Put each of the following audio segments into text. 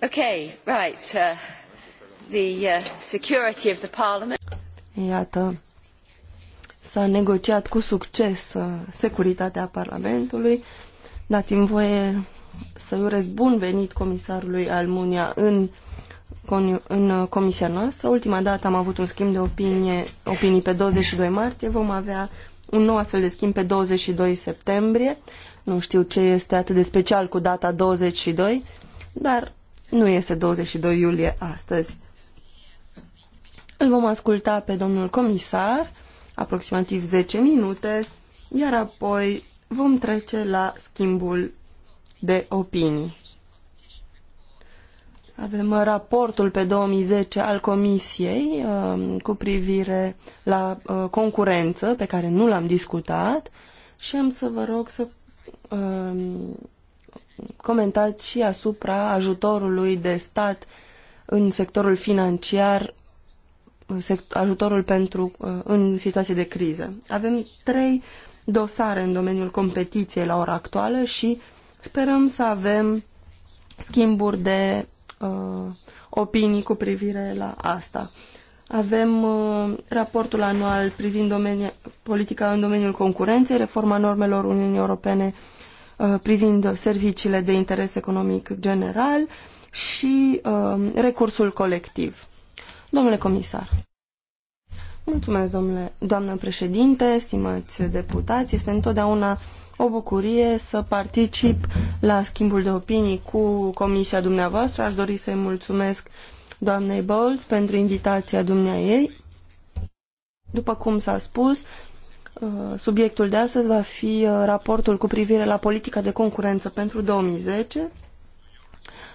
right. Uh, uh, Iată, s-a negociat cu succes uh, securitatea Parlamentului. Dați-mi voie să-i urez bun venit comisarului Almunia în, în comisia noastră. Ultima dată am avut un schimb de opinie, opinii pe 22 martie. Vom avea un nou astfel de schimb pe 22 septembrie. Nu știu ce este atât de special cu data 22, dar nu este 22 iulie astăzi. Îl vom asculta pe domnul comisar, aproximativ 10 minute, iar apoi vom trece la schimbul de opinii. Avem raportul pe 2010 al Comisiei um, cu privire la uh, concurență, pe care nu l-am discutat, și am să vă rog să um, comentat și asupra ajutorului de stat în sectorul financiar, ajutorul pentru, uh, în situații de criză. Avem trei dosare în domeniul competiției la ora actuală și sperăm să avem schimburi de uh, opinii cu privire la asta. Avem uh, raportul anual privind domeni, politica în domeniul concurenței, reforma normelor Uniunii Europene Uh, privind serviciile de interes economic general și uh, recursul colectiv. Domnule comisar. Mulțumesc, domnule, doamnă președinte, stimați deputați. Este întotdeauna o bucurie să particip la schimbul de opinii cu comisia dumneavoastră. Aș dori să-i mulțumesc doamnei Bowles pentru invitația dumneaei. După cum s-a spus, Uh, subiectul de astăzi va fi uh, raportul cu privire la politica de concurență pentru 2010.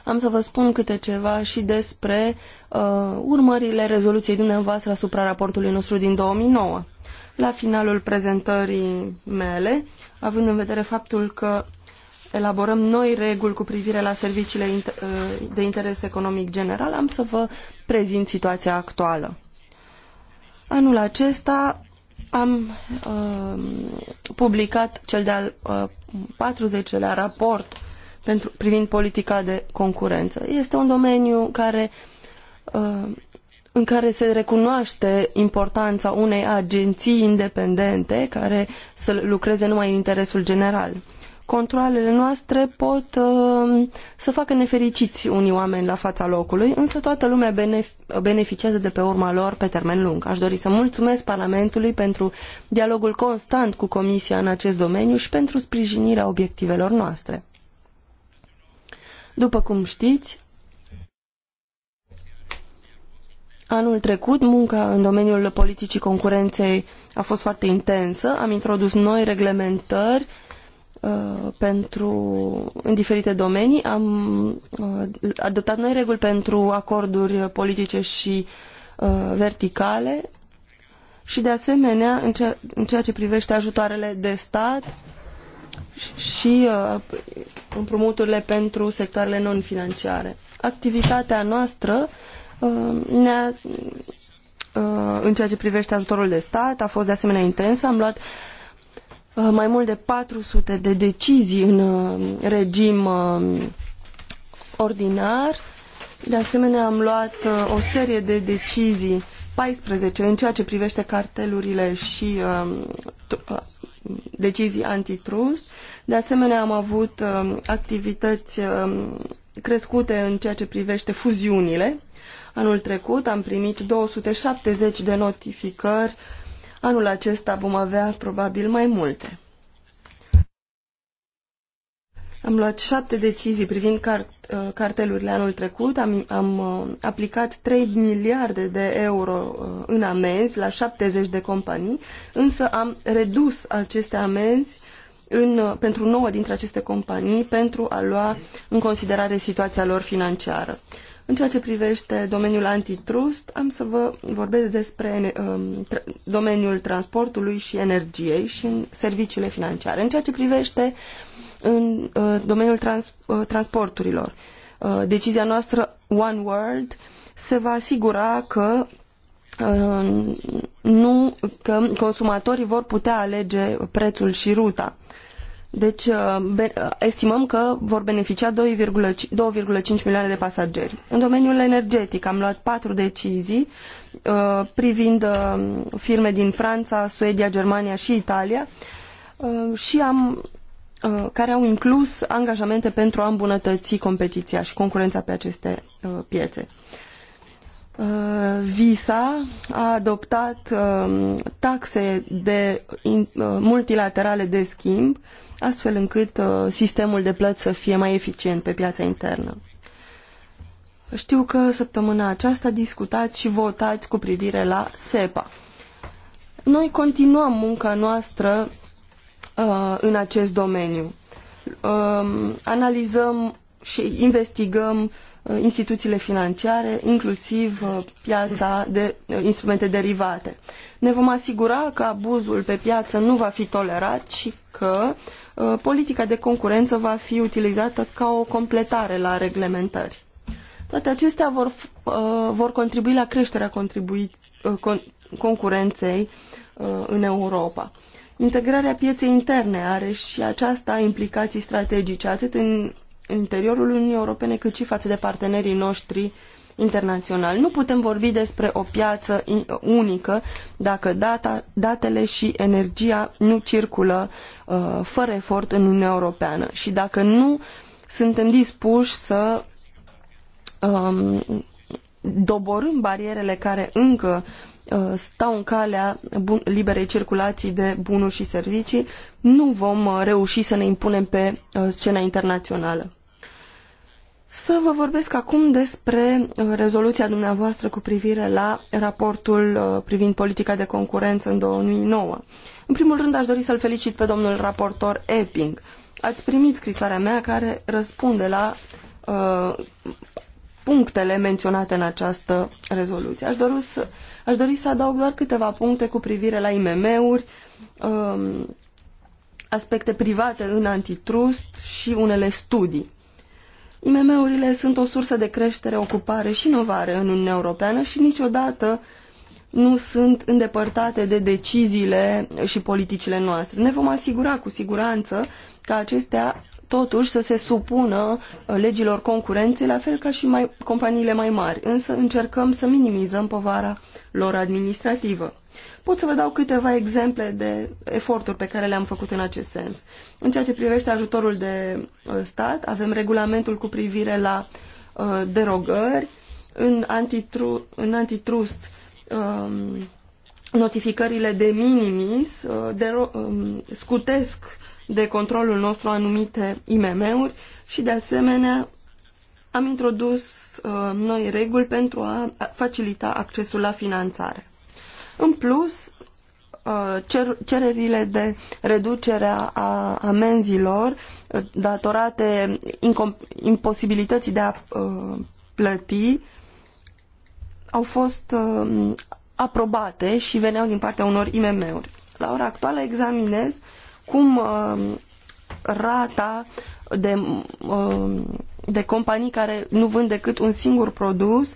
Am să vă spun câte ceva și despre uh, urmările rezoluției dumneavoastră asupra raportului nostru din 2009. La finalul prezentării mele, având în vedere faptul că elaborăm noi reguli cu privire la serviciile uh, de interes economic general, am să vă prezint situația actuală. Anul acesta am uh, publicat cel de-al uh, 40-lea raport pentru, privind politica de concurență. Este un domeniu care, uh, în care se recunoaște importanța unei agenții independente care să lucreze numai în interesul general controlele noastre pot uh, să facă nefericiți unii oameni la fața locului, însă toată lumea beneficiază de pe urma lor pe termen lung. Aș dori să mulțumesc Parlamentului pentru dialogul constant cu Comisia în acest domeniu și pentru sprijinirea obiectivelor noastre. După cum știți, Anul trecut, munca în domeniul politicii concurenței a fost foarte intensă. Am introdus noi reglementări Uh, pentru, în diferite domenii. Am uh, adoptat noi reguli pentru acorduri politice și uh, verticale și, de asemenea, în ceea, în ceea ce privește ajutoarele de stat și împrumuturile pentru sectoarele non-financiare. Activitatea noastră ne-a în ceea ce privește ajutorul de stat a fost de asemenea intensă. Am luat Uh, mai mult de 400 de decizii în uh, regim uh, ordinar. De asemenea, am luat o serie de decizii, 14, în ceea ce privește cartelurile și um, decizii antitrust. De asemenea, am avut um, activități um, crescute în ceea ce privește fuziunile. Anul trecut am primit 270 de notificări uh, Anul acesta vom avea probabil mai multe. Am luat șapte decizii privind cart, uh, cartelurile anul trecut. Am, am uh, aplicat 3 miliarde de euro uh, în amenzi la 70 de companii, însă am redus aceste amenzi în, pentru nouă dintre aceste companii pentru a lua în considerare situația lor financiară. În ceea ce privește domeniul antitrust, am să vă vorbesc despre um, domeniul transportului și energiei și în serviciile financiare. În ceea ce privește în uh, domeniul trans uh, transporturilor, uh, decizia noastră One World se va asigura că uh, nu că consumatorii vor putea alege prețul și ruta. Deci uh, uh, estimăm că vor beneficia 2,5 milioane de pasageri. În domeniul energetic am luat patru decizii uh, privind firme din Franța, Suedia, Germania și Italia și am, care au inclus angajamente pentru a îmbunătăți competiția și concurența pe aceste piețe. Visa a adoptat taxe de multilaterale de schimb astfel încât uh, sistemul de plăți să fie mai eficient pe piața internă. Știu că săptămâna aceasta discutați și votați cu privire la SEPA. Noi continuăm munca noastră uh, în acest domeniu. Uh, analizăm și investigăm uh, instituțiile financiare, inclusiv uh, piața de uh, instrumente derivate. Ne vom asigura că abuzul pe piață nu va fi tolerat și că uh, Uh, politica de concurență va fi utilizată ca o completare la reglementări. Toate acestea vor, uh, vor contribui la creșterea uh, con, concurenței în Europa. Integrarea pieței interne are și aceasta implicații strategice, atât în interiorul Uniunii Europene, cât și față de partenerii noștri uh, internațional. Nu putem vorbi despre o piață unică dacă data, datele și energia nu circulă uh, fără efort în Uniunea Europeană și dacă nu suntem dispuși să um, doborâm barierele care încă uh, stau în calea liberei circulații de bunuri și servicii, nu vom uh, reuși să ne impunem pe uh, scena internațională să vă vorbesc acum despre uh, rezoluția dumneavoastră cu privire la raportul uh, privind politica de concurență în 2009. În primul rând aș dori să-l felicit pe domnul raportor Epping. Ați primit scrisoarea mea care răspunde la uh, punctele menționate în această rezoluție. Aș dori, să, aș dori să adaug doar câteva puncte cu privire la IMM-uri, uh, aspecte private în antitrust și unele studii. IMM-urile sunt o sursă de creștere, ocupare și inovare în Uniunea Europeană și niciodată nu sunt îndepărtate de deciziile și politicile noastre. Ne vom asigura cu siguranță ca acestea totuși să se supună uh, legilor concurenței, la fel ca și mai, companiile mai mari, însă încercăm să minimizăm povara lor administrativă. Pot să vă dau câteva exemple de eforturi pe care le-am făcut în acest sens. În ceea ce privește ajutorul de uh, stat, avem regulamentul cu privire la uh, derogări, în, antitru, în antitrust um, notificările de minimis uh, de, um, scutesc de controlul nostru anumite IMM-uri și de asemenea am introdus uh, noi reguli pentru a facilita accesul la finanțare. În plus, uh, cer, cererile de reducere a amenzilor uh, datorate imposibilității de a uh, plăti au fost aprobate și veneau din partea unor IMM-uri. La ora actuală examinez cum rata de, de companii care nu vând decât un singur produs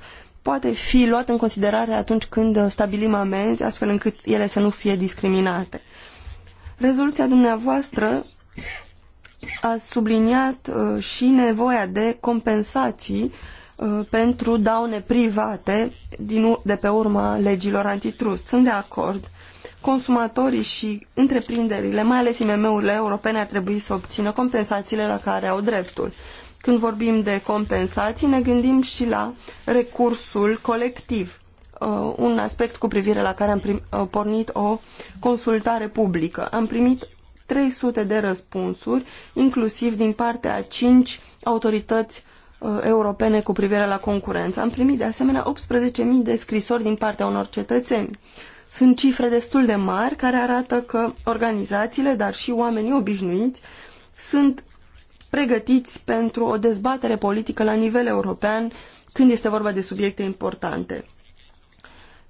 poate fi luat în considerare atunci când stabilim amenzi, astfel încât ele să nu fie discriminate. Rezoluția dumneavoastră a subliniat uh, și nevoia de compensații uh, pentru daune private din, de pe urma legilor antitrust. Sunt de acord. Consumatorii și întreprinderile, mai ales IMM-urile europene, ar trebui să obțină compensațiile la care au dreptul. Uh, când vorbim de compensații, ne gândim și la recursul colectiv, uh, un aspect cu privire la care am uh, pornit o consultare publică. Am primit 300 de răspunsuri, inclusiv din partea a 5 autorități uh, europene cu privire la concurență. Am primit de asemenea 18.000 de scrisori din partea unor cetățeni. Sunt cifre destul de mari care arată că organizațiile, dar și oamenii obișnuiți, sunt pregătiți pentru o dezbatere politică la nivel european când este vorba de subiecte importante.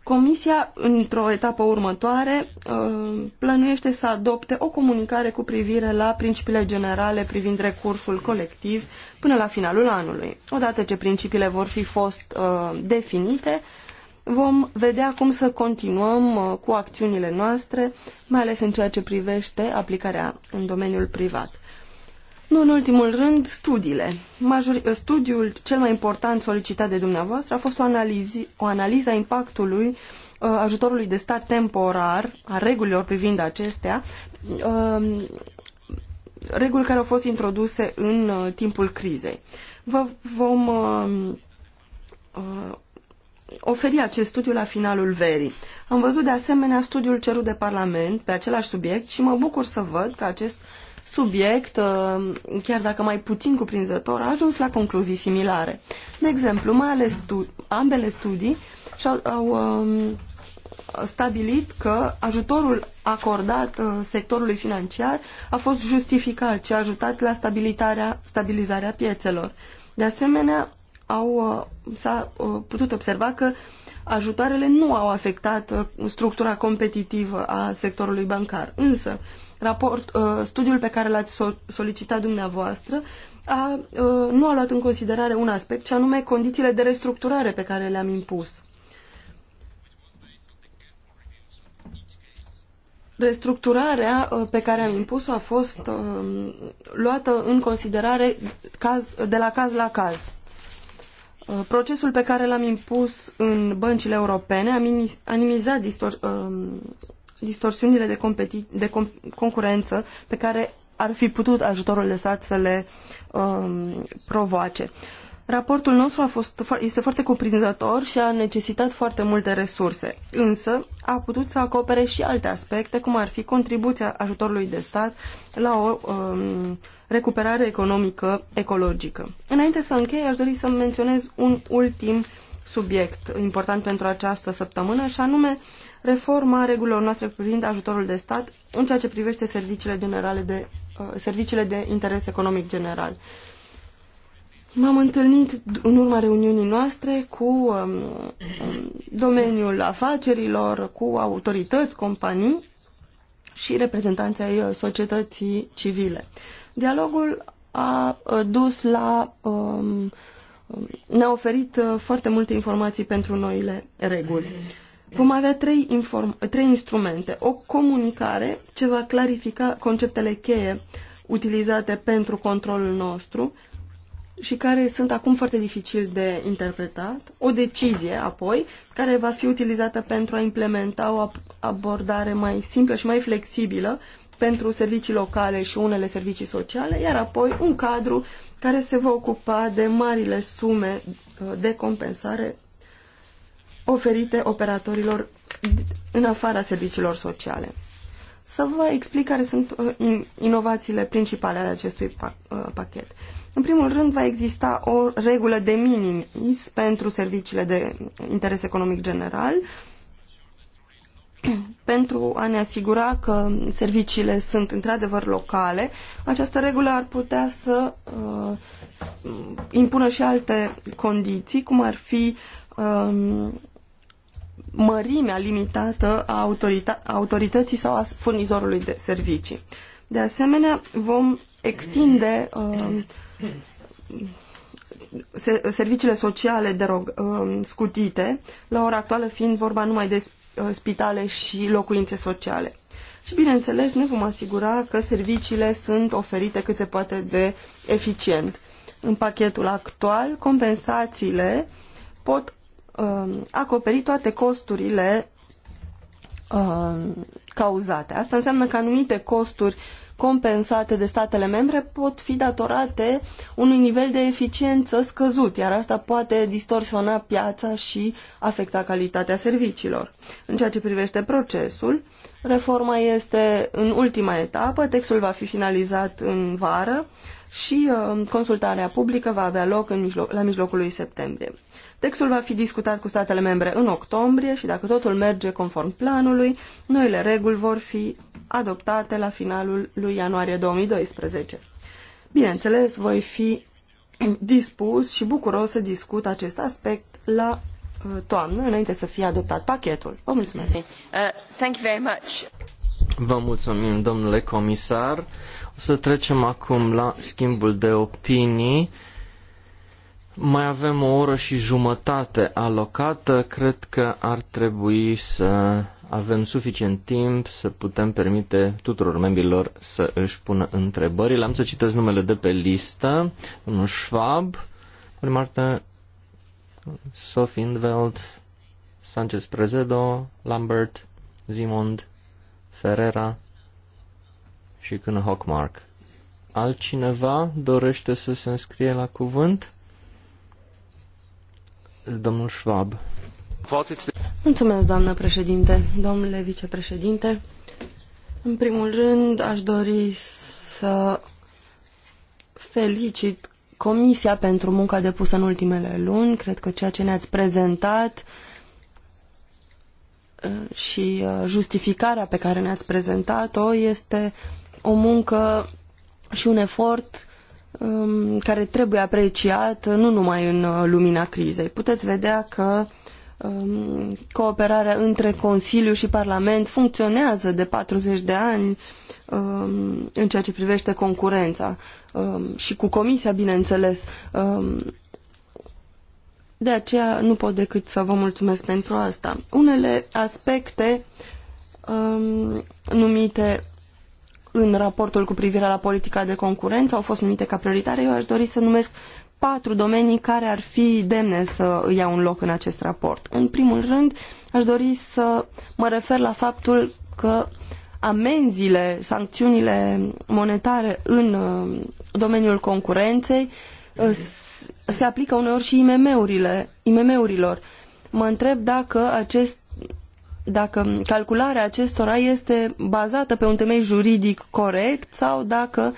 Comisia, într-o etapă următoare, uh, plănuiește să adopte o comunicare cu privire la principiile generale privind recursul colectiv până la finalul anului. Odată ce principiile vor fi fost uh, definite, vom vedea cum să continuăm uh, cu acțiunile noastre, mai ales în ceea ce privește aplicarea în domeniul privat. Nu în ultimul rând, studiile. Majori, studiul cel mai important solicitat de dumneavoastră a fost o, analizi, o analiză a impactului uh, ajutorului de stat temporar, a regulilor privind acestea, uh, reguli care au fost introduse în uh, timpul crizei. Vă vom uh, uh, oferi acest studiu la finalul verii. Am văzut de asemenea studiul cerut de Parlament pe același subiect și mă bucur să văd că acest subiect, uh, chiar dacă mai puțin cuprinzător, a ajuns la concluzii similare. De exemplu, mai ales stu ambele studii și-au au, um, stabilit că ajutorul acordat uh, sectorului financiar a fost justificat și a ajutat la stabilitarea, stabilizarea piețelor. De asemenea, au, uh, s-a putut observa că ajutoarele nu au afectat structura competitivă a sectorului bancar. Însă, Raport, uh, studiul pe care l-ați solicitat dumneavoastră a, uh, nu a luat în considerare un aspect, ci anume condițiile de restructurare pe care le-am impus. Restructurarea uh, pe care am impus-o a fost uh, luată în considerare caz, de la caz la caz. Uh, procesul pe care l-am impus în băncile europene a minimizat distor, distorsiunile de, competi- de com- concurență pe care ar fi putut ajutorul de stat să le um, provoace. Raportul nostru a fost, este foarte cuprinzător și a necesitat foarte multe resurse, însă a putut să acopere și alte aspecte, cum ar fi contribuția ajutorului de stat la o um, recuperare economică ecologică. Înainte să închei, aș dori să menționez un ultim subiect important pentru această săptămână, și anume uh, reforma regulilor noastre privind ajutorul de stat în ceea ce privește serviciile, generale de, uh, serviciile de interes economic general. M-am întâlnit în urma reuniunii noastre cu um, um domeniul afacerilor, cu autorități, companii și reprezentanții ai uh, societății civile. Dialogul a uh, dus la... Um, um ne-a oferit uh, foarte multe informații pentru noile reguli. Vom avea trei, inform- trei instrumente. O comunicare ce va clarifica conceptele cheie utilizate pentru controlul nostru și care sunt acum foarte dificil de interpretat. O decizie, apoi, care va fi utilizată pentru a implementa o abordare mai simplă și mai flexibilă pentru servicii locale și unele servicii sociale, iar apoi un cadru care se va ocupa de marile sume uh, de compensare oferite operatorilor în afara serviciilor sociale. Să vă explic care sunt uh, inovațiile principale ale acestui uh, pachet. În primul rând, va exista o regulă de minimis pentru serviciile de interes economic general, pentru a ne asigura că serviciile sunt într-adevăr locale, această regulă ar putea să uh, impună și alte condiții, cum ar fi uh, mărimea limitată a autorității sau a furnizorului de servicii. De asemenea, vom extinde uh, serviciile sociale derog, uh, um, scutite, la ora actuală fiind vorba numai de uh, spitale și locuințe sociale. Și, bineînțeles, ne vom asigura că serviciile sunt oferite cât se poate de eficient. În pachetul actual, compensațiile pot uh, acoperi toate costurile uh, cauzate. Asta înseamnă că anumite costuri compensate de statele membre pot fi datorate unui nivel de eficiență scăzut, iar asta poate distorsiona piața și afecta calitatea serviciilor. În ceea ce privește procesul, reforma este în ultima etapă, textul va fi finalizat în vară, și um, consultarea publică va avea loc în mijlo la mijlocul lui septembrie. Textul va fi discutat cu statele membre în octombrie și dacă totul merge conform planului, noile reguli vor fi adoptate la finalul lui ianuarie 2012. Bineînțeles, voi fi dispus și bucuros să discut acest aspect la uh, toamnă, înainte să fie adoptat pachetul. Vă mulțumesc! Uh, thank you very much. Vă mulțumim, domnule comisar. Să trecem acum la schimbul de opinii. Mai avem o oră și jumătate alocată. Cred că ar trebui să avem suficient timp să putem permite tuturor membrilor să își pună întrebările. Am să citesc numele de pe listă. un Schwab, Marta, Sophie Sanchez Prezedo, Lambert, Zimond, Ferrera, și când Hockmark. Altcineva dorește să se înscrie la cuvânt? Domnul Schwab. Mulțumesc, doamnă președinte, domnule vicepreședinte. În primul rând, aș dori să felicit Comisia pentru munca depusă în ultimele luni. Cred că ceea ce ne-ați prezentat uh, și uh, justificarea pe care ne-ați prezentat-o este o muncă și un efort um, care trebuie apreciat nu numai în uh, lumina crizei. Puteți vedea că um, cooperarea între Consiliu și Parlament funcționează de 40 de ani um, în ceea ce privește concurența um, și cu Comisia, bineînțeles. Um, de aceea nu pot decât să vă mulțumesc pentru asta. Unele aspecte um, numite în raportul cu privire la politica de concurență au fost numite ca prioritare. Eu aș dori să numesc patru domenii care ar fi demne să ia un loc în acest raport. În primul rând, aș dori să mă refer la faptul că amenziile, sancțiunile monetare în uh, domeniul concurenței uh, se aplică uneori și IMM-urile, IMM-urilor. Mă întreb dacă acest dacă calcularea acestora este bazată pe un temei juridic corect sau dacă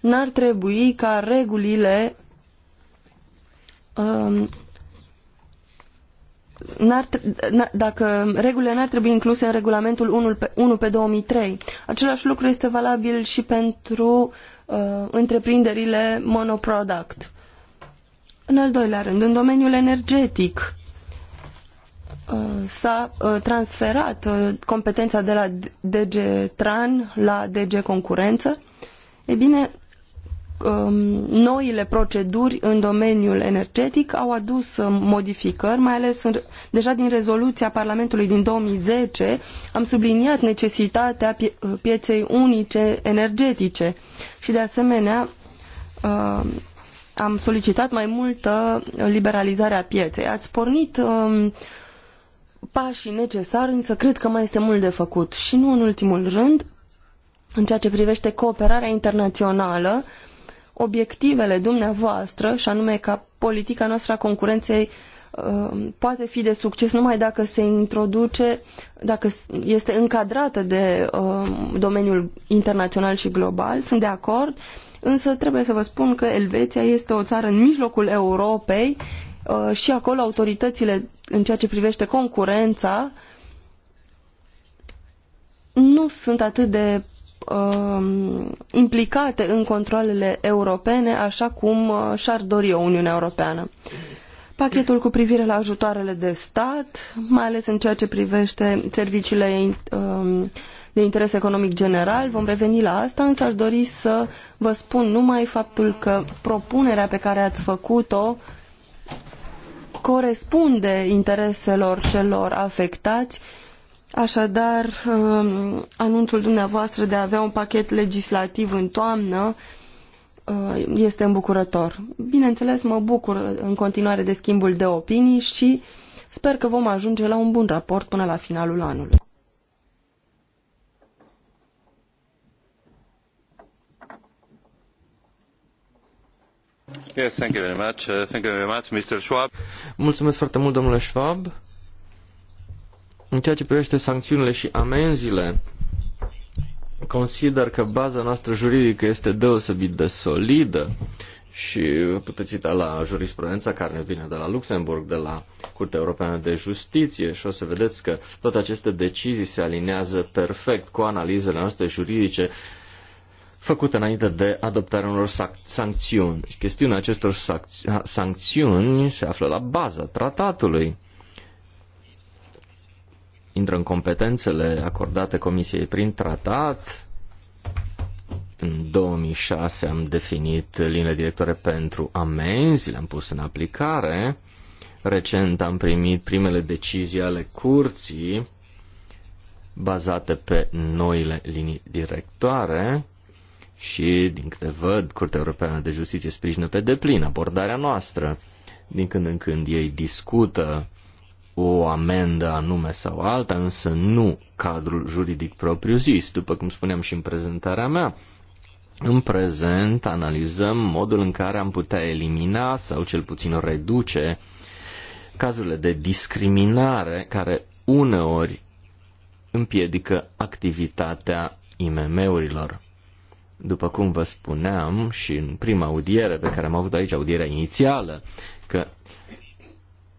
n-ar trebui ca regulile um, -ar, dacă regulile n-ar trebui incluse în regulamentul 1 pe, 1 pe 2003. Același lucru este valabil și pentru uh, întreprinderile monoproduct. În al doilea rând, în domeniul energetic, Uh, s-a uh, transferat uh, competența de la DG Tran la DG Concurență. E bine, um, noile proceduri în domeniul energetic au adus um, modificări, mai ales în, deja din rezoluția Parlamentului din 2010 am subliniat necesitatea pieței unice energetice și de asemenea um, am solicitat mai multă liberalizare a pieței. Ați pornit um, pașii necesari, însă cred că mai este mult de făcut. Și nu în ultimul rând, în ceea ce privește cooperarea internațională, obiectivele dumneavoastră, și anume ca politica noastră a concurenței uh, poate fi de succes numai dacă se introduce, dacă este încadrată de uh, domeniul internațional și global. Sunt de acord, însă trebuie să vă spun că Elveția este o țară în mijlocul Europei, Uh, și acolo autoritățile în ceea ce privește concurența nu sunt atât de um, implicate în controlele europene așa cum uh, și-ar dori o Uniunea Europeană. Pachetul cu privire la ajutoarele de stat, mai ales în ceea ce privește serviciile um, de interes economic general, vom reveni la asta, însă aș dori să vă spun numai faptul că propunerea pe care ați făcut-o corespunde intereselor celor afectați. Așadar, um, anunțul dumneavoastră de a avea un pachet legislativ în toamnă uh, este îmbucurător. Bineînțeles, mă bucur în continuare de schimbul de opinii și sper că vom ajunge la un bun raport până la finalul anului. Mulțumesc foarte mult, domnule Schwab. În ceea ce privește sancțiunile și amenziile, consider că baza noastră juridică este deosebit de solidă și puteți cita la jurisprudența care ne vine de la Luxemburg, de la Curtea Europeană de Justiție și o să vedeți că toate aceste decizii se aliniază perfect cu analizele noastre juridice făcut înainte de adoptarea unor sac- sancțiuni. Și deci chestiunea acestor sac- sancțiuni se află la baza tratatului. Intră în competențele acordate Comisiei prin tratat. În 2006 am definit linile directoare pentru amenzi, le-am pus în aplicare. Recent am primit primele decizii ale curții bazate pe noile linii directoare și, din câte văd, Curtea Europeană de Justiție sprijină pe deplin abordarea noastră. Din când în când ei discută o amendă anume sau alta, însă nu cadrul juridic propriu-zis, după cum spuneam și în prezentarea mea. În prezent analizăm modul în care am putea elimina sau cel puțin reduce cazurile de discriminare care uneori împiedică activitatea IMM-urilor după cum vă spuneam și în prima audiere pe care am avut aici, audierea inițială, că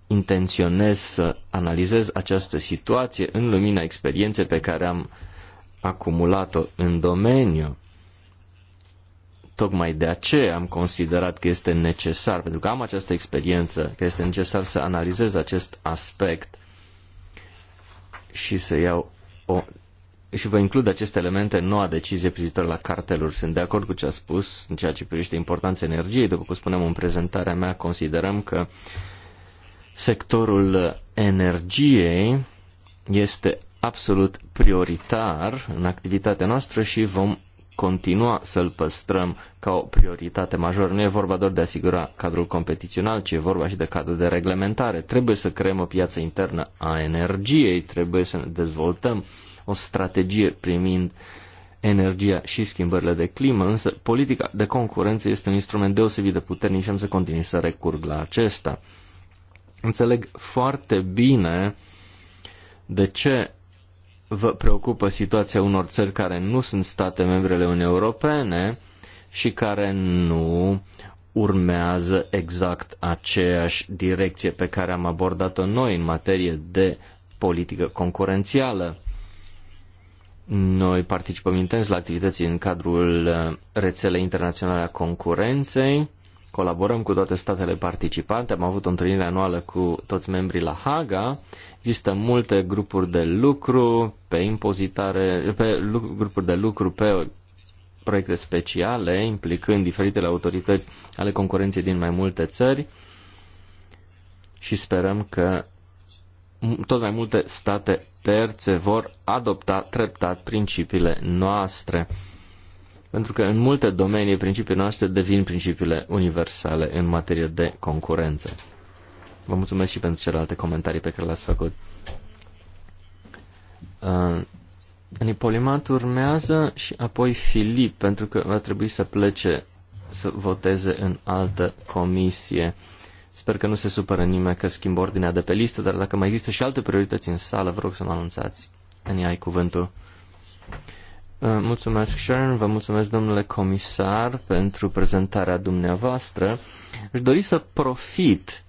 intenționez să analizez această situație în lumina experienței pe care am acumulat-o în domeniu. Tocmai de aceea am considerat că este necesar, pentru că am această experiență, că este necesar să analizez acest aspect și să iau o și vă includ aceste elemente în noua decizie privitoare la carteluri. Sunt de acord cu ce a spus în ceea ce privește importanța energiei. După cum spuneam în prezentarea mea, considerăm că sectorul energiei este absolut prioritar în activitatea noastră și vom continua să-l păstrăm ca o prioritate majoră. Nu e vorba doar de a asigura cadrul competițional, ci e vorba și de cadrul de reglementare. Trebuie să creăm o piață internă a energiei, trebuie să ne dezvoltăm uh, o strategie primind energia și schimbările de climă, însă politica de concurență este un instrument deosebit de puternic și am să continui să recurg la acesta. Înțeleg foarte bine de ce vă preocupă situația unor țări care nu sunt state membrele Uniunii Europene și care nu urmează exact aceeași direcție pe care am abordat-o noi în materie de politică concurențială. Noi participăm intens la activități în cadrul uh, rețelei internaționale a concurenței, colaborăm cu toate statele participante, am avut o întâlnire anuală cu toți membrii la Haga, există multe grupuri de lucru pe impozitare, pe lucru, grupuri de lucru pe proiecte speciale implicând diferitele autorități ale concurenței din mai multe țări și sperăm că tot mai multe state terțe vor adopta treptat principiile noastre. Pentru că în multe domenii principiile noastre devin principiile universale în materie de concurență. Vă mulțumesc și pentru celelalte comentarii pe care le-ați făcut. Uh, Nipolimat urmează și apoi Filip, pentru că va trebui să plece să voteze în altă comisie. Sper că nu se supără nimeni că schimb ordinea de pe listă, dar dacă mai există și alte priorități în sală, vă rog să mă anunțați. Ani, ai cuvântul. Uh, mulțumesc, Sharon, vă mulțumesc, domnule comisar, pentru prezentarea dumneavoastră. Aș dori să profit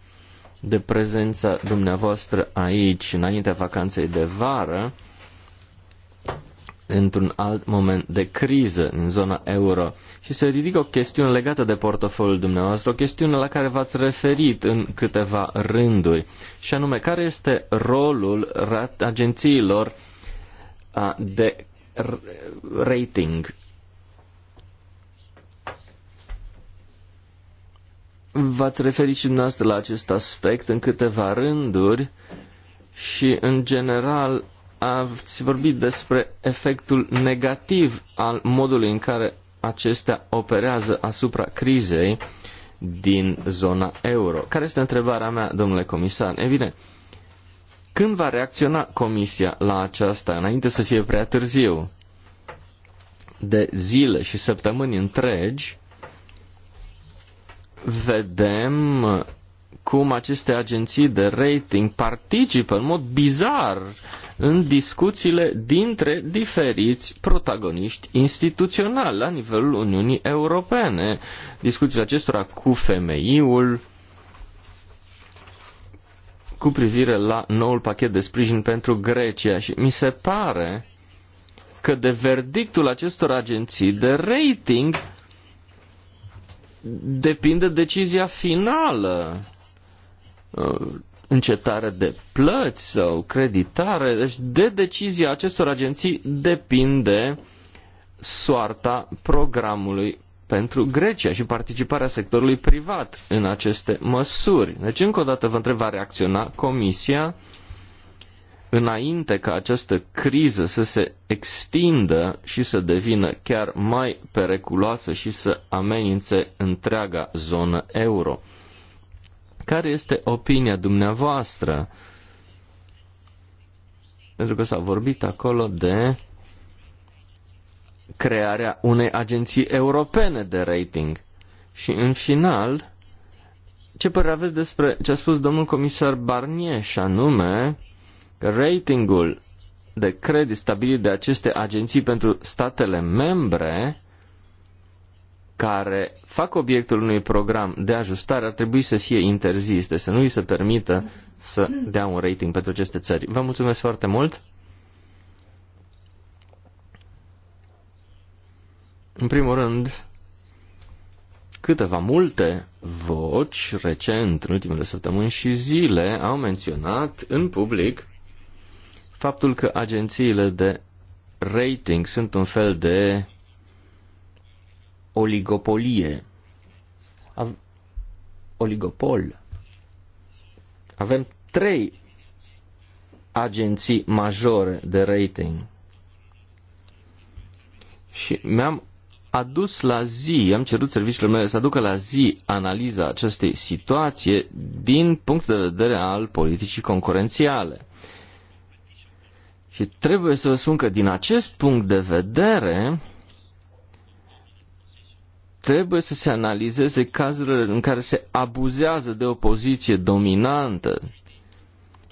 de prezența dumneavoastră aici, înaintea vacanței de vară, într-un alt moment de criză în zona euro și se ridică o chestiune legată de portofoliul dumneavoastră, o chestiune la care v-ați referit în câteva rânduri, și anume care este rolul agențiilor de rating. V-ați referit și dumneavoastră la acest aspect în câteva rânduri și, în general, ați vorbit despre efectul negativ al modului în care acestea operează asupra crizei din zona euro. Care este întrebarea mea, domnule comisar? E bine, când va reacționa Comisia la aceasta, înainte să fie prea târziu? De zile și săptămâni întregi, vedem cum aceste agenții de rating participă în mod bizar în discuțiile dintre diferiți protagoniști instituționali la nivelul Uniunii Europene. Discuțiile acestora cu femeiul, cu privire la noul pachet de sprijin pentru Grecia și mi se pare că de verdictul acestor agenții de rating depinde decizia finală Uh, încetare de plăți sau creditare. Deci de decizia acestor agenții depinde soarta programului pentru Grecia și participarea sectorului privat în aceste măsuri. Deci încă o dată vă întreb, va reacționa Comisia înainte ca această criză să se extindă și să devină chiar mai periculoasă și să amenințe întreaga zonă euro. Care este opinia dumneavoastră? Pentru că s-a vorbit acolo de crearea unei agenții europene de rating. Și în final, ce părere aveți despre ce a spus domnul comisar Barnier și anume că ratingul de credit stabilit de aceste agenții pentru statele membre care fac obiectul unui program de ajustare ar trebui să fie interzis, de deci să nu îi se permită să dea un rating pentru aceste țări. Vă mulțumesc foarte mult! În primul rând, câteva multe voci recent, în ultimele săptămâni și zile, au menționat în public faptul că agențiile de rating sunt un fel de oligopolie. Av- oligopol. Avem trei agenții majore de rating. Și mi-am adus la zi, am cerut serviciilor mele să aducă la zi analiza acestei situație din punct de vedere al politicii concurențiale. Și trebuie să vă spun că din acest punct de vedere, trebuie să se analizeze cazurile în care se abuzează de o poziție dominantă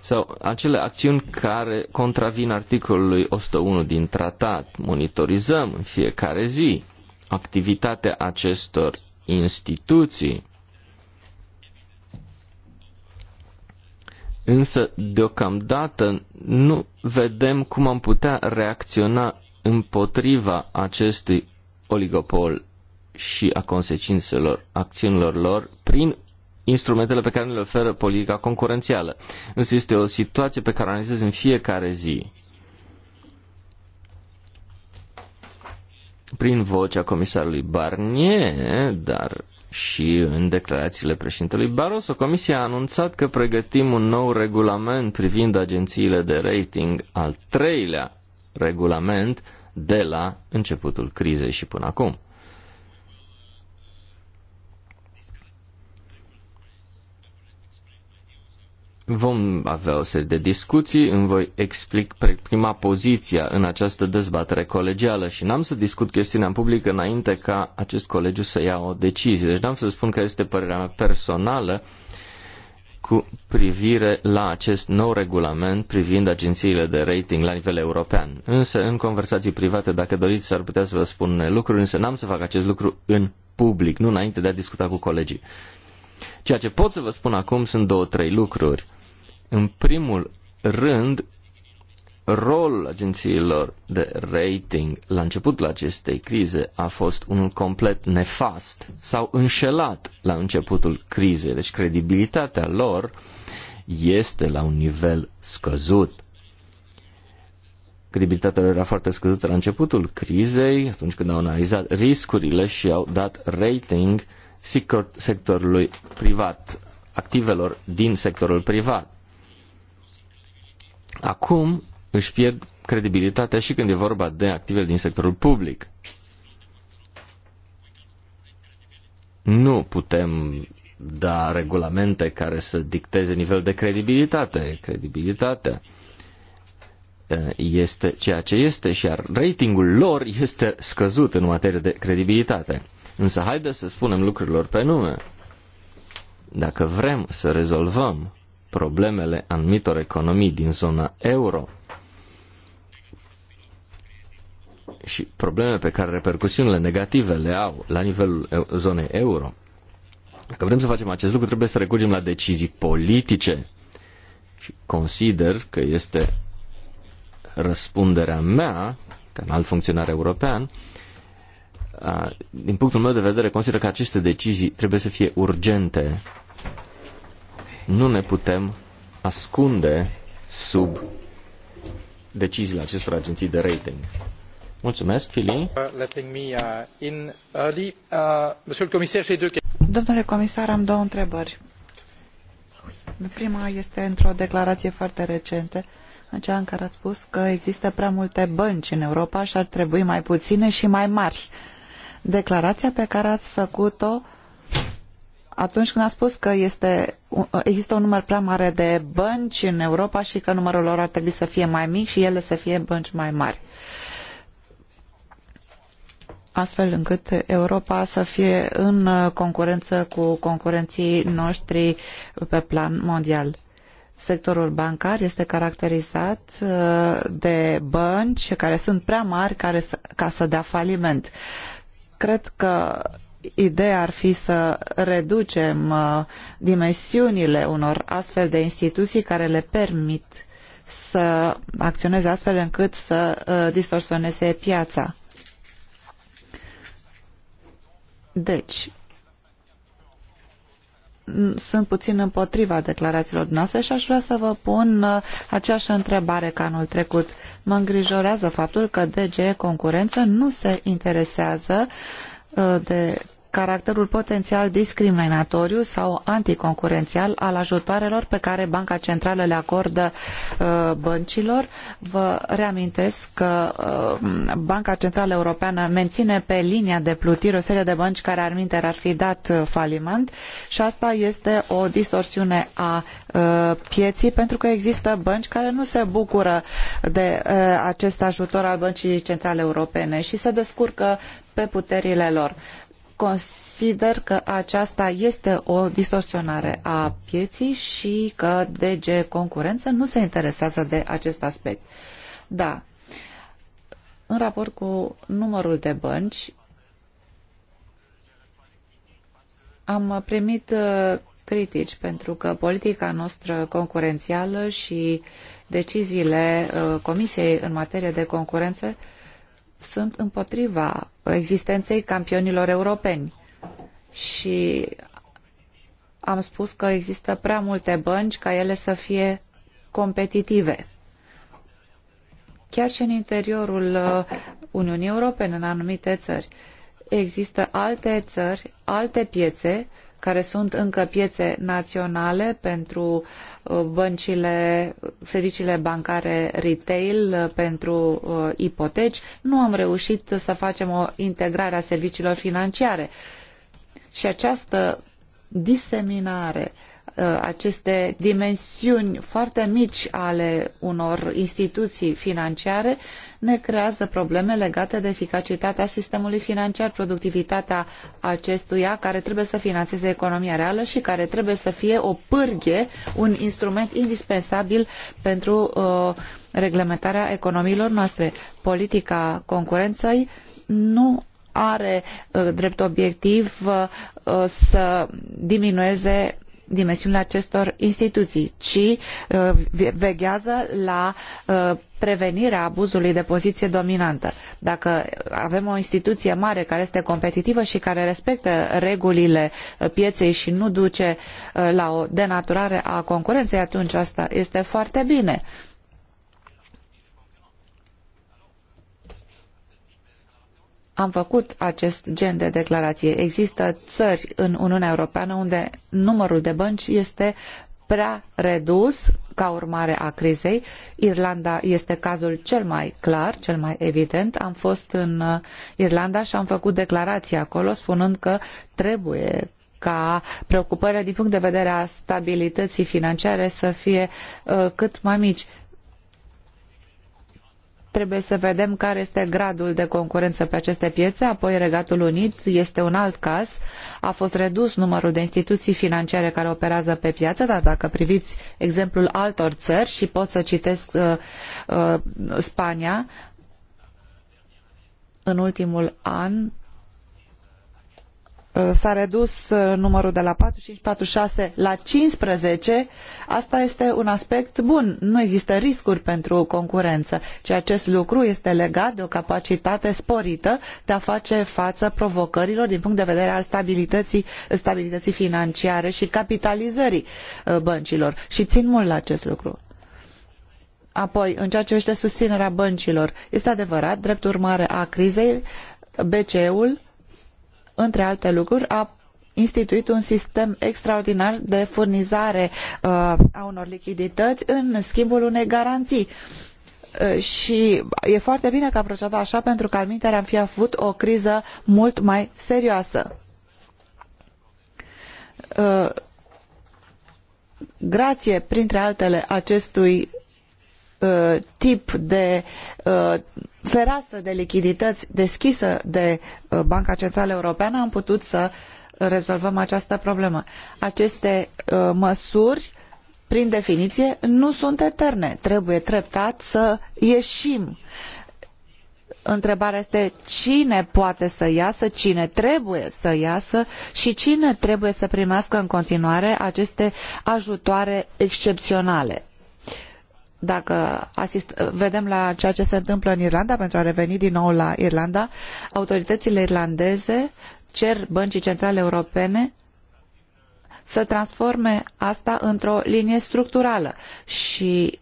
sau acele acțiuni care contravin articolului 101 din tratat. Monitorizăm în fiecare zi activitatea acestor instituții. Însă, deocamdată, nu vedem cum am putea reacționa împotriva acestui oligopol și a consecințelor acțiunilor lor prin instrumentele pe care le oferă politica concurențială. Însă este o situație pe care o analizez în fiecare zi. Prin vocea comisarului Barnier, dar și în declarațiile președintelui Barroso, Comisia a anunțat că pregătim un nou regulament privind agențiile de rating, al treilea regulament de la începutul crizei și până acum. Vom avea o serie de discuții, îmi voi explic prima poziția în această dezbatere colegială și n-am să discut chestiunea în public înainte ca acest colegiu să ia o decizie. Deci n-am să spun care este părerea mea personală cu privire la acest nou regulament privind agențiile de rating la nivel european. Însă, în conversații private, dacă doriți, s-ar putea să vă spun lucruri, însă n-am să fac acest lucru în public, nu înainte de a discuta cu colegii. Ceea ce pot să vă spun acum sunt două, trei lucruri. În primul rând, rolul agențiilor de rating la începutul acestei crize a fost unul complet nefast. sau înșelat la începutul crizei, deci credibilitatea lor este la un nivel scăzut. Credibilitatea lor era foarte scăzută la începutul crizei, atunci când au analizat riscurile și au dat rating uh, sectorului privat, activelor din sectorul privat. Acum își pierd credibilitatea și când e vorba de activele din sectorul public. Nu putem da regulamente care să dicteze nivel de credibilitate. Credibilitatea este ceea ce este, și iar ratingul lor este scăzut în materie de credibilitate. Însă haideți să spunem lucrurilor pe nume. Dacă vrem să rezolvăm problemele anumitor economii din zona euro și probleme pe care repercusiunile negative le au la nivelul zonei euro, dacă vrem să facem acest lucru, trebuie să recurgem la decizii politice și consider că este răspunderea mea, ca în alt funcționar european, din punctul meu de vedere, consider că aceste decizii trebuie să fie urgente. Nu ne putem ascunde sub deciziile acestor agenții de rating. Mulțumesc, Filin. Uh, uh, uh, Domnule comisar, am două întrebări. Prima este într-o declarație foarte recentă, în cea în care ați spus că există prea multe bănci în Europa și ar trebui mai puține și mai mari. Uh, declarația pe care ați făcut-o atunci când a spus că este, există un număr prea mare de bănci în Europa și că numărul lor ar trebui să fie mai mic și ele să fie bănci mai mari. Astfel încât Europa să fie în concurență cu concurenții noștri pe plan mondial. Sectorul bancar este caracterizat uh, de bănci care sunt prea mari care să, ca să dea faliment. Uh, Cred că ideea ar fi să reducem uh, dimensiunile unor astfel de instituții care le permit să acționeze astfel încât să uh, distorsioneze piața. Deci, sunt puțin împotriva declarațiilor noastre și aș vrea să vă pun uh, aceeași întrebare ca anul trecut. Mă îngrijorează faptul că DG Concurență nu se interesează uh, de caracterul potențial discriminatoriu sau anticoncurențial al ajutoarelor pe care Banca Centrală le acordă uh, băncilor. Vă reamintesc că uh, Banca Centrală Europeană menține pe linia de plutire o serie de bănci care ar minte ar fi dat uh, faliment și asta este o distorsiune a uh, pieții pentru că există bănci care nu se bucură de acest ajutor al Băncii Centrale Europene și se descurcă pe puterile lor. Uh, Consider că aceasta este o distorsionare a pieții și că DG Concurență nu se interesează de acest aspect. Da, în raport cu numărul de bănci, am primit uh, critici pentru că politica noastră concurențială și deciziile uh, Comisiei în materie de concurență sunt împotriva existenței campionilor europeni și am spus că există prea multe bănci ca ele să fie competitive. Chiar și în interiorul uh, Uniunii Europene, în anumite țări, există alte țări, alte piețe care sunt încă piețe naționale pentru uh, băncile, serviciile bancare retail, uh, pentru uh, ipoteci. Nu am reușit să facem o integrare a serviciilor financiare. Și această diseminare Uh, aceste dimensiuni foarte mici ale unor instituții financiare ne creează probleme legate de eficacitatea sistemului financiar, productivitatea acestuia care trebuie să finanțeze economia reală și care trebuie să fie o pârghie, un instrument indispensabil pentru uh, reglementarea economiilor noastre. Politica concurenței nu are uh, drept obiectiv uh, să diminueze dimensiunile acestor instituții, ci uh, veghează la uh, prevenirea abuzului de poziție dominantă. Dacă avem o instituție mare care este competitivă și care respectă regulile uh, pieței și nu duce la o denaturare a concurenței, atunci asta este foarte bine. am făcut acest gen de declarație. Există țări în Uniunea Europeană unde numărul de bănci este prea redus ca urmare a crizei. Irlanda este cazul cel mai clar, cel mai evident. Am fost în uh, Irlanda și am făcut declarații acolo spunând că trebuie ca preocupările din punct de vedere a stabilității financiare să fie uh, cât mai mici. Trebuie să vedem care este gradul de concurență pe aceste piețe, apoi Regatul Unit este un alt caz. A fost redus numărul de instituții financiare care operează pe piață, dar dacă priviți exemplul altor țări și pot să citesc uh, uh, Spania, în ultimul an Eh, s-a redus eh, numărul de la 45, 46 la 15, asta este un aspect bun. Nu există riscuri pentru concurență, ci acest lucru este legat de o capacitate sporită de a face față provocărilor din punct de vedere al stabilității, stabilității financiare și capitalizării eh, băncilor. Și țin mult la acest lucru. Apoi, în ceea ce privește susținerea băncilor, este adevărat, drept urmare a crizei, BCE-ul între alte lucruri, a instituit un sistem extraordinar de furnizare uh, a unor lichidități în schimbul unei garanții uh, și e foarte bine că a procedat așa pentru că alminteri am fi avut o criză mult mai serioasă. Uh, grație, printre altele, acestui Uh, tip de uh, fereastră de lichidități deschisă de uh, Banca Centrală Europeană am putut să rezolvăm această problemă. Aceste uh, măsuri prin definiție, nu sunt eterne. Trebuie treptat să ieșim. Întrebarea este cine poate să iasă, cine trebuie să iasă și cine trebuie să primească în continuare aceste ajutoare excepționale dacă asist, vedem la ceea ce se întâmplă în Irlanda, pentru a reveni din nou la Irlanda, autoritățile irlandeze cer băncii centrale europene să transforme asta într-o linie structurală și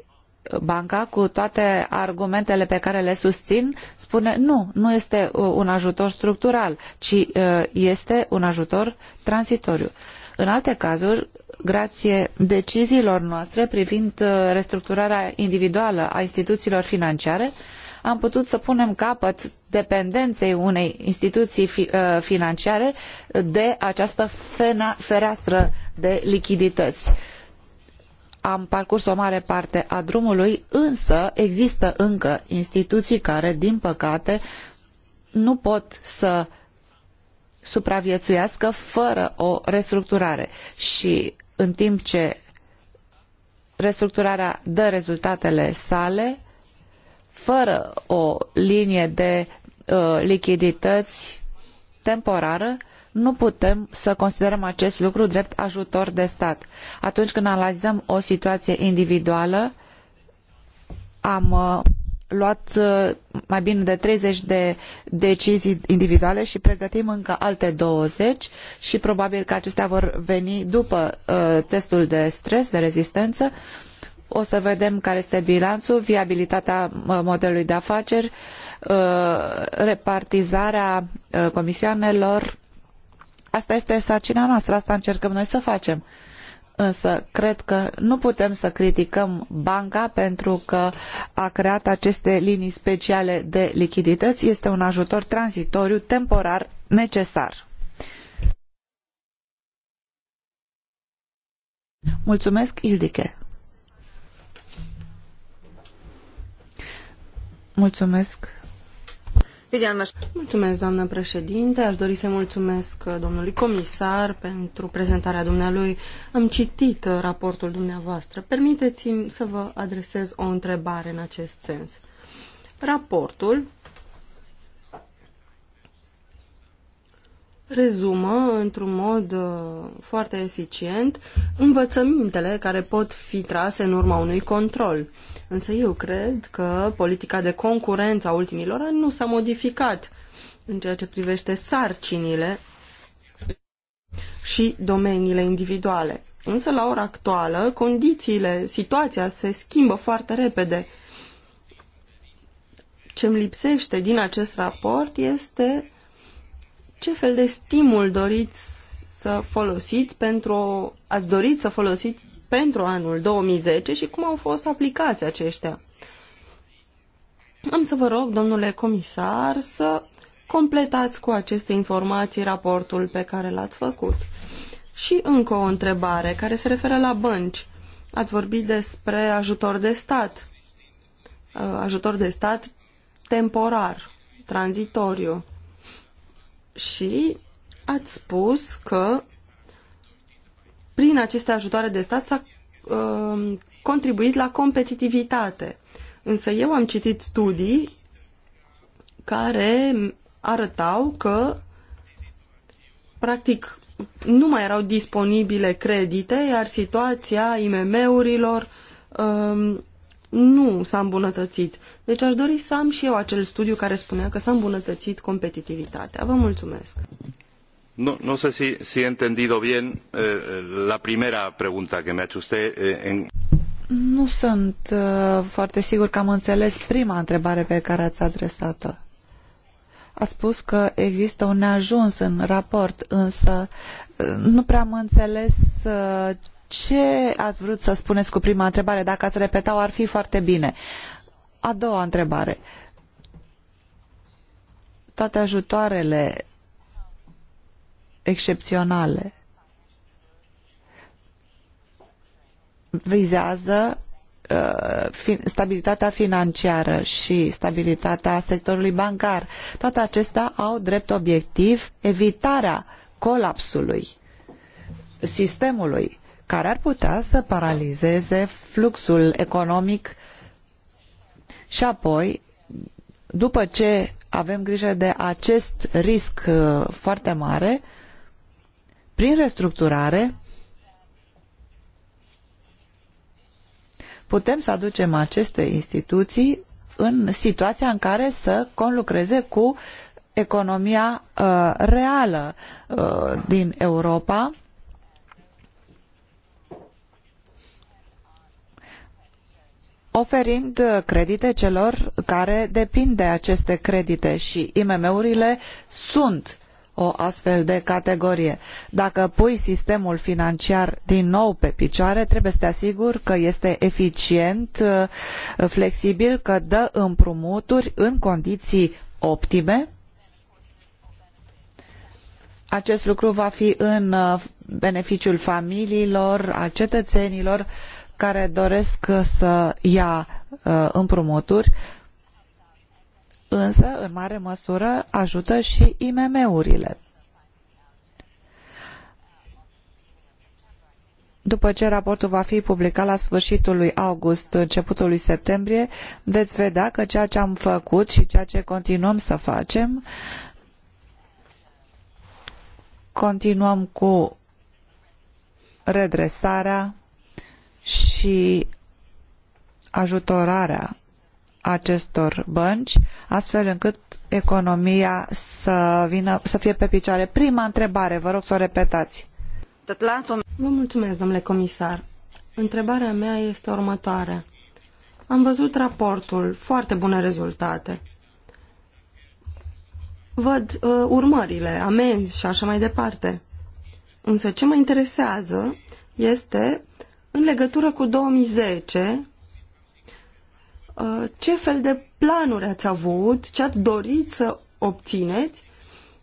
banca, cu toate argumentele pe care le susțin, spune nu, nu este uh, un ajutor structural, ci uh, este un ajutor tranzitoriu. În alte cazuri, grație deciziilor noastre privind uh, restructurarea individuală a instituțiilor financiare, am putut să punem capăt dependenței unei instituții fi, uh, financiare de această fena, fereastră de lichidități. Am parcurs o mare parte a drumului, însă există încă instituții care, din păcate, nu pot să supraviețuiască fără o restructurare și în timp ce restructurarea dă rezultatele sale, fără o linie de uh, lichidități temporară, nu putem să considerăm acest lucru drept ajutor de stat. Atunci când analizăm o situație individuală, am uh, luat uh, mai bine de 30 de decizii individuale și pregătim încă alte 20 și probabil că acestea vor veni după uh, testul de stres, de rezistență. O să vedem care este bilanțul, viabilitatea uh, modelului de afaceri, repartizarea comisioanelor. Asta este sarcina noastră, asta încercăm noi să facem Însă cred că nu putem să criticăm banca pentru că a creat aceste linii speciale de lichidități. Este un ajutor tranzitoriu, temporar, necesar. Mulțumesc, Ildike. Mulțumesc, Mulțumesc, doamnă președinte. Aș dori să mulțumesc uh, domnului comisar pentru prezentarea dumnealui. Am citit uh, raportul dumneavoastră. Permiteți-mi să vă adresez o întrebare în acest sens. Raportul rezumă într-un mod uh, foarte eficient învățămintele care pot fi trase în urma unui control. Însă eu cred că politica de concurență a ultimilor ani nu s-a modificat în ceea ce privește sarcinile și domeniile individuale. Însă, la ora actuală, condițiile, situația se schimbă foarte repede. Ce îmi lipsește din acest raport este ce fel de stimul doriți să folosiți pentru, ați dorit să folosiți pentru anul 2010 și cum au fost aplicați aceștia. Am să vă rog, domnule comisar, să completați cu aceste informații raportul pe care l-ați făcut. Și încă o întrebare care se referă la bănci. Ați vorbit despre ajutor de stat. Uh, ajutor de stat temporar, tranzitoriu și ați spus că prin aceste ajutoare de stat s-a uh, contribuit la competitivitate. Însă eu am citit studii care arătau că practic nu mai erau disponibile credite, iar situația IMM-urilor uh, um, nu s-a îmbunătățit. Deci aș dori să am și eu acel studiu care spunea că s-a îmbunătățit competitivitatea. Vă mulțumesc. No, no sé si, si he entendido bien eh, eh la primera pregunta que me ha hecho usted. Eh, en... Nu sunt uh, foarte sigur că am înțeles prima întrebare pe care ați adresat-o. A spus că există un neajuns în raport, însă eh, nu prea am înțeles uh, ce ați vrut să spuneți cu prima întrebare. Dacă ați repeta-o, ar fi foarte bine. A doua întrebare. Toate ajutoarele excepționale vizează uh, stabilitatea financiară și stabilitatea sectorului bancar. Toate acestea au drept obiectiv evitarea colapsului sistemului care ar putea să paralizeze fluxul economic și apoi, după ce avem grijă de acest risc uh, foarte mare, prin restructurare putem să aducem aceste instituții în situația în care să conlucreze cu economia uh, reală uh, din Europa oferind uh, credite celor care depind de aceste credite și IMM-urile sunt o astfel de categorie. Dacă pui sistemul financiar din nou pe picioare, trebuie să te asiguri că este eficient, uh, flexibil, că dă împrumuturi în condiții optime. Acest lucru va fi în uh, beneficiul familiilor, al cetățenilor, care doresc să ia uh, împrumuturi, însă, în mare măsură, ajută și IMM-urile. După ce raportul va fi publicat la sfârșitul lui august, începutul lui septembrie, veți vedea că ceea ce am făcut și ceea ce continuăm să facem, continuăm cu redresarea și ajutorarea acestor bănci, astfel încât economia să, vină, să fie pe picioare. Prima întrebare, vă rog să o repetați. Vă mulțumesc, domnule comisar. Întrebarea mea este următoarea. Am văzut raportul, foarte bune rezultate. Văd uh, urmările, amenzi și așa mai departe. Însă ce mă interesează este în legătură cu 2010, uh, ce fel de planuri ați avut, ce ați dorit să obțineți,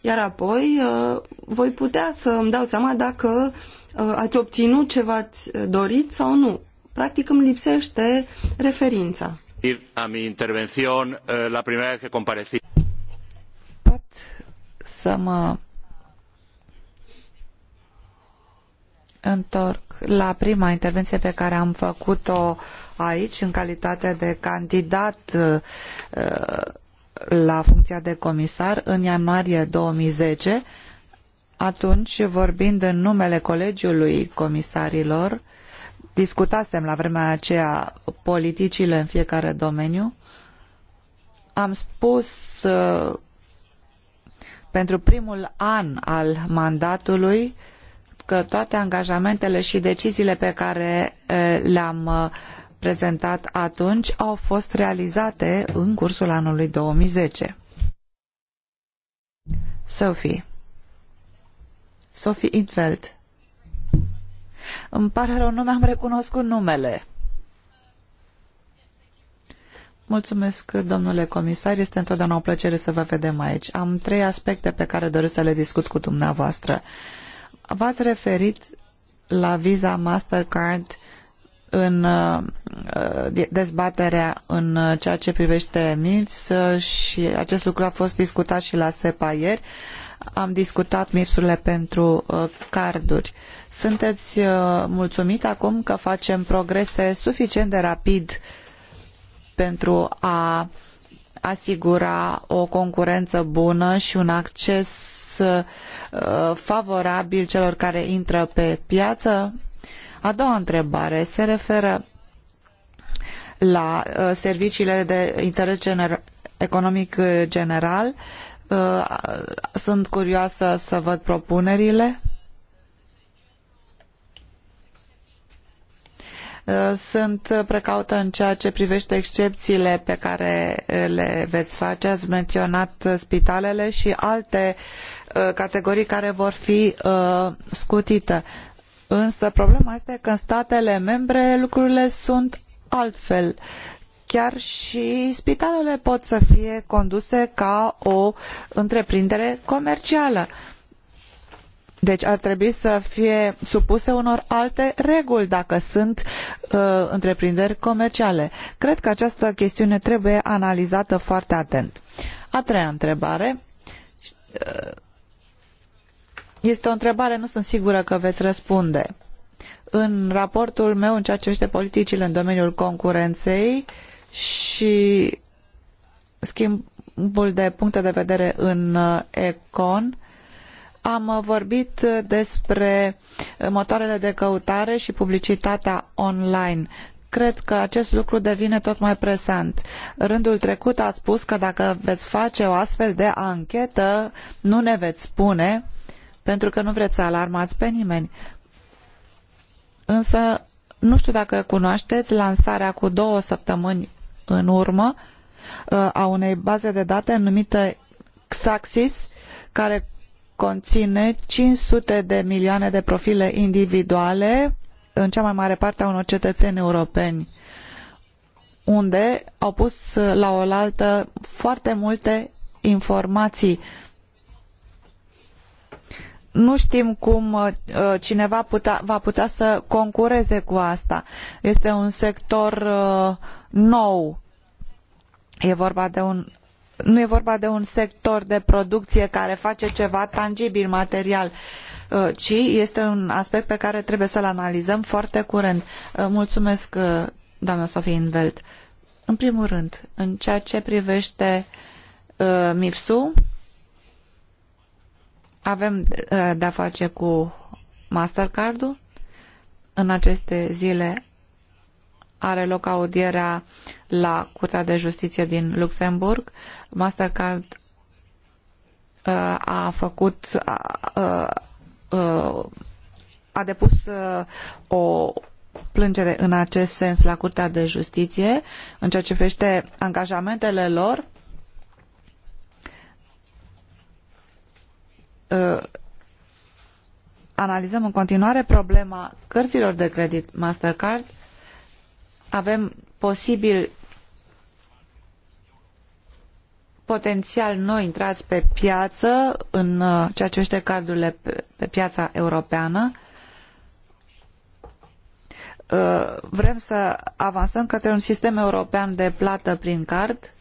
iar apoi uh, voi putea să îmi dau seama dacă uh, ați obținut ce v-ați dorit sau nu. Practic îmi lipsește referința. A mi intervențion, la prima vez que comparecí. Pot să mă întorc la prima intervenție pe care am făcut-o aici în calitate de candidat uh, la funcția de comisar în ianuarie 2010, atunci vorbind în numele colegiului comisarilor, discutasem la vremea aceea politicile în fiecare domeniu, am spus uh, pentru primul an al mandatului că toate angajamentele și deciziile pe care le-am prezentat atunci au fost realizate în cursul anului 2010. Sophie Sophie Intveld Îmi pare rău, nu mi-am recunoscut numele. Mulțumesc, domnule comisar. Este întotdeauna o plăcere să vă vedem aici. Am trei aspecte pe care doresc să le discut cu dumneavoastră. Uh, V-ați referit la Visa Mastercard în uh, uh, dezbaterea în uh, ceea ce privește MIPS și acest lucru a fost discutat și la SEPA ieri. Am discutat MIPS-urile pentru carduri. Sunteți mulțumit acum că facem progrese suficient de rapid pentru a asigura o concurență bună și un acces uh, favorabil celor care intră pe piață? A doua întrebare se referă la uh, serviciile de interes gener economic general. Uh, sunt curioasă să văd propunerile. Uh, sunt precaută în ceea ce privește excepțiile pe care uh, le veți face. Ați menționat uh, spitalele și alte categorii care vor fi scutite. Însă problema este că în statele membre lucrurile sunt altfel chiar și spitalele pot să fie conduse ca o întreprindere comercială. Uh, deci ar trebui să fie supuse unor alte reguli dacă sunt uh, întreprinderi comerciale. Cred că această chestiune trebuie analizată foarte atent. A treia întrebare. Uh, este o întrebare, nu sunt sigură că veți răspunde. În raportul meu în ceea ce privește politicile în domeniul concurenței și schimbul de puncte de vedere în uh, Econ, am vorbit despre motoarele de căutare și publicitatea online cred că acest lucru devine tot mai presant. Rândul trecut ați spus că dacă veți face o astfel de anchetă, nu ne veți spune, pentru că nu vreți să alarmați pe nimeni. Însă, nu știu dacă cunoașteți lansarea cu două săptămâni în urmă uh, a unei baze de date numită Xaxis, care conține 500 de milioane de profile individuale, în cea mai mare parte a unor cetățeni europeni, unde au pus la oaltă foarte multe informații. Nu știm cum uh, cineva putea, va putea să concureze cu asta. Este un sector uh, nou. E vorba de un nu e vorba de un sector de producție care face ceva tangibil, material, uh, ci este un aspect pe care trebuie să-l analizăm foarte curând. Uh, mulțumesc, uh, doamna Sofie Invelt. În primul rând, în ceea ce privește MIFSU, avem de-a face cu Mastercard-ul. În aceste zile are loc audierea la Curtea de Justiție din Luxemburg. Mastercard uh, a făcut a, a depus uh, o plângere în acest sens la Curtea de Justiție în ceea ce privește angajamentele lor uh, analizăm în continuare problema cărților de credit Mastercard avem posibil potențial noi intrați pe piață în uh, ceea ce este cardurile pe piața europeană. Uh, vrem să avansăm către un sistem european de plată prin card.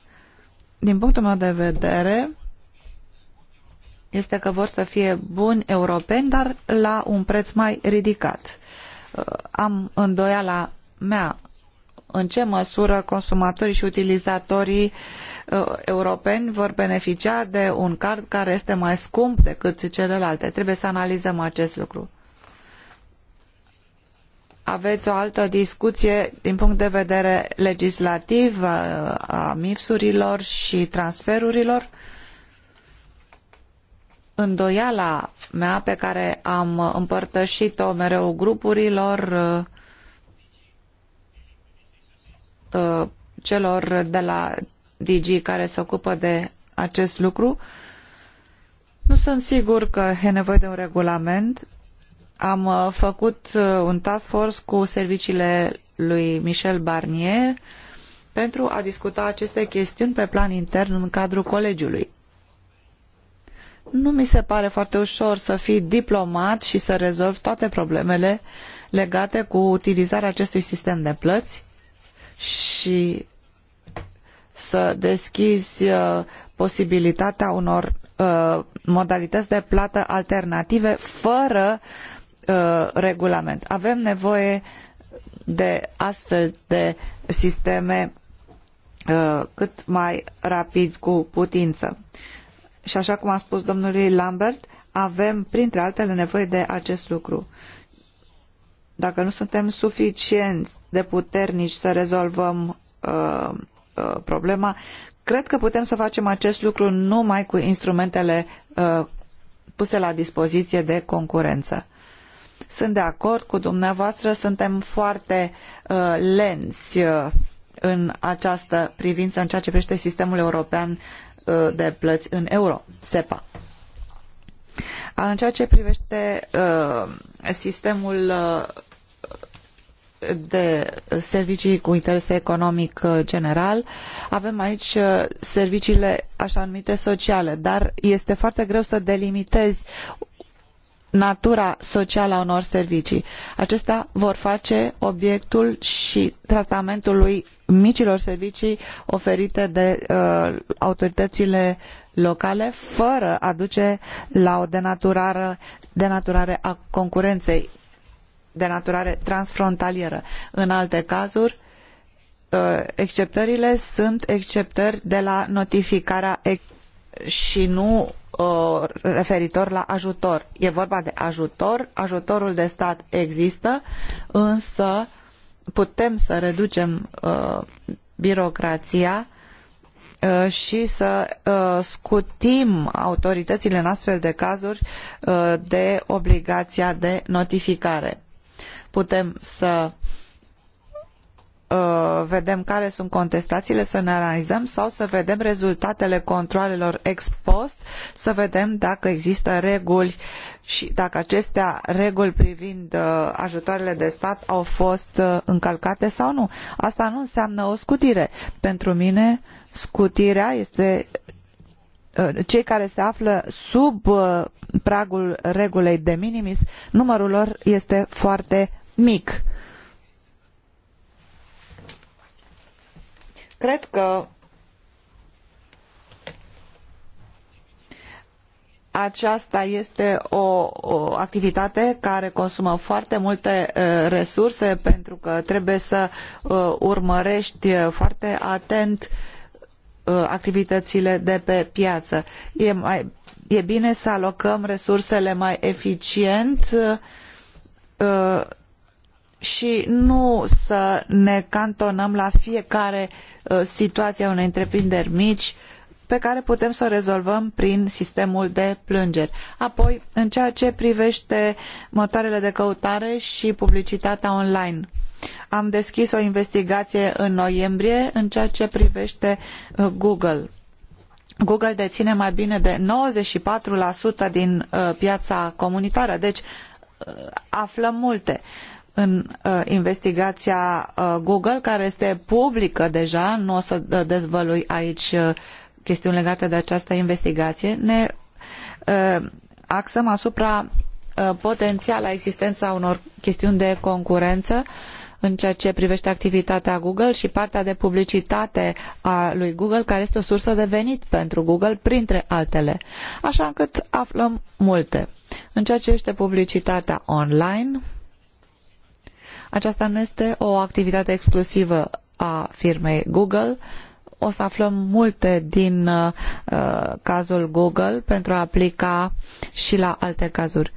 Din punctul meu de vedere, este că vor să fie buni europeni, dar la un preț mai ridicat. Uh, am îndoiala mea în ce măsură consumatorii și utilizatorii uh, europeni vor beneficia de un card care este mai scump decât celelalte. Trebuie să analizăm acest lucru. Aveți o altă discuție din punct de vedere legislativ uh, a MIFS-urilor și transferurilor? Îndoiala mea pe care am împărtășit-o mereu grupurilor uh, Uh, celor de la DG care se ocupă de acest lucru. Nu sunt sigur că e nevoie de un regulament. Am uh, făcut uh, un task force cu serviciile lui Michel Barnier pentru a discuta aceste chestiuni pe plan intern în cadrul colegiului. Nu mi se pare foarte ușor să fii diplomat și să rezolvi toate problemele legate cu utilizarea acestui sistem de plăți și să deschizi uh, posibilitatea unor uh, modalități de plată alternative fără uh, regulament. Avem nevoie de astfel de sisteme cât mai rapid cu putință. Și așa cum a spus domnul Lambert, avem printre altele nevoie de acest lucru. Uh, dacă nu suntem suficienți de puternici să rezolvăm uh, uh, problema, cred că putem să facem acest lucru numai cu instrumentele uh, puse la dispoziție de concurență. Sunt de acord cu dumneavoastră, suntem foarte uh, lenți uh, în această privință, în ceea ce privește sistemul european uh, de plăți în euro, SEPA. În ceea ce privește uh, sistemul uh, de servicii cu interes economic uh, general, avem aici uh, serviciile așa numite sociale, dar este foarte greu să delimitezi natura socială a unor servicii. Acestea vor face obiectul și lui micilor servicii oferite de uh, autoritățile locale fără a duce la o denaturare, denaturare a concurenței de naturare transfrontalieră. În alte cazuri, ă, exceptările sunt exceptări de la notificarea și nu ă, referitor la ajutor. E vorba de ajutor, ajutorul de stat există, însă putem să reducem uh, birocrația și să uh, scutim autoritățile în astfel de cazuri uh, de obligația de notificare putem să uh, vedem care sunt contestațiile, să ne analizăm sau să vedem rezultatele controalelor ex post, să vedem dacă există reguli și dacă acestea reguli privind uh, ajutoarele de stat au fost uh, încălcate sau nu. Asta nu înseamnă o scutire. Pentru mine, scutirea este cei care se află sub pragul regulei de minimis, numărul lor este foarte mic. Cred că aceasta este o, o, activitate care consumă foarte multe uh, resurse pentru că trebuie să uh, urmărești foarte atent activitățile de pe piață. E, mai, e bine să alocăm resursele mai eficient și nu să ne cantonăm la fiecare uh, situație a unei întreprinderi mici pe care putem să o rezolvăm prin sistemul de plângeri. Apoi, în ceea ce privește motoarele de căutare și publicitatea online, am deschis o investigație în noiembrie în ceea ce privește uh, Google. Google deține mai bine de 94% din uh, piața comunitară, deci aflăm multe. Uh, în uh, investigația uh, Google, care este publică deja, nu o să uh, dezvălui aici uh, chestiuni legate de această investigație, ne uh, axăm asupra uh, potențiala existența unor chestiuni de concurență în ceea ce privește activitatea Google și partea de publicitate a lui Google, care este o sursă de venit pentru Google, printre altele. Așa încât aflăm multe. În ceea ce este publicitatea online, aceasta nu este o activitate exclusivă a firmei Google. O să aflăm multe din uh, cazul Google pentru a aplica și la alte cazuri.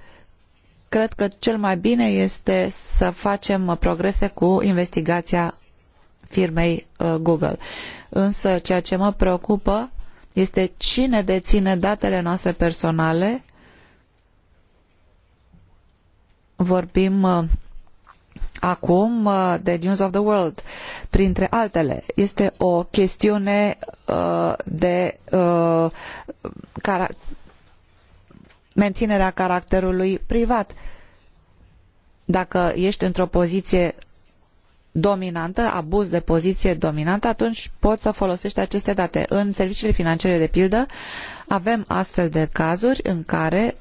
Cred că cel mai bine este să facem progrese cu investigația firmei uh, Google. Însă ceea ce mă preocupă este cine deține datele noastre personale. Vorbim uh, acum de uh, News of the World, printre altele. Este o chestiune uh, de uh, menținerea caracterului privat. Dacă ești într-o poziție dominantă, abuz de poziție dominantă, atunci poți să folosești aceste date. În serviciile financiare, de pildă, avem astfel de cazuri în care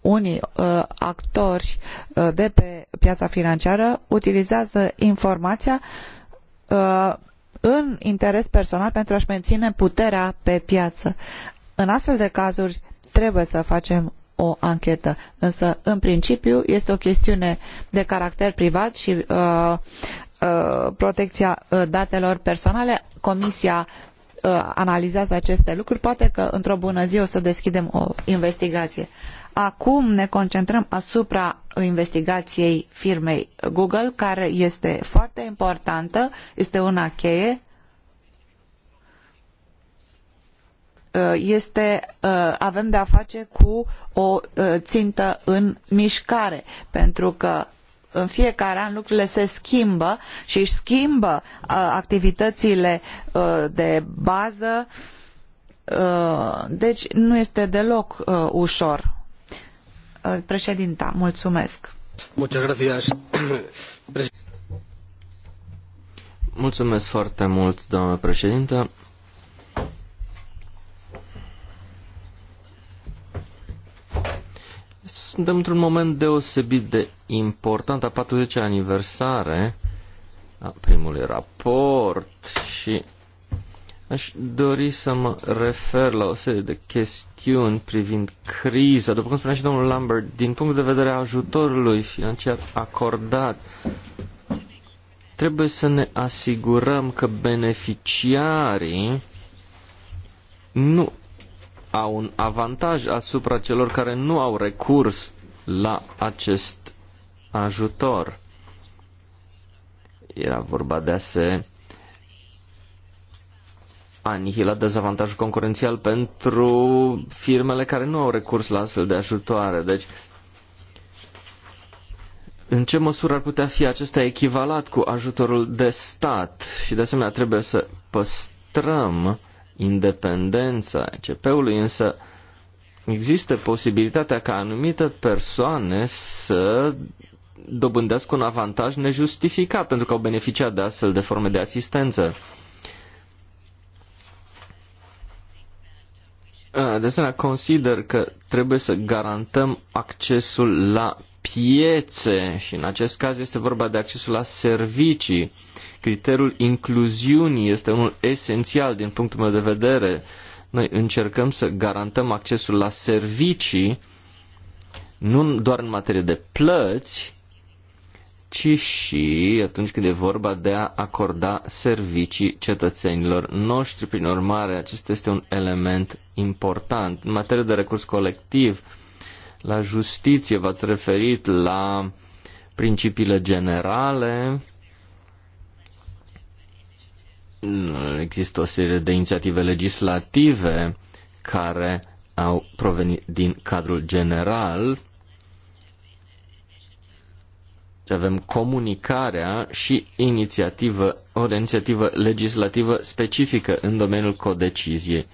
unii uh, actori uh, de pe piața financiară utilizează informația uh, în interes personal pentru a-și menține puterea pe piață. În astfel de cazuri trebuie să facem o anchetă, însă în principiu este o chestiune de caracter privat și uh, uh, protecția uh, datelor personale. Comisia uh, analizează aceste lucruri, poate că într-o bună zi o să deschidem o investigație. Uh, Acum ne concentrăm asupra investigației firmei Google, care este foarte importantă, este una cheie, uh, este, uh, avem de a face cu o uh, țintă în mișcare, pentru că în fiecare an lucrurile se schimbă și își schimbă activitățile de bază, deci nu este deloc ușor. Uh, președinta, mulțumesc. Mulțumesc foarte mult, doamnă președintă. Suntem într-un moment deosebit de important, a 40-a aniversare a primului raport și Aș dori să mă refer la o serie de chestiuni privind criza. După cum spunea și domnul Lambert, din punct de vedere a ajutorului financiar acordat, trebuie să ne asigurăm că beneficiarii nu au un avantaj asupra celor care nu au recurs la acest ajutor. Era vorba de a se anihilat dezavantajul concurențial pentru firmele care nu au recurs la astfel de ajutoare. Deci, în ce măsură ar putea fi acesta echivalat cu ajutorul de stat? Și de asemenea trebuie să păstrăm independența ECP-ului, însă există posibilitatea ca anumite persoane să dobândească un avantaj nejustificat pentru că au beneficiat de astfel de forme de asistență. De asemenea, consider că trebuie să garantăm accesul la piețe și în acest caz este vorba de accesul la servicii. Criteriul incluziunii este unul esențial din punctul meu de vedere. Noi încercăm să garantăm accesul la servicii nu doar în materie de plăți, ci și atunci când e vorba de a acorda servicii cetățenilor noștri. Prin urmare, acesta este un element important. În materie de recurs colectiv, la justiție v-ați referit la principiile generale. Există o serie de inițiative legislative care au provenit din cadrul general. Avem comunicarea și inițiativă, o inițiativă legislativă specifică în domeniul codeciziei.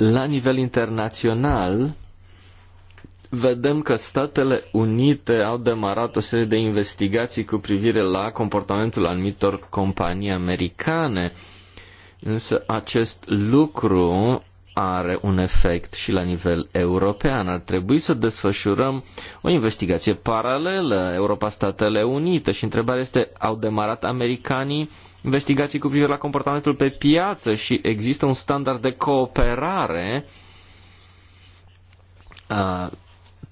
La nivel internațional, vedem că Statele Unite au demarat o serie de investigații cu privire la comportamentul anumitor companii americane, însă acest lucru are un efect și la nivel european. Ar trebui să desfășurăm o investigație paralelă Europa-Statele Unite și întrebarea este, au demarat americanii investigații cu privire la comportamentul pe piață și există un standard de cooperare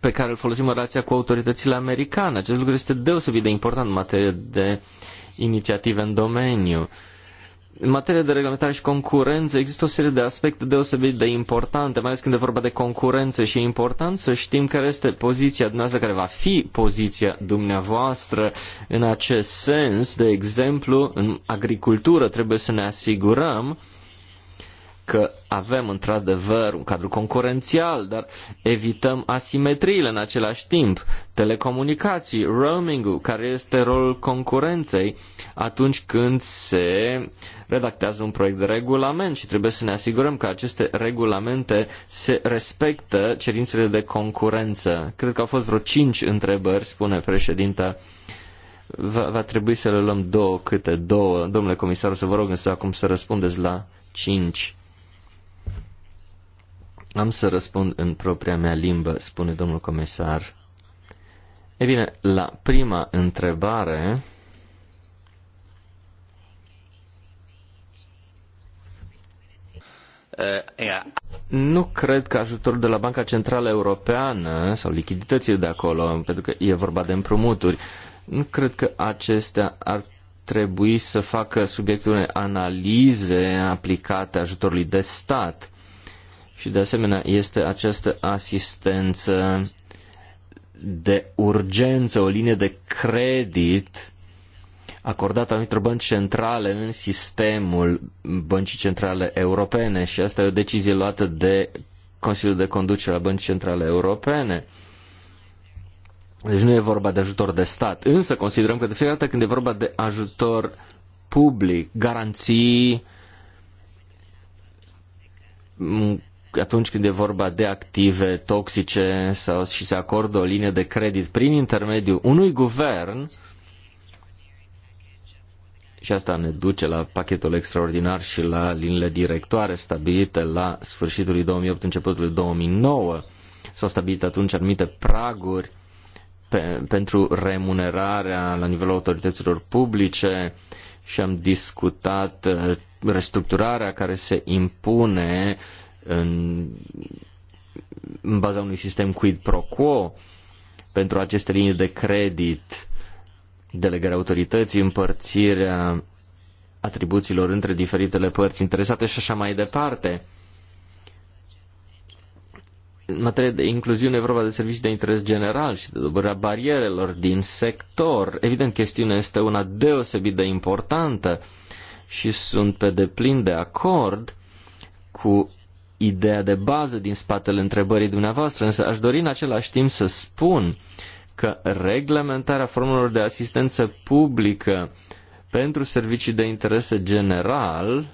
pe care îl folosim în relația cu autoritățile americane. Acest lucru este deosebit de important în materie de inițiative în domeniu. Uh, în materie de reglementare și concurență există o serie de aspecte deosebit de importante, mai ales când e vorba de concurență și e important să știm care este poziția dumneavoastră, care va fi poziția dumneavoastră în acest sens. De exemplu, în agricultură trebuie să ne asigurăm că avem într-adevăr un cadru concurențial, dar evităm asimetriile în același timp, telecomunicații, roaming-ul, care este rolul concurenței atunci când se redactează un proiect de regulament și trebuie să ne asigurăm că aceste regulamente se respectă cerințele de concurență. Cred că au fost vreo cinci întrebări, spune președinta. Va, va trebui să le luăm două câte două. Domnule comisar, o să vă rog însă acum să răspundeți la cinci. Am să răspund în propria mea limbă, spune domnul comisar. E bine, la prima întrebare, Uh, nu cred că ajutorul de la Banca Centrală Europeană sau lichiditățile de acolo, pentru că e vorba de împrumuturi, nu cred că acestea ar trebui să facă subiectul unei analize aplicate ajutorului de stat. Și de asemenea este această asistență de urgență, o linie de credit acordată anumitor bănci centrale în sistemul băncii centrale europene și asta e o decizie luată de Consiliul de Conducere a Băncii Centrale Europene. Deci nu e vorba de ajutor de stat, însă considerăm că de fiecare dată când e vorba de ajutor public, garanții, atunci când e vorba de active toxice sau și se acordă o linie de credit prin intermediul unui guvern, uh, și asta ne duce la pachetul extraordinar și la liniile directoare stabilite la sfârșitul lui 2008, începutul lui 2009. S-au stabilit atunci anumite praguri pe, pentru remunerarea la nivelul autorităților publice și am discutat uh, restructurarea care se impune în, în baza unui sistem quid pro quo pentru aceste linii de credit delegarea autorității, împărțirea atribuțiilor între diferitele părți interesate și așa mai departe. În materie de incluziune vorba de servicii de interes general și de dobărea barierelor din sector. Evident, chestiunea este una deosebit de importantă și sunt pe deplin de acord cu ideea de bază din spatele întrebării dumneavoastră, însă aș dori în același timp să spun uh, că reglementarea formelor de asistență publică pentru servicii de interes general,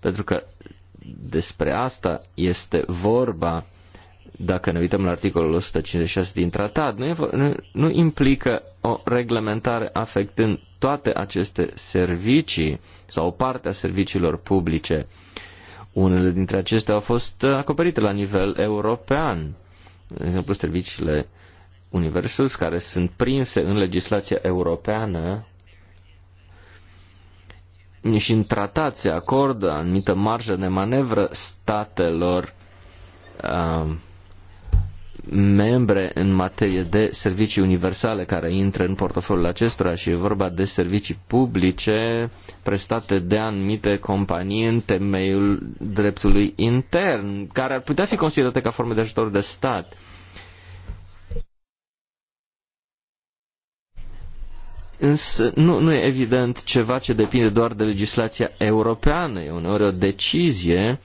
pentru că despre asta este vorba dacă ne uităm la articolul 156 din tratat, nu, e, nu, nu implică o reglementare afectând toate aceste servicii sau o parte a serviciilor publice. Unele dintre acestea au fost acoperite la nivel european, de exemplu serviciile Universus care sunt prinse în legislația europeană și în tratat se acordă anumită marjă de manevră statelor uh, membre în materie de servicii universale care intră în portofoliul acestora și e vorba de servicii publice prestate de anumite companii în temeiul dreptului intern, care ar putea fi considerate ca forme de ajutor de stat. Însă nu, nu e evident ceva ce depinde doar de legislația europeană, e uneori o decizie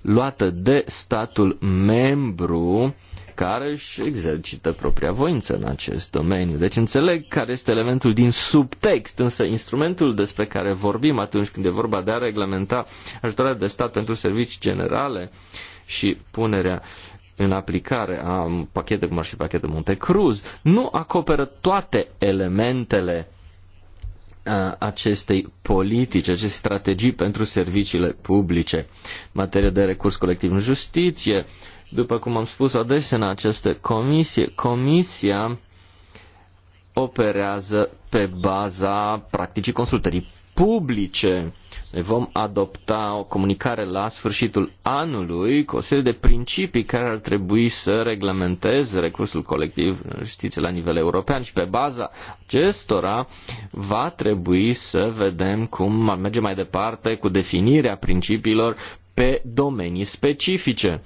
luată de statul membru care își exercită propria voință în acest domeniu. Deci înțeleg care este elementul din subtext, însă instrumentul despre care vorbim atunci când e vorba de a reglementa ajutorarea de stat pentru servicii generale și punerea în aplicare a pachete cum ar fi pachetul Montecruz, nu acoperă toate elementele acestei politici, acestei strategii pentru serviciile publice, în materie de recurs colectiv în justiție. După cum am spus adesea în această comisie, comisia operează pe baza practicii consultării publice. Ne vom adopta o comunicare la sfârșitul anului cu o serie de principii care ar trebui să reglementeze recursul colectiv, știți, la nivel european și pe baza acestora va trebui să vedem cum merge mai departe cu definirea principiilor pe domenii specifice.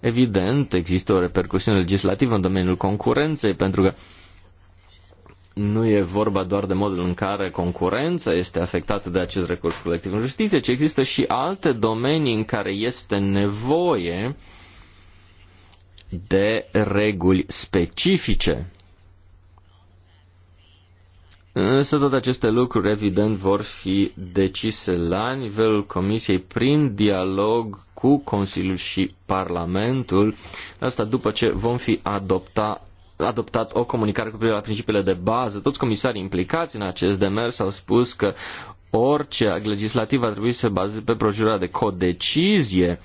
Evident, există o repercusiune legislativă în domeniul concurenței, pentru că uh, nu e vorba doar de modul în care concurența este afectată de acest recurs colectiv în justiție, ci există și alte domenii în care este nevoie de reguli specifice. Însă toate aceste lucruri, evident, vor fi decise la nivelul Comisiei prin dialog cu Consiliul și Parlamentul. Asta după ce vom fi adoptat adoptat o comunicare cu privire la principiile de bază. Toți comisarii implicați în acest demers au spus că orice act legislativ ar trebui să se bazeze pe procedura de codecizie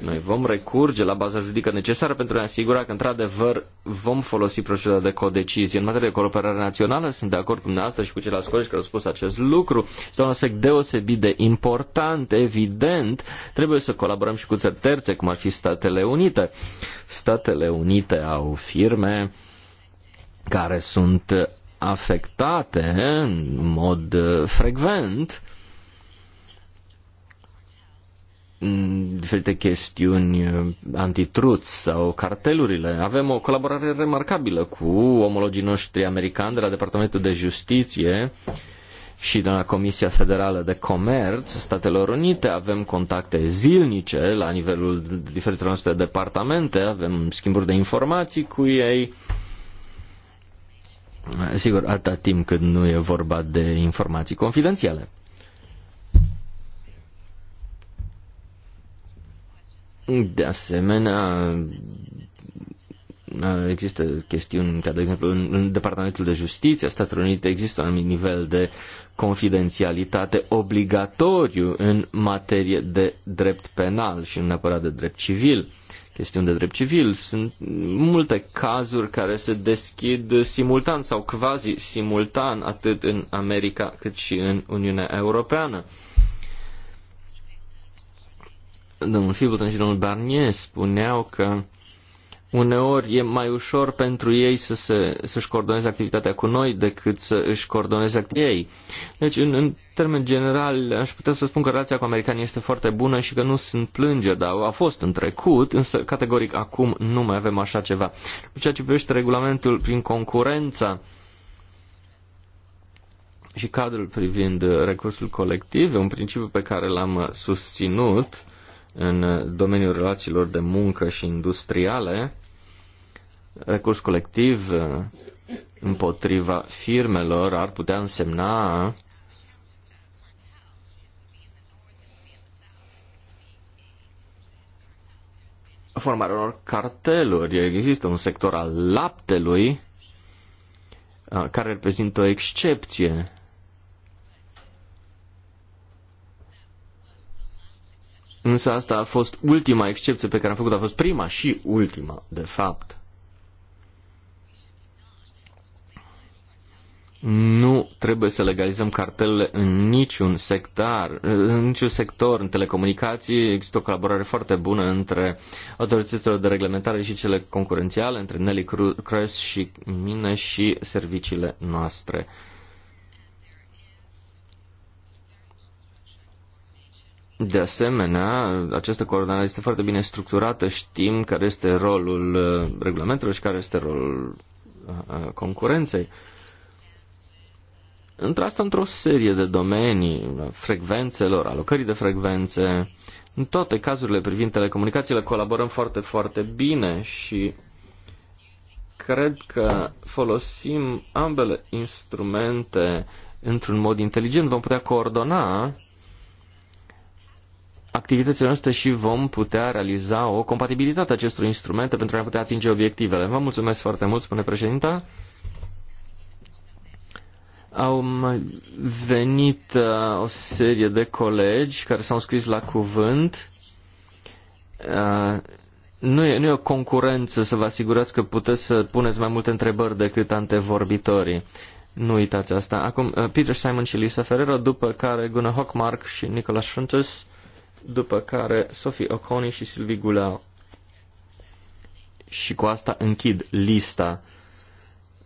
noi vom recurge la baza juridică necesară pentru a ne asigura că, într-adevăr, vom folosi procedura de codecizie. În materie de cooperare națională, sunt de acord cu dumneavoastră și cu ceilalți colegi care au spus acest lucru. Este un aspect deosebit de important, evident. Trebuie să colaborăm și cu țări terțe, cum ar fi Statele Unite. Statele Unite au firme care sunt afectate în mod frecvent uh, Mm, diferite chestiuni uh, antitruți sau cartelurile. Avem o colaborare remarcabilă cu omologii noștri americani de la Departamentul de Justiție și de la Comisia Federală de Comerț Statelor Unite. Avem contacte zilnice la nivelul diferitelor noastre departamente, avem schimburi de informații cu ei. Sigur, atâta timp cât nu e vorba de informații confidențiale. De asemenea, există chestiuni ca, de exemplu, în Departamentul de Justiție a Statelor Unite există un anumit nivel de confidențialitate obligatoriu în materie de drept penal și nu neapărat de drept civil. Chestiuni de drept civil. Sunt multe cazuri care se deschid simultan sau quasi simultan atât în America cât și în Uniunea Europeană domnul Fibleton și domnul Barnier spuneau că uneori e mai ușor pentru ei să se, să-și coordoneze activitatea cu noi decât să își coordoneze activitatea ei. Deci, în, în termen general, aș putea să spun că relația cu americanii este foarte bună și că nu sunt plângeri, dar a fost în trecut, însă categoric acum nu mai avem așa ceva. Ceea ce privește regulamentul prin concurența și cadrul privind recursul colectiv, un principiu pe care l-am susținut, uh, în domeniul relațiilor de muncă și industriale, recurs colectiv uh, împotriva firmelor ar putea însemna formarea unor carteluri. Există un sector al laptelui uh, care reprezintă o excepție Însă asta a fost ultima excepție pe care am făcut-o, a fost prima și ultima, de fapt. Nu trebuie să legalizăm cartelele în niciun sector, în niciun sector, în telecomunicații. Există o colaborare foarte bună între autoritățile de reglementare și cele concurențiale, între Nelly Cruz și mine și serviciile noastre. De asemenea, această coordonare este foarte bine structurată, știm care este rolul uh, regulamentelor și care este rolul uh, uh, concurenței. Într asta într-o serie de domenii, frecvențelor, alocării de frecvențe, în toate cazurile privind telecomunicațiile colaborăm foarte, foarte bine și cred că folosim ambele instrumente într-un mod inteligent. Vom putea coordona activitățile noastre și vom putea realiza o compatibilitate acestor instrumente pentru a putea atinge obiectivele. Vă mulțumesc foarte mult, spune președinta. Au mai venit uh, o serie de colegi care s-au scris la cuvânt. Uh, nu e, nu e o concurență să vă asigurați că puteți să puneți mai multe întrebări decât antevorbitorii. Nu uitați asta. Acum, uh, Peter Simon și Lisa Ferrero, după care Gunnar Hockmark și Nicolas Schuntes după care Sophie Oconi și Sylvie Goulart. Și cu asta închid lista.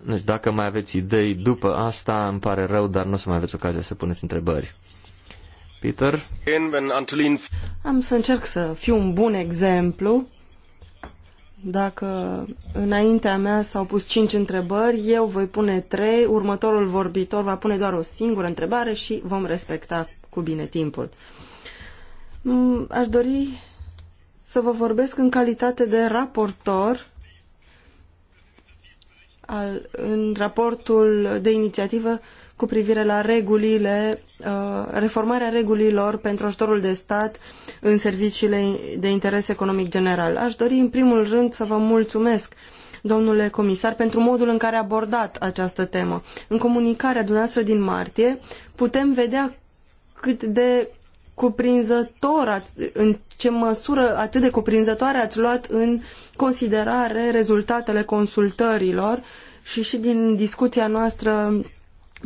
Deci dacă mai aveți idei după asta, îmi pare rău, dar nu o să mai aveți ocazia să puneți întrebări. Peter? Am să încerc să fiu un bun exemplu. Dacă înaintea mea s-au pus cinci întrebări, eu voi pune trei, următorul vorbitor va pune doar o singură întrebare și vom respecta cu bine timpul. Mm, aș dori să vă vorbesc în calitate de raportor al, în raportul de inițiativă cu privire la regulile, uh, reformarea regulilor pentru ajutorul de stat în serviciile de interes economic general. Aș dori în primul rând să vă mulțumesc domnule comisar, pentru modul în care a abordat această temă. În comunicarea dumneavoastră din martie putem vedea cât de cuprinzător, în ce măsură atât de cuprinzătoare ați luat în considerare rezultatele consultărilor și și din discuția noastră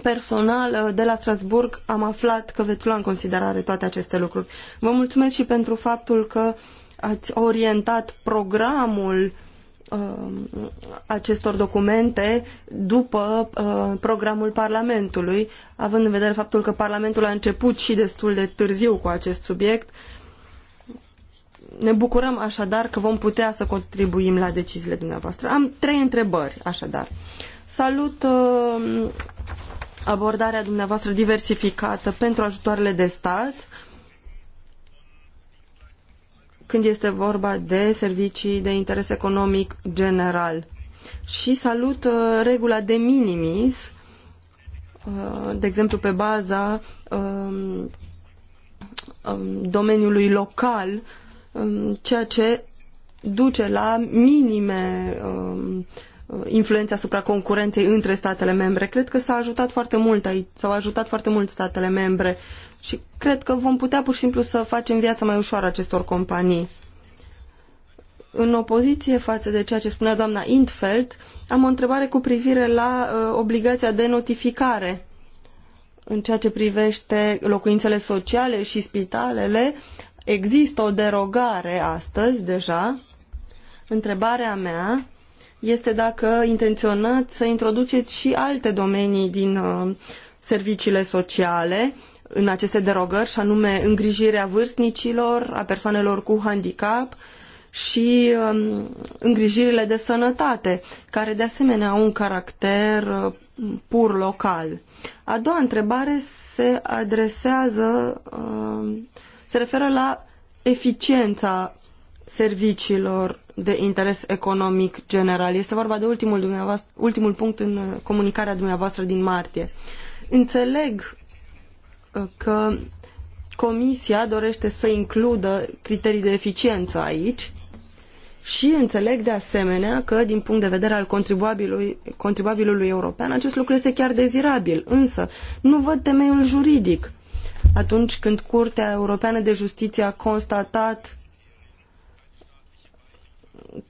personală de la Strasburg am aflat că veți lua în considerare toate aceste lucruri. Vă mulțumesc și pentru faptul că ați orientat programul Um, acestor documente după uh, programul Parlamentului, având în vedere faptul că Parlamentul a început și destul de târziu cu acest subiect. Ne bucurăm așadar că vom putea să contribuim la deciziile dumneavoastră. Am trei întrebări, așadar. Salut um, abordarea dumneavoastră diversificată pentru ajutoarele de stat când este vorba de servicii de interes economic general. Și salut uh, regula de minimis, uh, de exemplu pe baza um, um, domeniului local, um, ceea ce duce la minime influența asupra concurenței între statele membre. Cred că s-a ajutat foarte mult aici, s-au ajutat foarte mult statele membre și cred că vom putea pur și simplu să facem viața mai ușoară acestor companii. În opoziție față de ceea ce spunea doamna Intfeld, am o întrebare cu privire la uh, obligația de notificare în ceea ce privește locuințele sociale și spitalele. Există o derogare astăzi deja. Întrebarea mea este dacă intenționați să introduceți și alte domenii din uh, serviciile sociale în aceste derogări, și anume îngrijirea vârstnicilor, a persoanelor cu handicap și um, îngrijirile de sănătate, care de asemenea au un caracter uh, pur local. A doua întrebare se adresează, um, se referă la eficiența serviciilor de interes economic general. Este vorba de ultimul, ultimul punct în uh, comunicarea dumneavoastră din martie. Înțeleg că Comisia dorește să includă criterii de eficiență aici și înțeleg de asemenea că, din punct de vedere al contribuabilului, contribuabilului european, acest lucru este chiar dezirabil, însă nu văd temeiul juridic. Atunci când Curtea Europeană de Justiție a constatat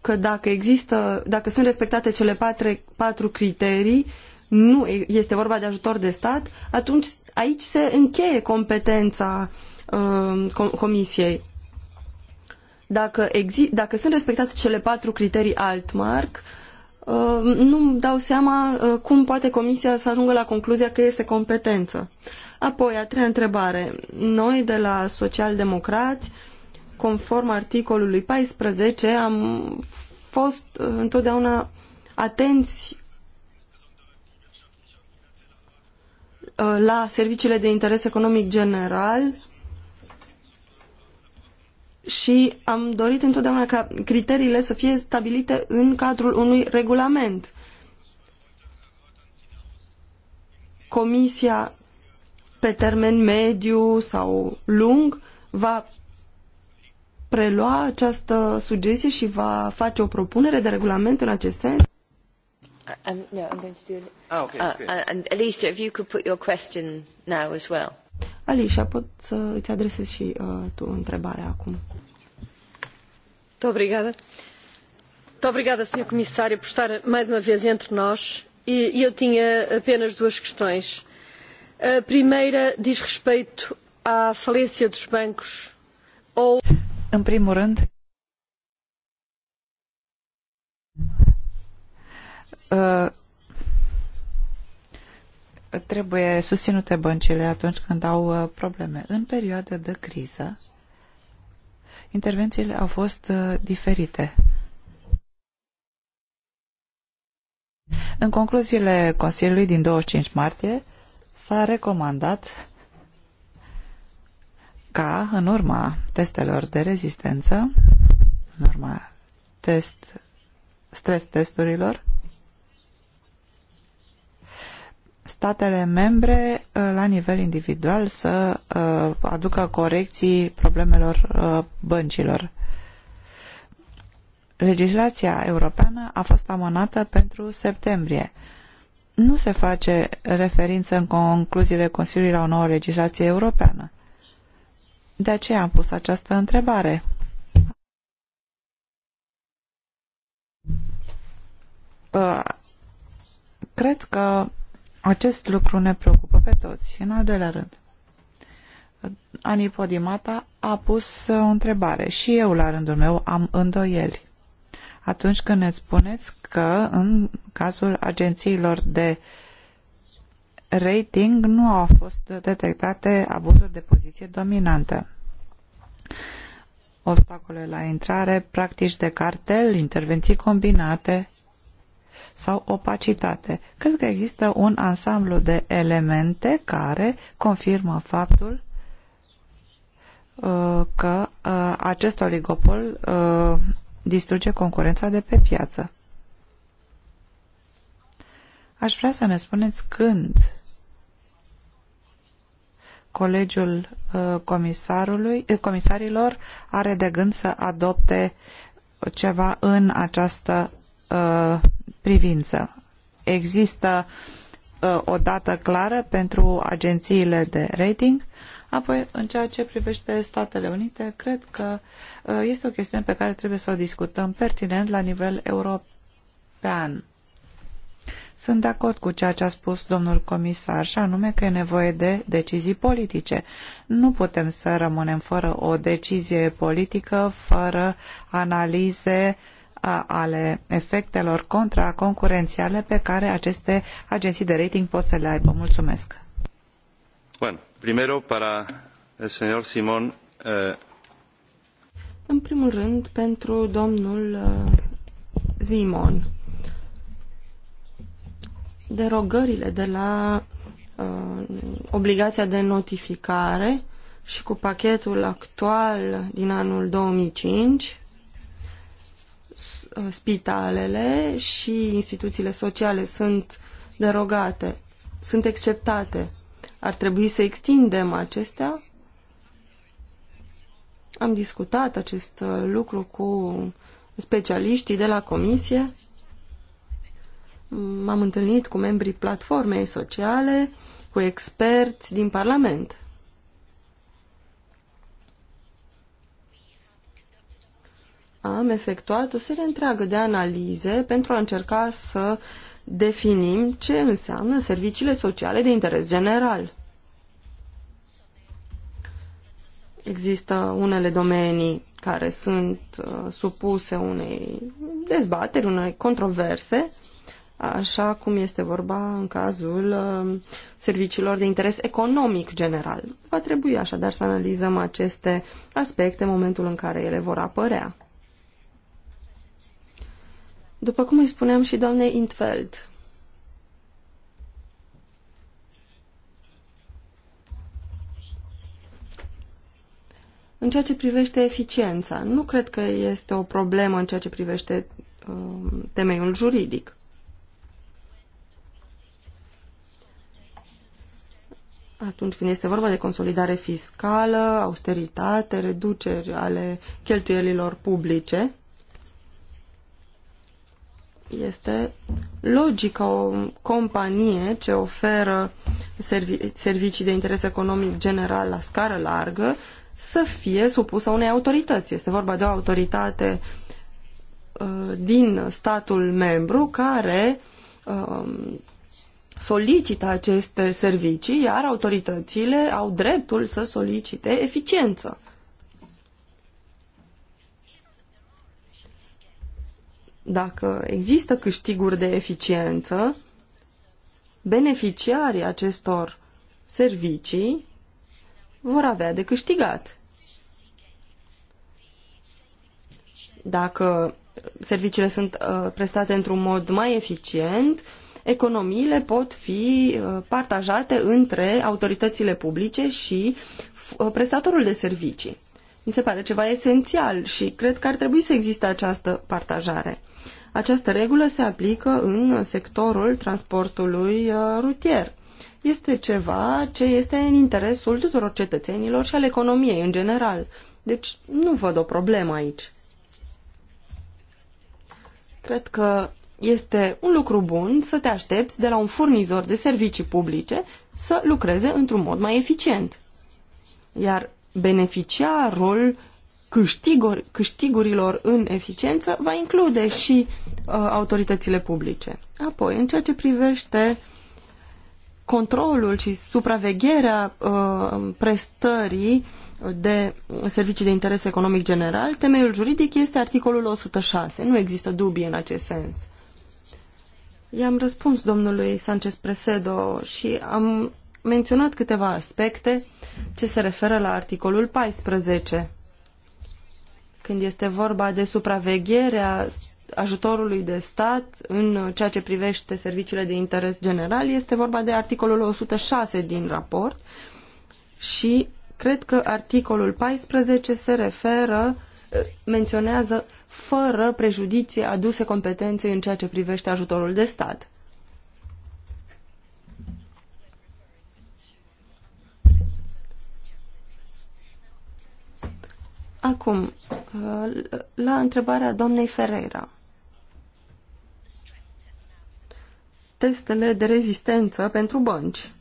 că dacă există, dacă sunt respectate cele patru, patru criterii, nu este vorba de ajutor de stat, atunci aici se încheie competența um, comisiei. Dacă, exi- dacă sunt respectate cele patru criterii Altmark, um, nu îmi dau seama uh, cum poate comisia să ajungă la concluzia că este competență. Apoi, a treia întrebare. Noi de la socialdemocrați, conform articolului 14, am fost uh, întotdeauna atenți Uh, la serviciile de interes economic general și am dorit întotdeauna ca criteriile să fie stabilite în cadrul unui regulament. Comisia pe termen mediu sau lung va prelua această sugestie și va face o propunere de regulament în acest sens? Uh, um, no, I'm going to do it. Ah, okay, uh, okay. Uh, and Alicia, if you could put your question now as well. Alicia, pot să îți adresez și uh, tu întrebarea acum. Obrigada. Muito obrigada, Sr. Comissário, por estar mais uma vez entre nós. E eu tinha apenas duas questões. A primeira diz respeito à falência dos bancos ou. Em primeiro lugar, Uh, trebuie susținute băncile atunci când au uh, probleme. În perioada de criză, intervențiile au fost uh, diferite. În concluziile Consiliului din 25 martie s-a recomandat ca, în urma testelor de rezistență, în urma test, stres testurilor, statele membre uh, la nivel individual să uh, aducă corecții problemelor uh, băncilor. Legislația europeană a fost amânată pentru septembrie. Nu se face referință în concluziile Consiliului la o nouă legislație europeană. De aceea am pus această întrebare. Cred că acest lucru ne preocupă pe toți. În al doilea rând, Anipodimata a pus uh, o întrebare și eu, la rândul meu, am îndoieli. Atunci când ne spuneți că în cazul agențiilor de rating nu au fost detectate abuzuri de poziție dominantă. Obstacole la intrare, practici de cartel, intervenții combinate, sau opacitate. Cred că există un ansamblu de elemente care confirmă faptul uh, că uh, acest oligopol uh, distruge concurența de pe piață. Aș vrea să ne spuneți când Colegiul comisarului, Comisarilor are de gând să adopte ceva în această uh, privință. Există uh, o dată clară pentru agențiile de rating. Apoi, în ceea ce privește Statele Unite, cred că uh, este o chestiune pe care trebuie să o discutăm pertinent la nivel european. Sunt de acord cu ceea ce a spus domnul comisar și anume că e nevoie de decizii politice. Nu putem să rămânem fără o decizie politică, fără analize ale efectelor contraconcurențiale pe care aceste agenții de rating pot să le aibă. Mulțumesc! Bueno, primero para el señor Simón. Eh... În primul rând, pentru domnul eh, Simon. Derogările de la uh, obligația de notificare și cu pachetul actual din anul 2005 Uh, spitalele și instituțiile sociale sunt derogate, sunt exceptate. Ar trebui să extindem acestea? Am discutat acest uh, lucru cu specialiștii de la comisie. M-am întâlnit cu membrii platformei sociale, cu experți din Parlament. am efectuat o serie întreagă de analize pentru a încerca să definim ce înseamnă serviciile sociale de interes general. Există unele domenii care sunt uh, supuse unei dezbateri, unei controverse, așa cum este vorba în cazul uh, serviciilor de interes economic general. Va trebui așadar să analizăm aceste aspecte în momentul în care ele vor apărea. După cum îi spuneam și doamnei Intveld, În ceea ce privește eficiența, nu cred că este o problemă în ceea ce privește uh, temeiul juridic. Atunci când este vorba de consolidare fiscală, austeritate, reduceri ale cheltuielilor publice, este logică o companie ce oferă servi servicii de interes economic general la scară largă să fie supusă unei autorități. Este vorba de o autoritate uh, din statul membru care uh, solicită aceste servicii, iar autoritățile au dreptul să solicite eficiență. Dacă există câștiguri de eficiență, beneficiarii acestor servicii vor avea de câștigat. Dacă serviciile sunt uh, prestate într-un mod mai eficient, economiile pot fi uh, partajate între autoritățile publice și uh, prestatorul de servicii mi se pare ceva esențial și cred că ar trebui să existe această partajare. Această regulă se aplică în sectorul transportului uh, rutier. Este ceva ce este în interesul tuturor cetățenilor și al economiei în general. Deci nu văd o problemă aici. Cred că este un lucru bun să te aștepți de la un furnizor de servicii publice să lucreze într-un mod mai eficient. Iar beneficiarul câștiguri, câștigurilor în eficiență va include și uh, autoritățile publice. Apoi, în ceea ce privește controlul și supravegherea uh, prestării de servicii de interes economic general, temeiul juridic este articolul 106. Nu există dubii în acest sens. I-am răspuns domnului Sanchez Presedo și am menționat câteva aspecte ce se referă la articolul 14, când este vorba de supravegherea ajutorului de stat în ceea ce privește serviciile de interes general, este vorba de articolul 106 din raport și cred că articolul 14 se referă, eh, menționează fără prejudicii aduse competenței în ceea ce privește ajutorul de stat. Acum, uh, la întrebarea doamnei Ferreira. Testele de rezistență pentru bănci.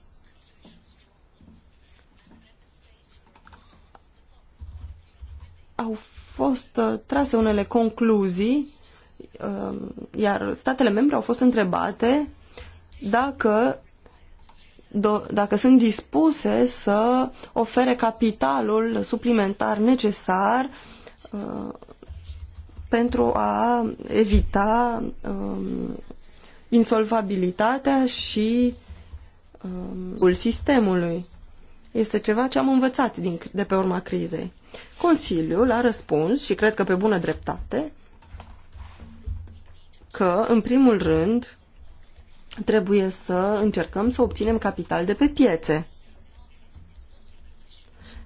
Au fost uh, trase unele concluzii, uh, iar statele membre au fost întrebate dacă dacă sunt dispuse să ofere capitalul suplimentar necesar uh, pentru a evita um, insolvabilitatea și um, sistemului. Este ceva ce am învățat din, de pe urma crizei. Consiliul a răspuns, și cred că pe bună dreptate, că, în primul rând, trebuie să încercăm să obținem capital de pe piețe.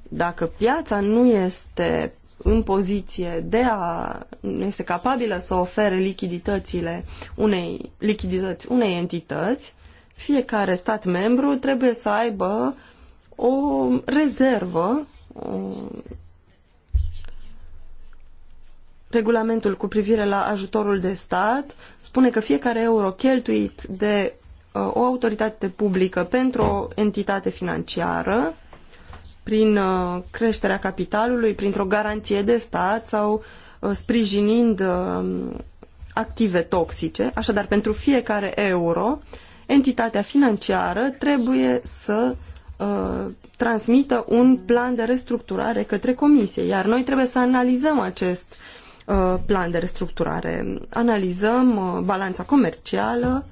Dacă piața nu este în poziție de a nu este capabilă să ofere lichiditățile unei lichidități unei entități, fiecare stat membru trebuie să aibă o rezervă, regulamentul cu privire la ajutorul de stat spune că fiecare euro cheltuit de uh, o autoritate publică pentru o entitate financiară, prin uh, creșterea capitalului, printr-o garanție de stat sau uh, sprijinind uh, active toxice, așadar pentru fiecare euro, entitatea financiară trebuie să uh, transmită un plan de restructurare către comisie, iar noi trebuie să analizăm acest Uh, plan de restructurare. Analizăm uh, balanța comercială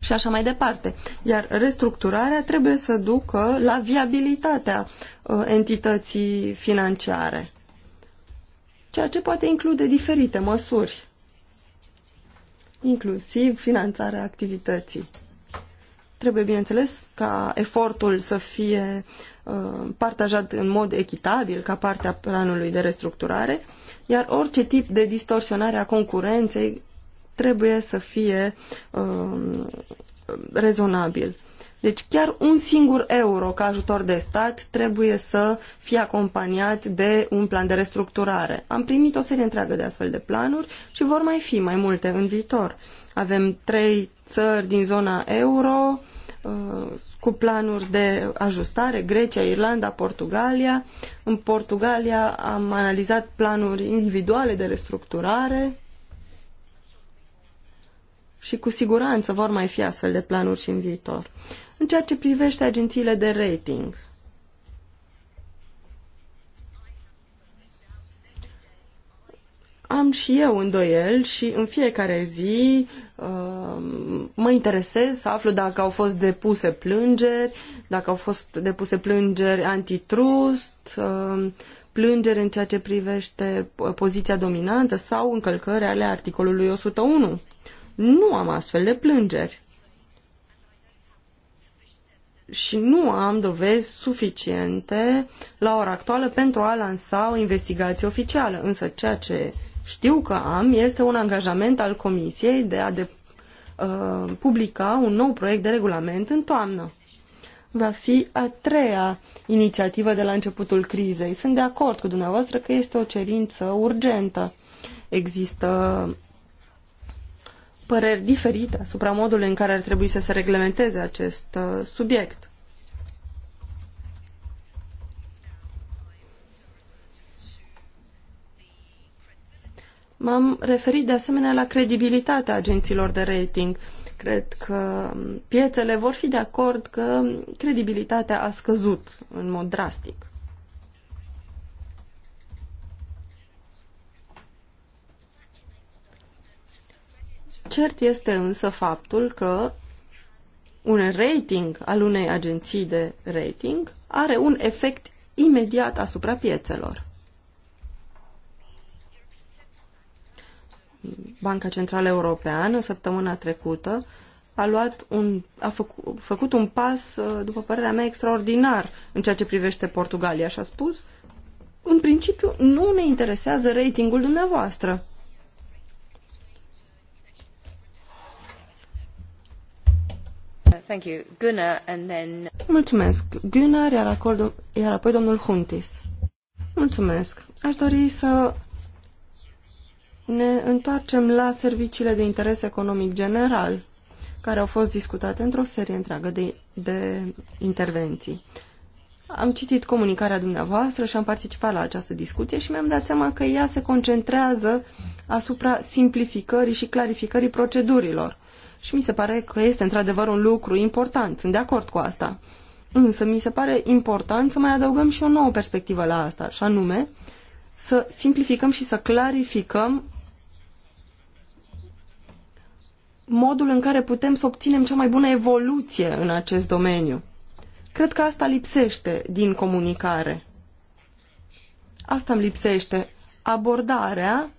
și așa mai departe. Iar restructurarea trebuie să ducă la viabilitatea uh, entității financiare, ceea ce poate include diferite măsuri, inclusiv finanțarea activității trebuie, bineînțeles, ca efortul să fie Uh, partajat în mod echitabil ca parte a planului de restructurare, iar orice tip de distorsionare a concurenței trebuie să fie uh, rezonabil. Deci chiar un singur euro ca ajutor de stat trebuie să fie acompaniat de un plan de restructurare. Am primit o serie întreagă de astfel de planuri și vor mai fi mai multe în viitor. Avem trei țări din zona euro, Uh, cu planuri de ajustare, Grecia, Irlanda, Portugalia. În Portugalia am analizat planuri individuale de restructurare și cu siguranță vor mai fi astfel de planuri și în viitor. În ceea ce privește agențiile de rating, am și eu îndoiel și în fiecare zi Ehm, mă interesez să aflu dacă au fost depuse plângeri, dacă au fost depuse plângeri antitrust, ehm, plângeri în ceea ce privește uh, poziția dominantă sau încălcări ale articolului 101. Nu am astfel de plângeri. Și nu am dovezi suficiente la ora actuală pentru a lansa o investigație oficială. Însă ceea ce știu că am este un angajament al Comisiei de a de, uh, publica un nou proiect de regulament în toamnă. Va fi a treia inițiativă de la începutul crizei. Sunt de acord cu dumneavoastră că este o cerință urgentă. Există păreri diferite asupra modului în care ar trebui să se reglementeze acest uh, subiect. M-am referit de asemenea la credibilitatea agenților de rating. Cred că piețele vor fi de acord că credibilitatea a scăzut în mod drastic. Cert este însă faptul că un rating al unei agenții de rating are un efect imediat asupra piețelor. Banca Centrală Europeană săptămâna trecută a luat un, a făcut, făcut un pas, uh, după părerea mea, extraordinar în ceea ce privește Portugalia și a spus în principiu nu ne interesează ratingul dumneavoastră. Thank you. Gunnar, and then... Mulțumesc. Gunnar, iar, acord, iar apoi domnul Huntis. Mulțumesc. Aș dori să ne întoarcem la serviciile de interes economic general, care au fost discutate într-o serie întreagă de, de intervenții. Am citit comunicarea dumneavoastră și am participat la această discuție și mi-am dat seama că ea se concentrează asupra simplificării și clarificării procedurilor. Și mi se pare că este într-adevăr un lucru important. Sunt de acord cu asta. Însă mi se pare important să mai adăugăm și o nouă perspectivă la asta, și anume să simplificăm și să clarificăm modul în care putem să obținem cea mai bună evoluție în acest domeniu. Cred că asta lipsește din comunicare. Asta îmi lipsește. Abordarea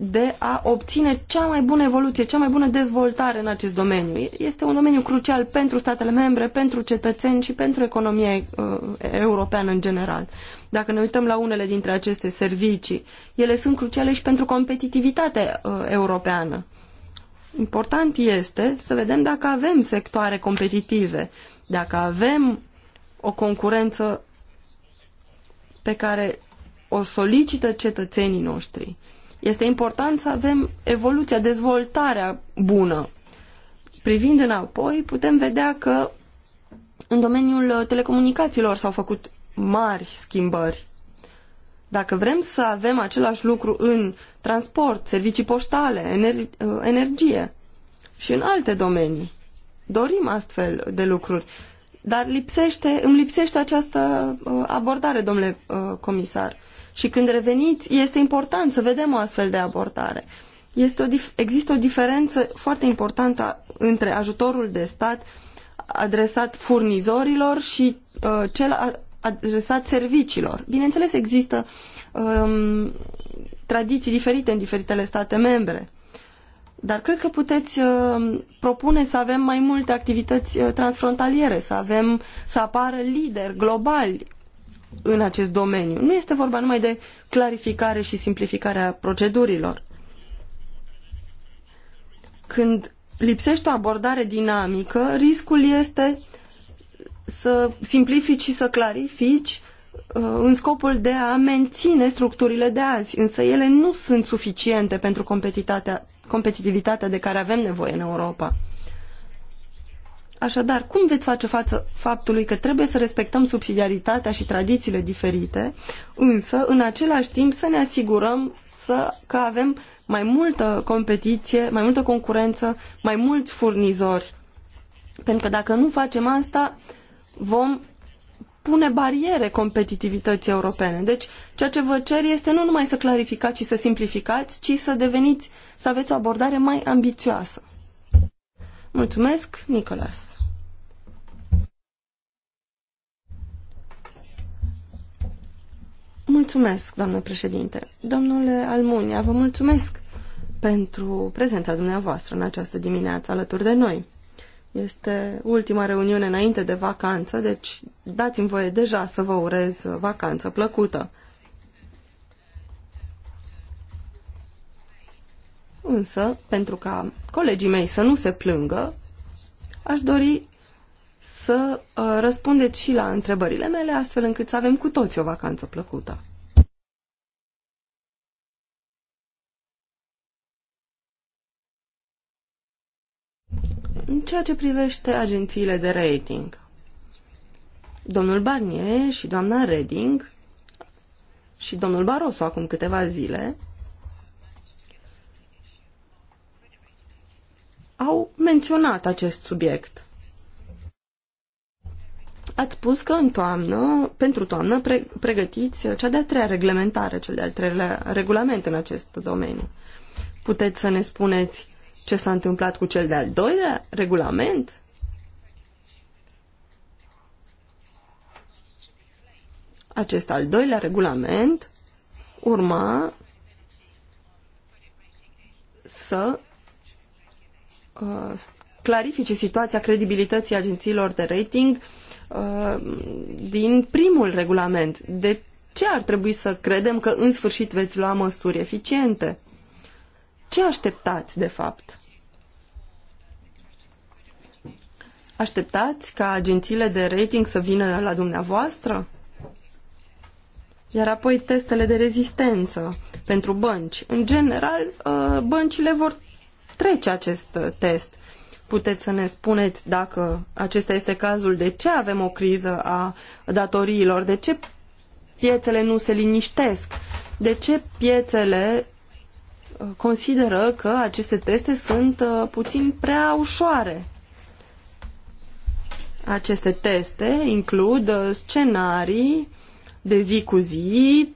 de a obține cea mai bună evoluție, cea mai bună dezvoltare în acest domeniu. Este un domeniu crucial pentru statele membre, pentru cetățeni și pentru economia uh, europeană în general. Dacă ne uităm la unele dintre aceste servicii, ele sunt cruciale și pentru competitivitatea uh, europeană. Important este să vedem dacă avem sectoare competitive, dacă avem o concurență pe care o solicită cetățenii noștri este important să avem evoluția, dezvoltarea bună. Privind înapoi, putem vedea că în domeniul telecomunicațiilor s-au făcut mari schimbări. Dacă vrem să avem același lucru în transport, servicii poștale, ener- energie și în alte domenii, dorim astfel de lucruri. Dar lipsește, îmi lipsește această uh, abordare, domnule uh, comisar. Și când reveniți, este important să vedem o astfel de abordare. Este o există o diferență foarte importantă între ajutorul de stat adresat furnizorilor și uh, cel adresat serviciilor. Bineînțeles, există um, tradiții diferite în diferitele state membre. Dar cred că puteți uh, propune să avem mai multe activități uh, transfrontaliere, să avem să apară lideri globali în acest domeniu. Nu este vorba numai de clarificare și simplificarea procedurilor. Când lipsește o abordare dinamică, riscul este să simplifici și să clarifici uh, în scopul de a menține structurile de azi, însă ele nu sunt suficiente pentru competitivitatea de care avem nevoie în Europa. Așadar, cum veți face față faptului că trebuie să respectăm subsidiaritatea și tradițiile diferite, însă, în același timp, să ne asigurăm să, că avem mai multă competiție, mai multă concurență, mai mulți furnizori? Pentru că dacă nu facem asta, vom pune bariere competitivității europene. Deci, ceea ce vă cer este nu numai să clarificați și să simplificați, ci să deveniți, să aveți o abordare mai ambițioasă. Mulțumesc, Nicolas. Mulțumesc, doamnă președinte. Domnule Almunia, vă mulțumesc pentru prezența dumneavoastră în această dimineață alături de noi. Este ultima reuniune înainte de vacanță, deci dați-mi voie deja să vă urez vacanță plăcută. Însă, pentru ca colegii mei să nu se plângă, aș dori să uh, răspundeți și la întrebările mele, astfel încât să avem cu toți o vacanță plăcută. În ceea ce privește agențiile de rating, domnul Barnier și doamna Reding și domnul Barroso acum câteva zile au menționat acest subiect. Ați spus că în toamnă, pentru toamnă pre- pregătiți cea de-a treia reglementare, cel de-al treilea regulament în acest domeniu. Puteți să ne spuneți ce s-a întâmplat cu cel de-al doilea regulament? Acest al doilea regulament urma să Uh, clarifice situația credibilității agențiilor de rating uh, din primul regulament. De ce ar trebui să credem că în sfârșit veți lua măsuri eficiente? Ce așteptați, de fapt? Așteptați ca agențiile de rating să vină la dumneavoastră? Iar apoi testele de rezistență pentru bănci. În general, uh, băncile vor trece acest uh, test. Puteți să ne spuneți dacă acesta este cazul, de ce avem o criză a datoriilor, de ce piețele nu se liniștesc, de ce piețele uh, consideră că aceste teste sunt uh, puțin prea ușoare. Aceste teste includ scenarii de zi cu zi,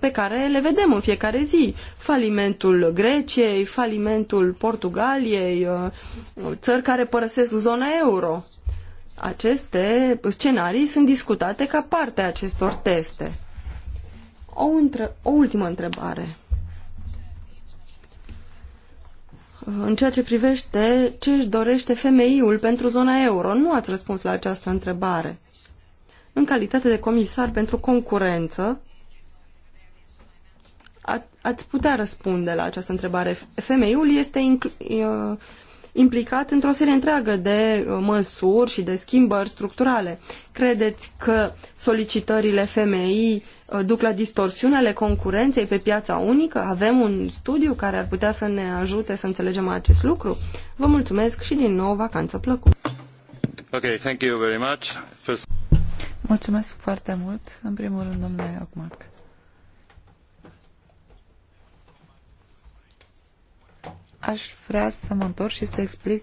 pe care le vedem în fiecare zi. Falimentul Greciei, falimentul Portugaliei, uh, țări care părăsesc zona euro. Aceste scenarii sunt discutate ca parte a acestor teste. O, între... o ultimă întrebare. În ceea ce privește ce își dorește FMI-ul pentru zona euro, nu ați răspuns la această întrebare. În calitate de comisar pentru concurență, ați putea răspunde la această întrebare. Femeiul este uh, implicat într-o serie întreagă de uh, măsuri și de schimbări structurale. Credeți că solicitările femeii uh, duc la distorsiunile concurenței pe piața unică? Avem un studiu care ar putea să ne ajute să înțelegem acest lucru? Vă mulțumesc și din nou vacanță plăcută! Okay, thank you very much. First... Mulțumesc foarte mult, în primul rând, domnule Iacmarc. aș vrea să mă întorc și să explic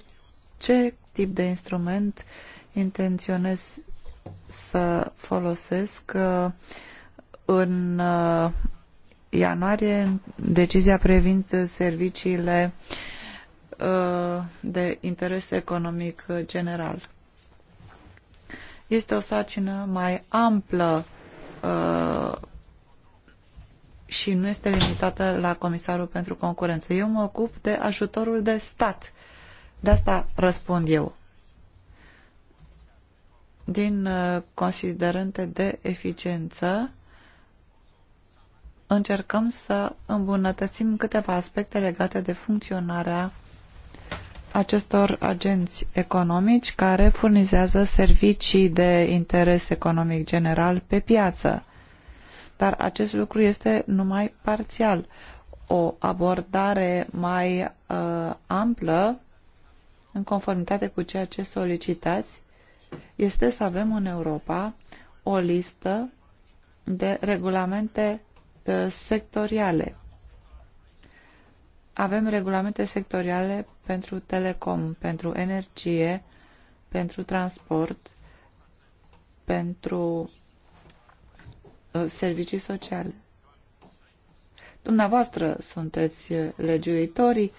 ce tip de instrument intenționez să folosesc uh, în uh, ianuarie decizia privind serviciile uh, de interes economic general. Este o sacină mai amplă și nu este limitată la Comisarul pentru Concurență. Eu mă ocup de ajutorul de stat. De asta răspund eu. Din uh, considerente de eficiență, încercăm să îmbunătățim câteva aspecte legate de funcționarea acestor agenți economici care furnizează servicii de interes economic general pe piață dar acest lucru este numai parțial. O abordare mai uh, amplă, în conformitate cu ceea ce solicitați, este să avem în Europa o listă de regulamente uh, sectoriale. Avem regulamente sectoriale pentru telecom, pentru energie, pentru transport, pentru Uh, servicii sociale. Dumneavoastră sunteți uh, legiuitorii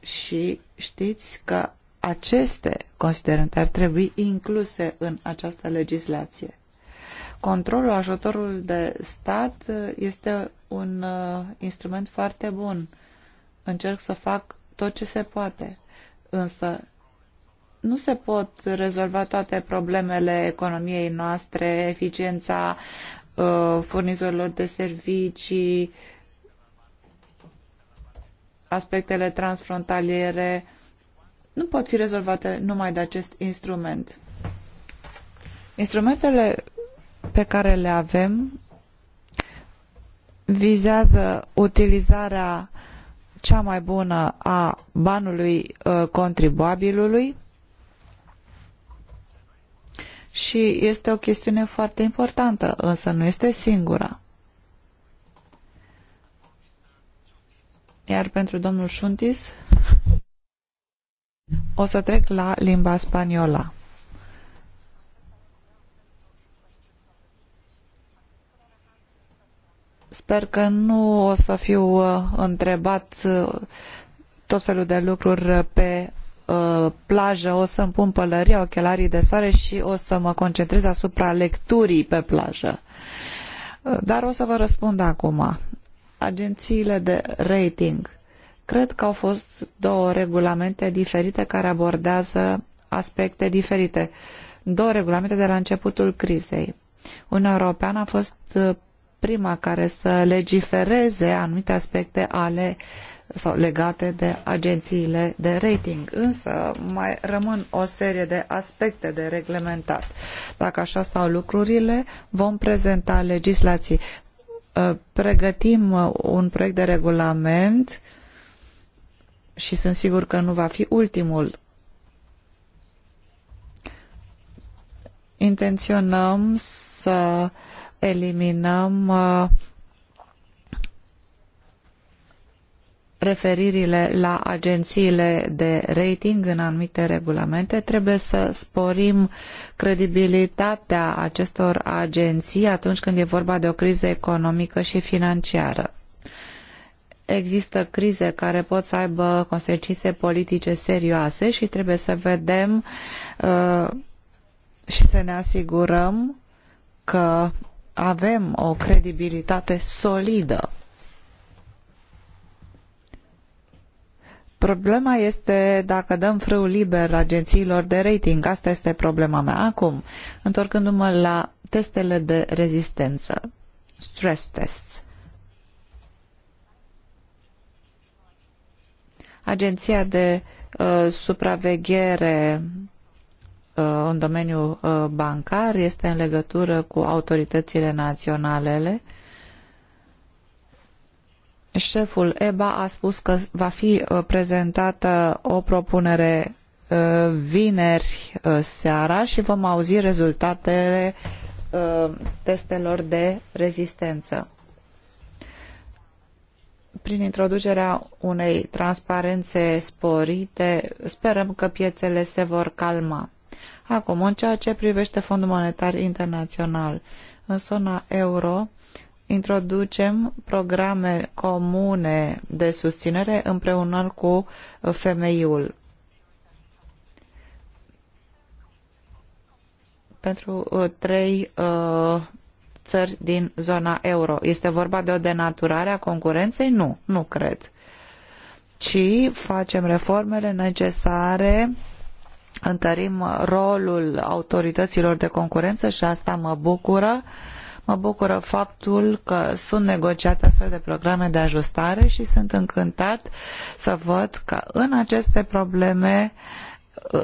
și știți că aceste considerente ar trebui incluse în această legislație. Controlul ajutorul de stat uh, este un instrument foarte bun. Încerc să fac tot ce se poate, însă nu se pot rezolva toate problemele economiei noastre, eficiența uh, furnizorilor de servicii, aspectele transfrontaliere, nu pot fi rezolvate numai de acest instrument. Instrumentele pe care le avem vizează utilizarea cea mai bună a banului uh, contribuabilului și este o chestiune foarte importantă, însă nu este singura. Iar pentru domnul Șuntis o să trec la limba spaniola. Sper că nu o să fiu uh, întrebat uh, tot felul de lucruri pe Uh, plajă, o să-mi pun pălăria, ochelarii de soare și o să mă concentrez asupra lecturii pe plajă. Uh, dar o să vă răspund acum. Agențiile de rating. Cred că au fost două regulamente diferite care abordează aspecte diferite. Două regulamente de la începutul crizei. Uniunea Europeană a fost uh, prima care să legifereze anumite aspecte ale sau legate de agențiile de rating. Însă mai rămân o serie de aspecte de reglementat. Dacă așa stau lucrurile, vom prezenta legislații. Uh, pregătim uh, un proiect de regulament și sunt sigur că nu va fi ultimul. Intenționăm să eliminăm uh, referirile la agențiile de rating în anumite regulamente, trebuie să sporim credibilitatea acestor agenții atunci când e vorba de o criză economică și financiară. Există crize care pot să aibă consecințe politice serioase și trebuie să vedem uh, și să ne asigurăm că avem o credibilitate solidă. Problema este dacă dăm frâu liber agențiilor de rating. Asta este problema mea. Acum, întorcându-mă la testele de rezistență, stress tests. Agenția de uh, supraveghere Uh, în domeniul uh, bancar este în legătură cu autoritățile naționalele. Șeful EBA a spus că va fi uh, prezentată o propunere vineri seara și vom auzi rezultatele testelor de rezistență. Prin introducerea unei transparențe sporite, sperăm că piețele se vor calma. Acum, în ceea ce privește Fondul Monetar Internațional, în zona euro, introducem programe comune de susținere împreună cu femeiul. Pentru uh, trei uh, țări din zona euro. Este vorba de o denaturare a concurenței? Nu, nu cred. Ci facem reformele necesare întărim rolul autorităților de concurență și asta mă bucură. Mă bucură faptul că sunt negociate astfel de programe de ajustare și sunt încântat să văd că în aceste probleme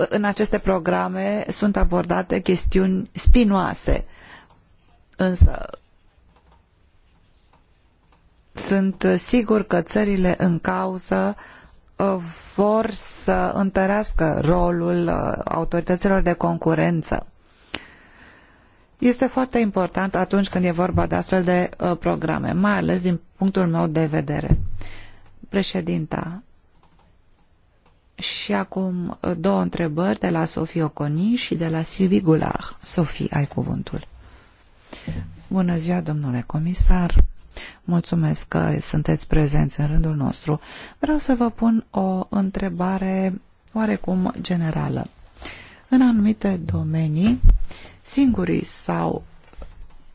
în aceste programe sunt abordate chestiuni spinoase. Însă sunt sigur că țările în cauză Uh, vor să întărească rolul uh, autorităților de concurență. Este foarte important atunci când e vorba de astfel de uh, programe, mai ales din punctul meu de vedere. Președinta, și acum uh, două întrebări de la Sofie Oconi și de la Silvi Gular. Sofie, ai cuvântul. Bună ziua, domnule comisar. Mulțumesc că sunteți prezenți în rândul nostru. Vreau să vă pun o întrebare oarecum generală. În anumite domenii, singurii sau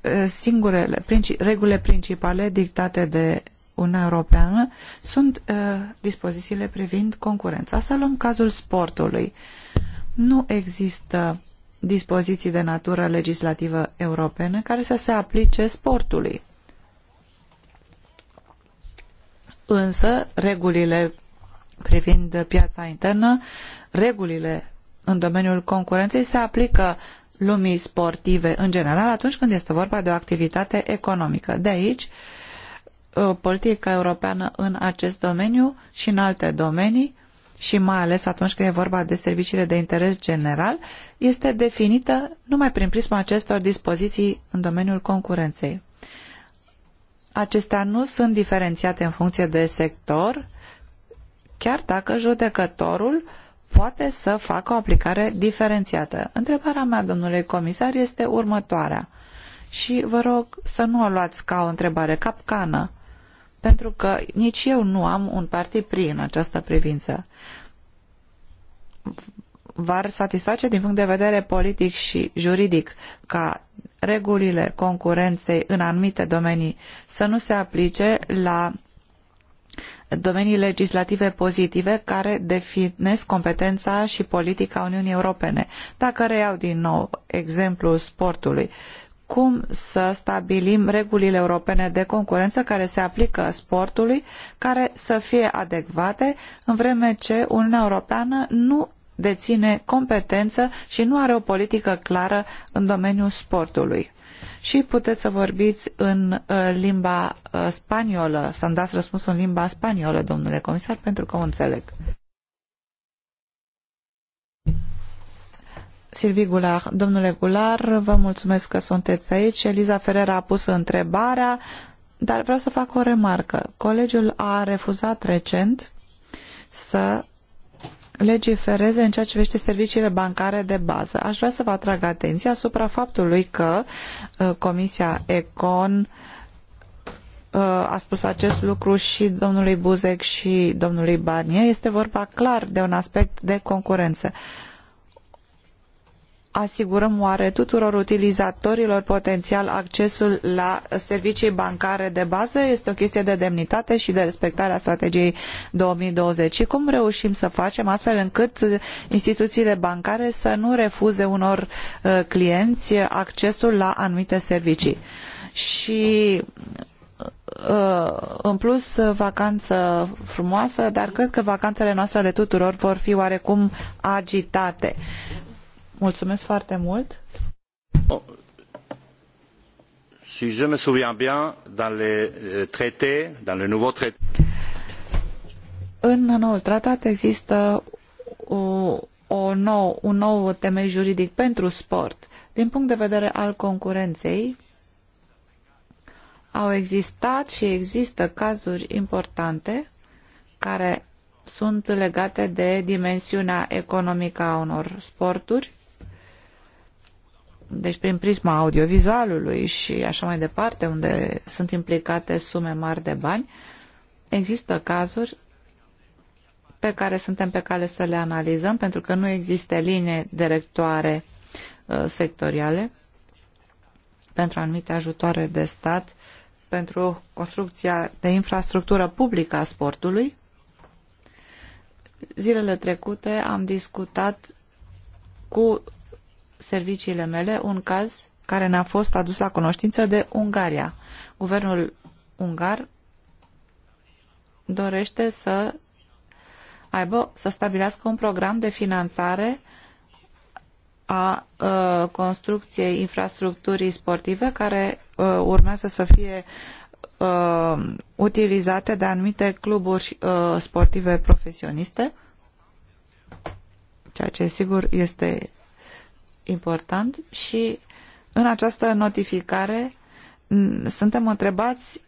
eh, singurele princi regulile principale dictate de Uniunea Europeană sunt uh, dispozițiile privind concurența. Să luăm cazul sportului. Nu există dispoziții de natură legislativă europeană care să se aplice sportului. însă regulile privind piața internă, regulile în domeniul concurenței se aplică lumii sportive în general atunci când este vorba de o activitate economică. De aici, uh, politica europeană în acest domeniu și în alte domenii și mai ales atunci când e vorba de serviciile de interes general, este definită numai prin prisma acestor dispoziții în domeniul concurenței acestea nu sunt diferențiate în funcție de sector, chiar dacă judecătorul poate să facă o aplicare diferențiată. Întrebarea mea, domnule comisar, este următoarea și vă rog să nu o luați ca o întrebare capcană, pentru că nici eu nu am un partid prin în această privință. V-ar satisface din punct de vedere politic și juridic ca regulile concurenței în anumite domenii să nu se aplice la domenii legislative pozitive care definesc competența și politica Uniunii Europene. Dacă reiau din nou exemplul sportului, cum să stabilim regulile europene de concurență care se aplică sportului, care să fie adecvate, în vreme ce Uniunea Europeană nu deține competență și nu are o politică clară în domeniul sportului. Și puteți să vorbiți în uh, limba uh, spaniolă, să-mi dați răspunsul în limba spaniolă, domnule comisar, pentru că o înțeleg. Silvi Gular. Domnule Gular, vă mulțumesc că sunteți aici. Eliza Ferreira a pus întrebarea, dar vreau să fac o remarcă. Colegiul a refuzat recent să legifereze în ceea ce privește serviciile bancare de bază. Aș vrea să vă atrag atenția asupra faptului că uh, Comisia Econ uh, a spus acest lucru și domnului Buzek și domnului Barnier. Este vorba clar de un aspect de concurență asigurăm oare tuturor utilizatorilor potențial accesul la servicii bancare de bază? Este o chestie de demnitate și de respectare a strategiei 2020. Și cum reușim să facem astfel încât instituțiile bancare să nu refuze unor uh, clienți accesul la anumite servicii? Și uh, în plus vacanță frumoasă, dar cred că vacanțele noastre ale tuturor vor fi oarecum agitate. Mulțumesc foarte mult. Si je me souviens bien, dans le euh, traité, dans le nouveau traité. În noul tratat există o, o nou, un nou temei juridic pentru sport. Din punct de vedere al concurenței, au existat și există cazuri importante care sunt legate de dimensiunea economică a unor sporturi deci prin prisma audiovizualului și așa mai departe, unde sunt implicate sume mari de bani, există cazuri pe care suntem pe cale să le analizăm, pentru că nu există linie directoare uh, sectoriale pentru anumite ajutoare de stat pentru construcția de infrastructură publică a sportului. Zilele trecute am discutat cu serviciile mele un caz care ne-a fost adus la cunoștință de Ungaria. Guvernul ungar dorește să aibă, să stabilească un program de finanțare a, a uh, construcției infrastructurii sportive care uh, urmează să fie a, uh, utilizate de anumite cluburi sportive profesioniste, ceea ce sigur este important și în această notificare mm, suntem întrebați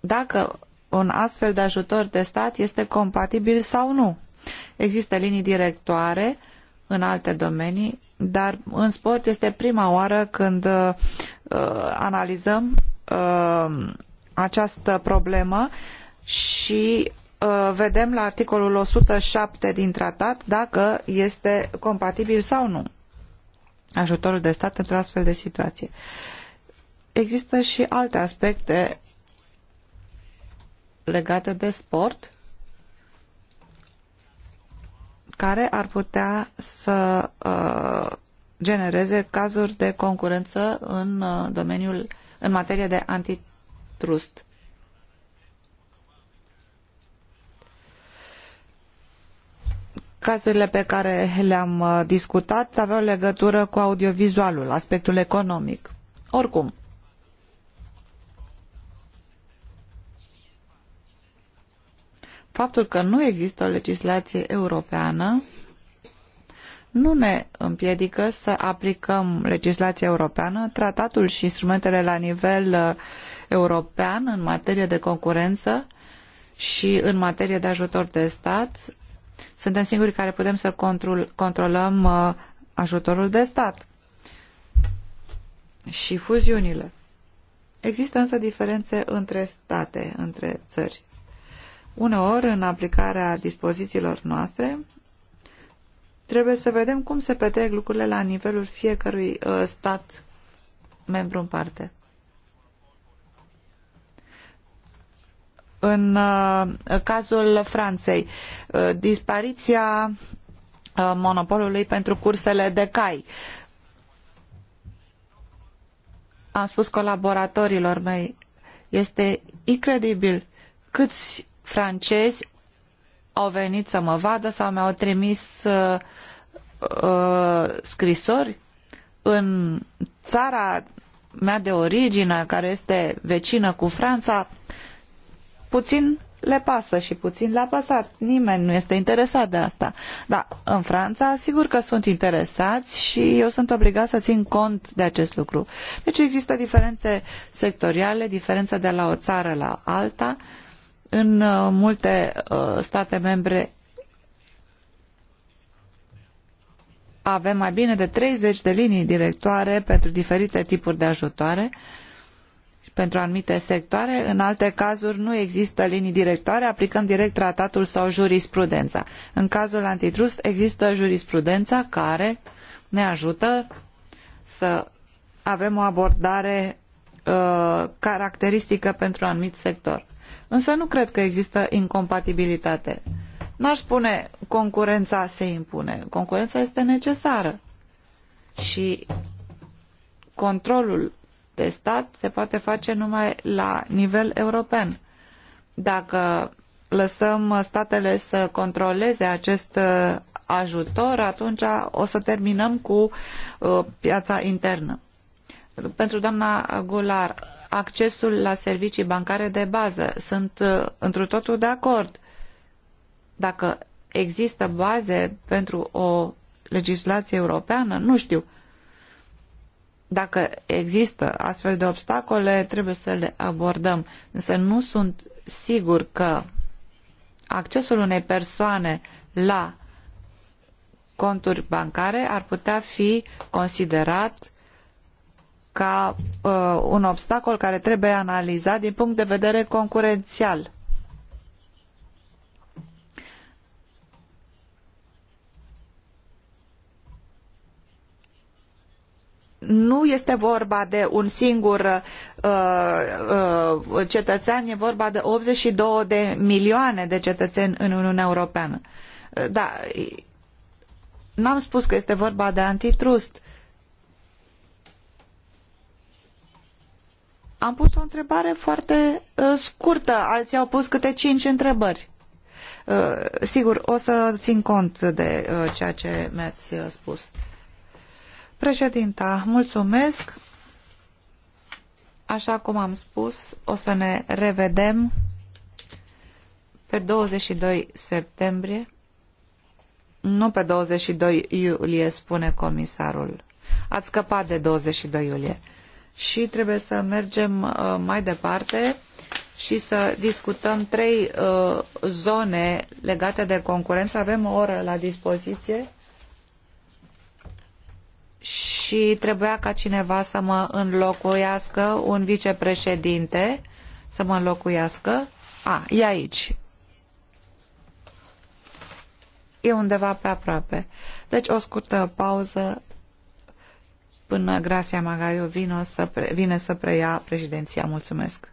dacă un astfel de ajutor de stat este compatibil sau nu. Există linii directoare în alte domenii, dar în sport este prima oară când uh, uh analizăm uh, această problemă și uh, vedem la articolul 107 din tratat dacă este compatibil sau nu ajutorul de stat într-o astfel de situație. Există și alte aspecte legate de sport care ar putea să uh, genereze cazuri de concurență în uh, domeniul în materie de antitrust. Cazurile pe care le-am uh, discutat aveau legătură cu audiovizualul, aspectul economic. Oricum, faptul că nu există o legislație europeană nu ne împiedică să aplicăm legislația europeană, tratatul și instrumentele la nivel uh, european în materie de concurență și în materie de ajutor de stat suntem singurii care putem să control, controlăm uh, ajutorul de stat și fuziunile. Există însă diferențe între state, între țări. Uneori, în aplicarea dispozițiilor noastre, trebuie să vedem cum se petrec lucrurile la nivelul fiecărui uh, stat membru în parte. în uh, cazul Franței, uh, dispariția uh, monopolului pentru cursele de cai. Am spus colaboratorilor mei, este incredibil câți francezi au venit să mă vadă sau mi-au trimis uh, uh, scrisori în țara mea de origine, care este vecină cu Franța, uh, puțin le pasă și puțin le-a pasat. Nimeni nu este interesat de asta. dar în Franța, sigur că sunt interesați și eu sunt obligat să țin cont de acest lucru. Deci există diferențe sectoriale, diferențe de la o țară la alta. În uh, multe uh, state membre avem mai bine de 30 de linii directoare pentru diferite tipuri de ajutoare. Uh, pentru anumite sectoare, în alte cazuri nu există linii directoare, aplicăm direct tratatul sau jurisprudența. În cazul antitrust există jurisprudența care ne ajută să avem o abordare uh, caracteristică pentru un anumit sector. Însă nu cred că există incompatibilitate. N-aș spune concurența se impune. Concurența este necesară. Și controlul de stat se poate face numai la nivel european. Dacă lăsăm statele să controleze acest uh, ajutor, atunci o să terminăm cu uh, piața internă. Pentru doamna Gular, accesul la servicii bancare de bază. Sunt uh, întru totul de acord. Dacă există baze pentru o legislație europeană, nu știu. Dacă există astfel de obstacole, trebuie să le abordăm. Însă nu sunt sigur că accesul unei persoane la conturi bancare ar putea fi considerat ca uh, un obstacol care trebuie analizat din punct de vedere concurențial. nu este vorba de un singur uh, uh, cetățean, e vorba de 82 de milioane de cetățeni în Uniunea Europeană. Uh, da, n-am spus că este vorba de antitrust. Am pus o întrebare foarte uh, scurtă, alții au pus câte cinci întrebări. Uh, sigur, o să țin cont de uh, ceea ce mi-ați uh, spus. Uh, Președinta, mulțumesc. Așa cum am spus, o să ne revedem pe 22 septembrie. Nu pe 22 iulie, spune comisarul. Ați scăpat de 22 iulie. Și trebuie să mergem uh, mai departe și să discutăm trei uh, zone legate de concurență. Avem o oră la dispoziție și trebuia ca cineva să mă înlocuiască, un vicepreședinte să mă înlocuiască. A, e aici. E undeva pe aproape. Deci o scurtă pauză până Gracia Magaio vine să, pre, vine să preia președinția. Mulțumesc!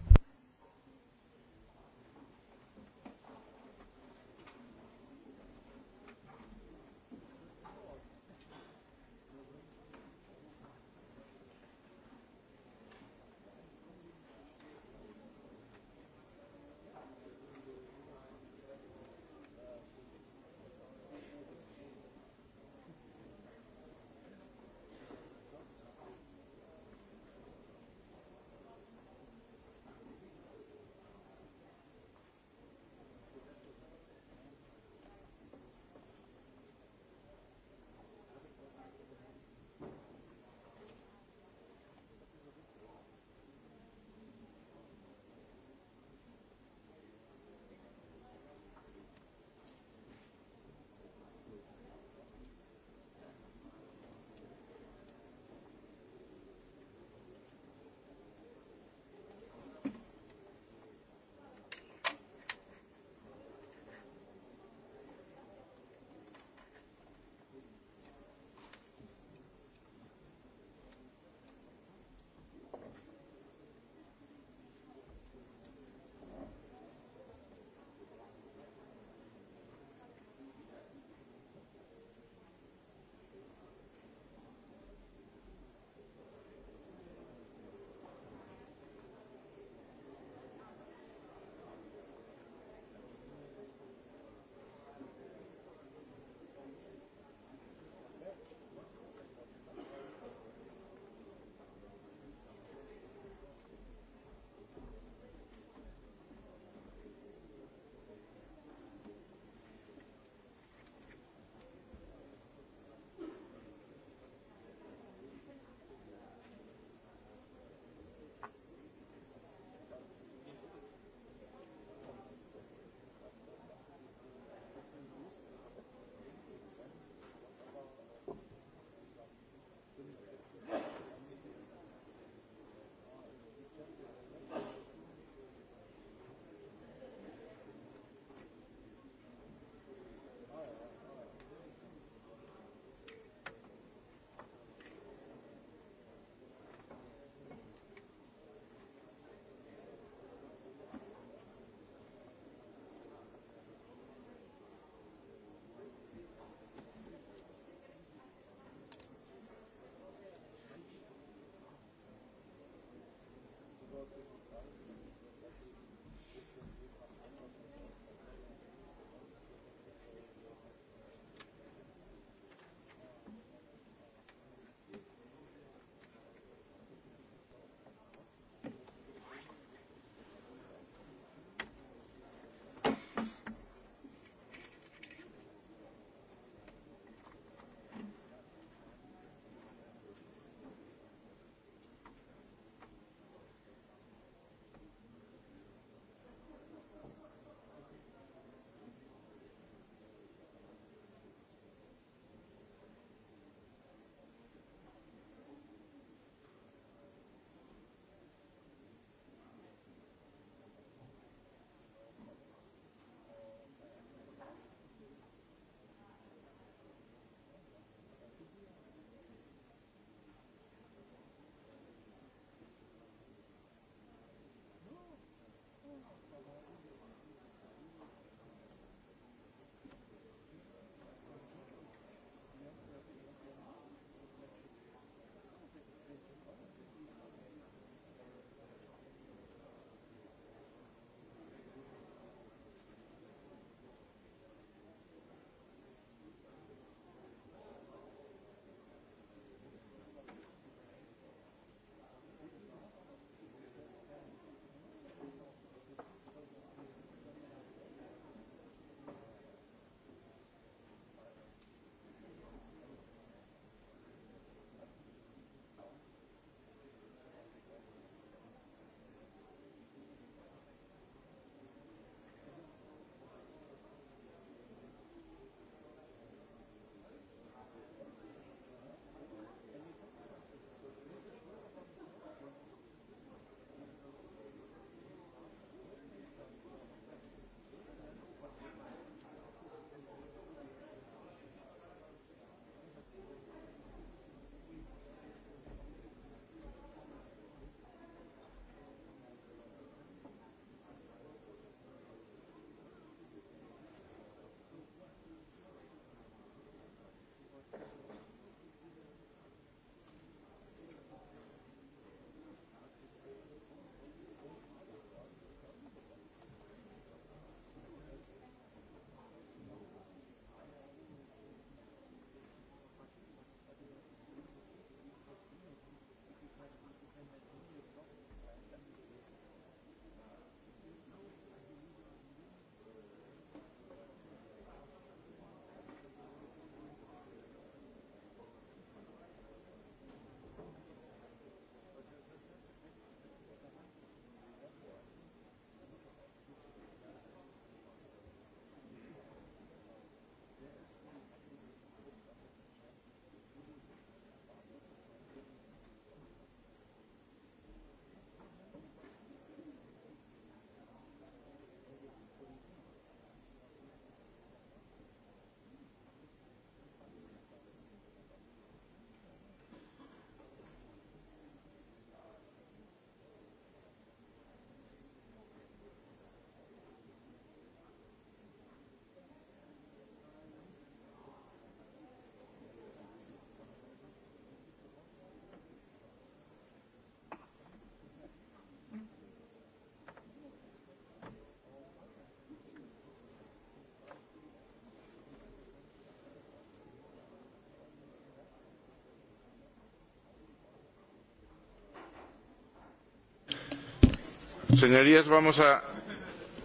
Señorías, vamos a,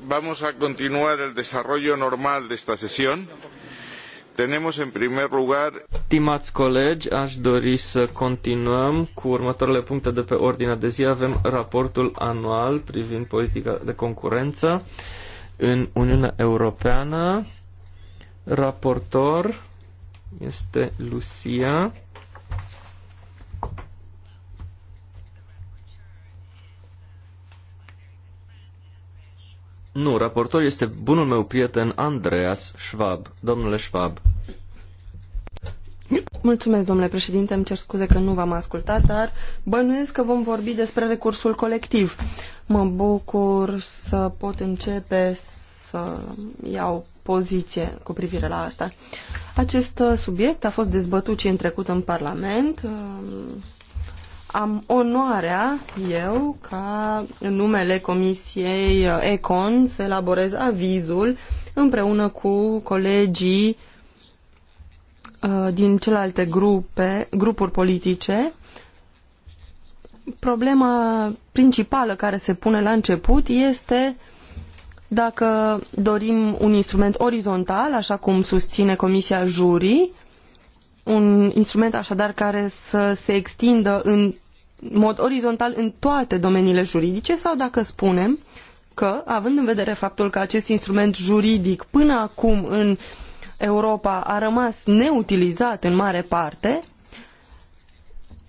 vamos a continuar el desarrollo normal de esta sesión. Tenemos en primer lugar... Stimați colegi, aș dori să continuăm cu următoarele puncte de pe ordinea de zi. Avem raportul anual privind politica de concurență în Uniunea Europeană. Raportor este Lucia. Nu, raportor este bunul meu prieten Andreas Schwab. Domnule Schwab. Mulțumesc, domnule președinte, îmi cer scuze că nu v-am ascultat, dar bănuiesc că vom vorbi despre recursul colectiv. Mă bucur să pot începe să iau poziție cu privire la asta. Acest subiect a fost dezbătut și în trecut în Parlament am onoarea eu ca în numele Comisiei Econ să elaborez avizul împreună cu colegii uh, din celelalte grupe, grupuri politice. Problema principală care se pune la început este dacă dorim un instrument orizontal, așa cum susține Comisia Jurii, un instrument așadar care să se extindă în mod orizontal în toate domeniile juridice sau dacă spunem că, având în vedere faptul că acest instrument juridic până acum în Europa a rămas neutilizat în mare parte,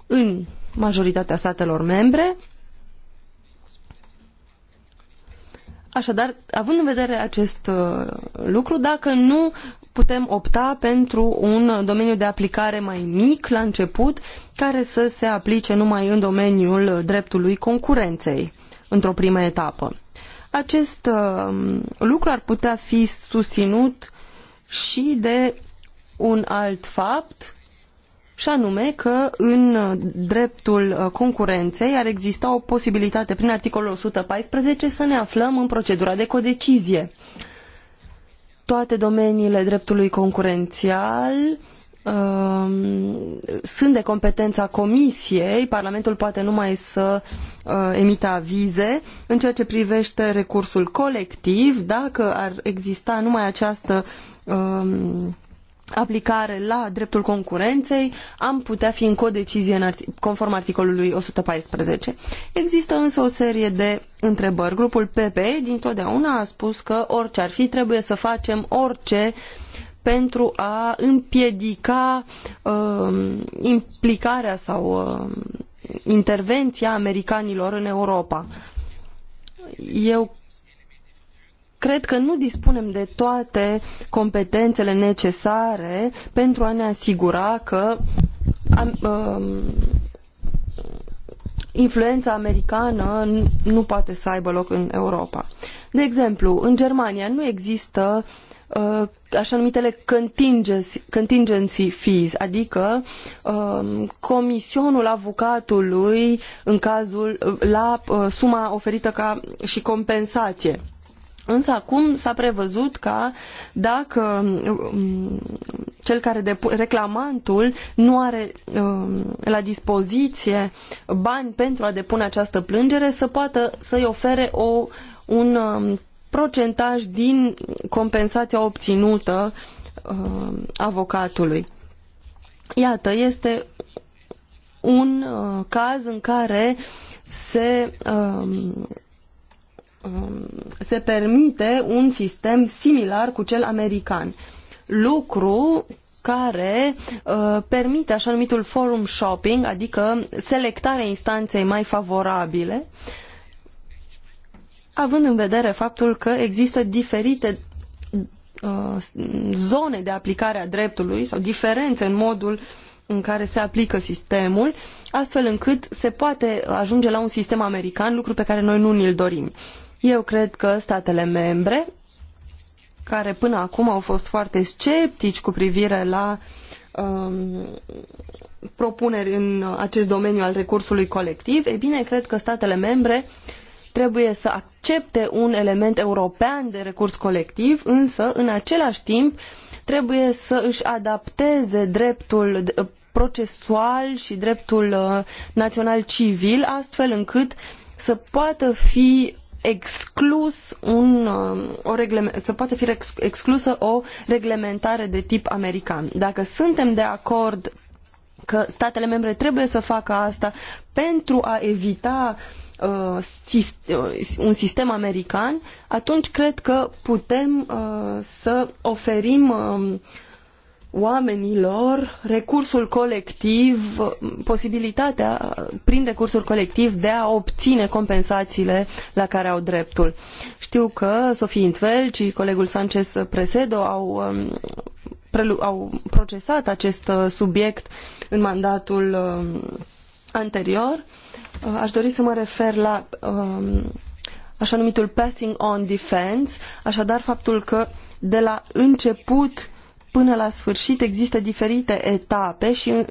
în majoritatea statelor membre, Așadar, având în vedere acest uh, lucru, dacă nu putem opta pentru un domeniu de aplicare mai mic la început, care să se aplice numai în domeniul dreptului concurenței, într-o primă etapă. Acest um, lucru ar putea fi susținut și de un alt fapt, și anume că în dreptul concurenței ar exista o posibilitate prin articolul 114 să ne aflăm în procedura de codecizie toate domeniile dreptului concurențial um, sunt de competența Comisiei, Parlamentul poate numai să uh, emită avize în ceea ce privește recursul colectiv, dacă ar exista numai această um, aplicare la dreptul concurenței, am putea fi în codecizie în art- conform articolului 114. Există însă o serie de întrebări. Grupul PPE dintotdeauna a spus că orice ar fi, trebuie să facem orice pentru a împiedica uh, implicarea sau uh, intervenția americanilor în Europa. Eu cred că nu dispunem de toate competențele necesare pentru a ne asigura că am, um, influența americană nu poate să aibă loc în Europa. De exemplu, în Germania nu există uh, așa numitele contingency, fees, adică um, comisionul avocatului în cazul la uh, suma oferită ca și compensație Însă acum s-a prevăzut ca dacă um, cel care reclamantul nu are um, la dispoziție bani pentru a depune această plângere, să poată să-i ofere o, un um, procentaj din compensația obținută avocatului. Iată, este un uh, caz în care se Um, se permite un sistem similar cu cel american. Lucru care uh, permite așa numitul forum shopping, adică selectarea instanței mai favorabile, având în vedere faptul că există diferite uh, zone de aplicare a dreptului sau diferențe în modul în care se aplică sistemul, astfel încât se poate ajunge la un sistem american, lucru pe care noi nu ni-l dorim. Eu cred că statele membre, care până acum au fost foarte sceptici cu privire la um, propuneri în acest domeniu al recursului colectiv, e bine, cred că statele membre trebuie să accepte un element european de recurs colectiv, însă, în același timp, trebuie să își adapteze dreptul uh, procesual și dreptul uh, național civil, astfel încât să poată fi exclus un, um, o reglement, să poate fi exclusă o reglementare de tip american. Dacă suntem de acord că statele membre trebuie să facă asta pentru a evita uh, uh, un sistem american, atunci cred că putem uh, să oferim um, oamenilor recursul colectiv, posibilitatea prin recursul colectiv de a obține compensațiile la care au dreptul. Știu că Sofie Intvel și colegul Sanchez Presedo au, um, au procesat acest uh, subiect în mandatul um, anterior. Uh, aș dori să mă refer la um, așa numitul passing on defense, așadar faptul că de la început până la sfârșit există diferite etape și mm,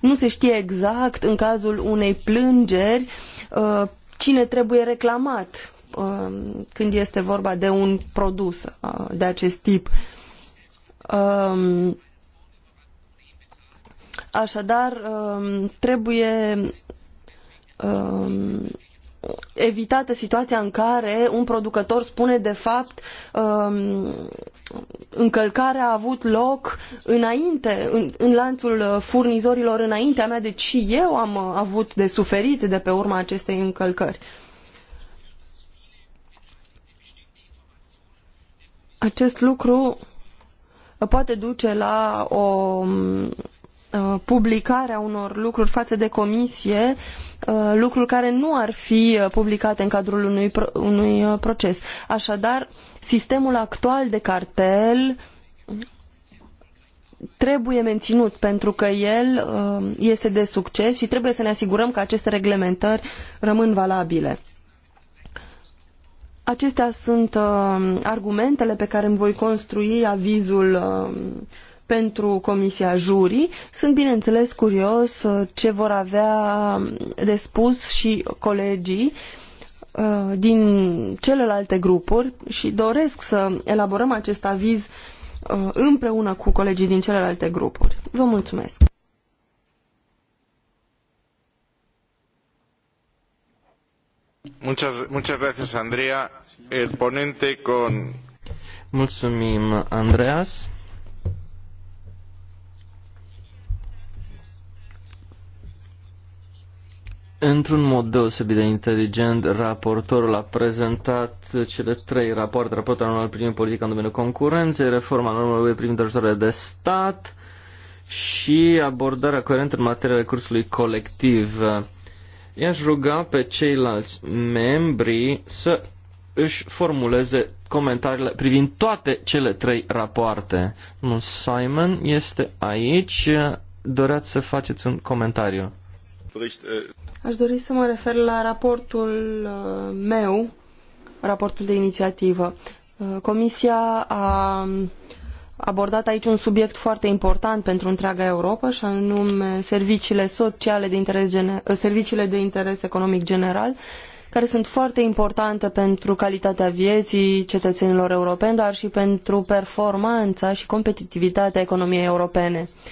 nu se știe exact în cazul unei plângeri uh, cine trebuie reclamat uh, când este vorba de un produs uh, de acest tip. Um, așadar, um, trebuie um, evitată situația în care un producător spune de fapt um, încălcarea a avut loc înainte, în, în lanțul uh, furnizorilor înaintea mea, deci și eu am uh, avut de suferit de pe urma acestei încălcări. Acest lucru poate duce la o um, Uh, publicarea unor lucruri față de comisie, uh, lucruri care nu ar fi uh, publicate în cadrul unui, unui proces. Așadar, sistemul actual de cartel trebuie menținut pentru că el este de succes și trebuie să ne asigurăm că aceste reglementări rămân valabile. Acestea sunt argumentele pe care îmi voi construi avizul uh, pentru Comisia Jurii. Sunt, bineînțeles, curios uh, ce vor avea de spus și colegii uh, din celelalte grupuri și doresc să elaborăm acest aviz uh, împreună cu colegii din celelalte grupuri. Vă mulțumesc! Muchas, muchas gracias, Andrea. El ponente con... Mulțumim, Andreas. Într-un mod deosebit de inteligent, raportorul a prezentat cele trei rapoarte, raportul anual privind politica în domeniul concurenței, reforma normelor privind ajutoarele de stat și abordarea coerentă în materia recursului colectiv. I-aș ruga pe ceilalți membri să își formuleze comentariile privind toate cele trei rapoarte. Domnul Simon este aici. Doreați să faceți un comentariu. Eh, Aș dori să mă refer la raportul uh, meu, raportul de inițiativă. Uh, Comisia a um, abordat aici un subiect foarte important pentru întreaga Europa și anume serviciile sociale de interes uh, serviciile de interes economic general care sunt foarte importante pentru calitatea vieții cetățenilor europeni, dar și pentru performanța și competitivitatea economiei europene. Uh,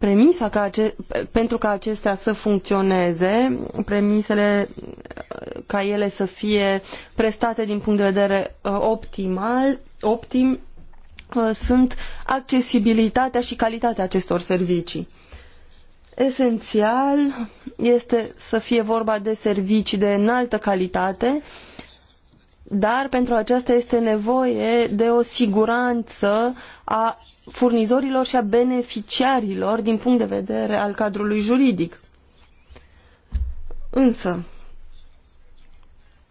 Premisa ca ace- pentru ca acestea să funcționeze, premisele uh, ca ele să fie prestate din punct de vedere uh, optimal, optim, uh, sunt accesibilitatea și calitatea acestor servicii. Esențial este să fie vorba de servicii de înaltă calitate, uh, dar pentru aceasta este nevoie de o siguranță a furnizorilor și a beneficiarilor din punct de vedere al cadrului juridic. Însă,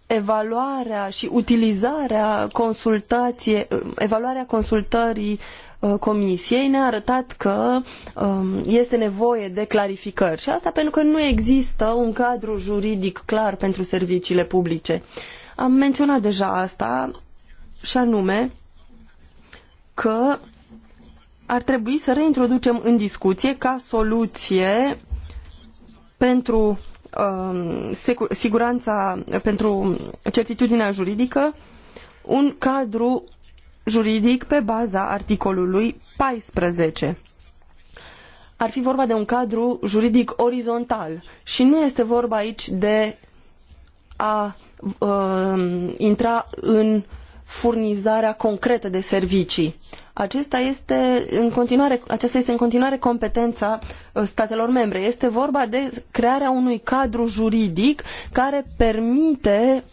evaluarea și utilizarea consultării, evaluarea consultării uh, Comisiei ne-a arătat că um, este nevoie de clarificări și asta pentru că nu există un cadru juridic clar pentru serviciile publice. Am menționat deja asta și anume că ar trebui să reintroducem în discuție ca soluție pentru um, siguranța, pentru certitudinea juridică, un cadru juridic pe baza articolului 14. Ar fi vorba de un cadru juridic orizontal și nu este vorba aici de a uh, intra în furnizarea concretă de servicii. Acesta este în continuare, aceasta este în continuare competența uh, statelor membre. Este vorba de crearea unui cadru juridic care permite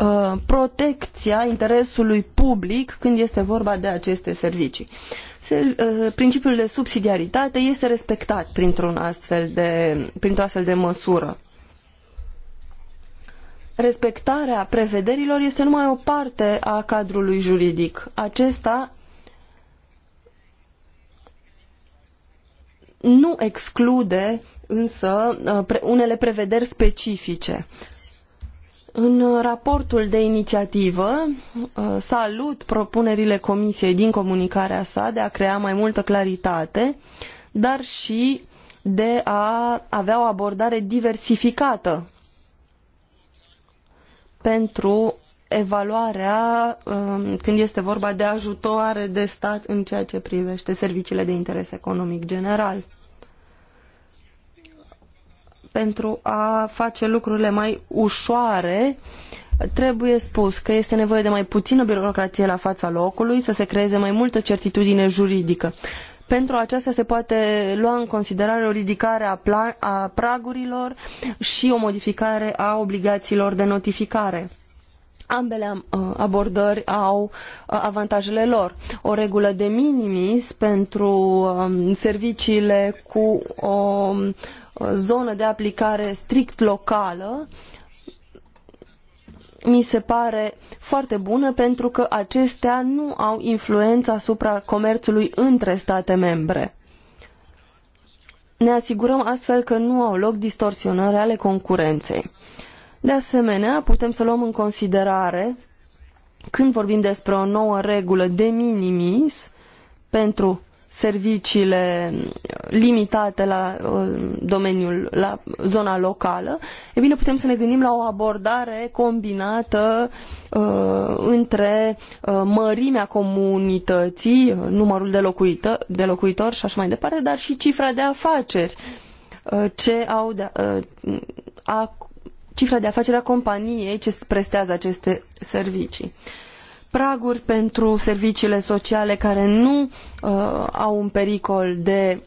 uh, protecția interesului public când este vorba de aceste servicii. Se, uh, principiul de subsidiaritate este respectat printr-un astfel de, printr-o astfel de măsură respectarea prevederilor este numai o parte a cadrului juridic. Acesta nu exclude însă uh, unele prevederi specifice. În raportul de inițiativă uh, salut propunerile Comisiei din comunicarea sa de a crea mai multă claritate, dar și de a avea o abordare diversificată pentru evaluarea um, când este vorba de ajutoare de stat în ceea ce privește serviciile de interes economic general. Pentru a face lucrurile mai ușoare, trebuie spus că este nevoie de mai puțină birocrație la fața locului, să se creeze mai multă certitudine juridică. Pentru aceasta se poate lua în considerare o ridicare a, a pragurilor și o modificare a obligațiilor de notificare ambele uh, abordări au uh, avantajele lor. O regulă de minimis pentru um, serviciile cu o um, zonă de aplicare strict locală uh, mi se pare foarte bună pentru că acestea nu au influență asupra comerțului între state membre. Ne asigurăm astfel că nu au loc distorsionări ale concurenței. De asemenea, putem să luăm în considerare, când vorbim despre o nouă regulă de minimis pentru serviciile limitate la uh, domeniul, la zona locală, e bine, putem să ne gândim la o abordare combinată uh, între uh, mărimea comunității, uh, numărul de, locuită, de locuitori și așa mai departe, dar și cifra de afaceri. Uh, ce au de, uh, a, cifra de afaceri a companiei ce prestează aceste servicii. Uh, praguri pentru serviciile sociale care nu uh, au un pericol de,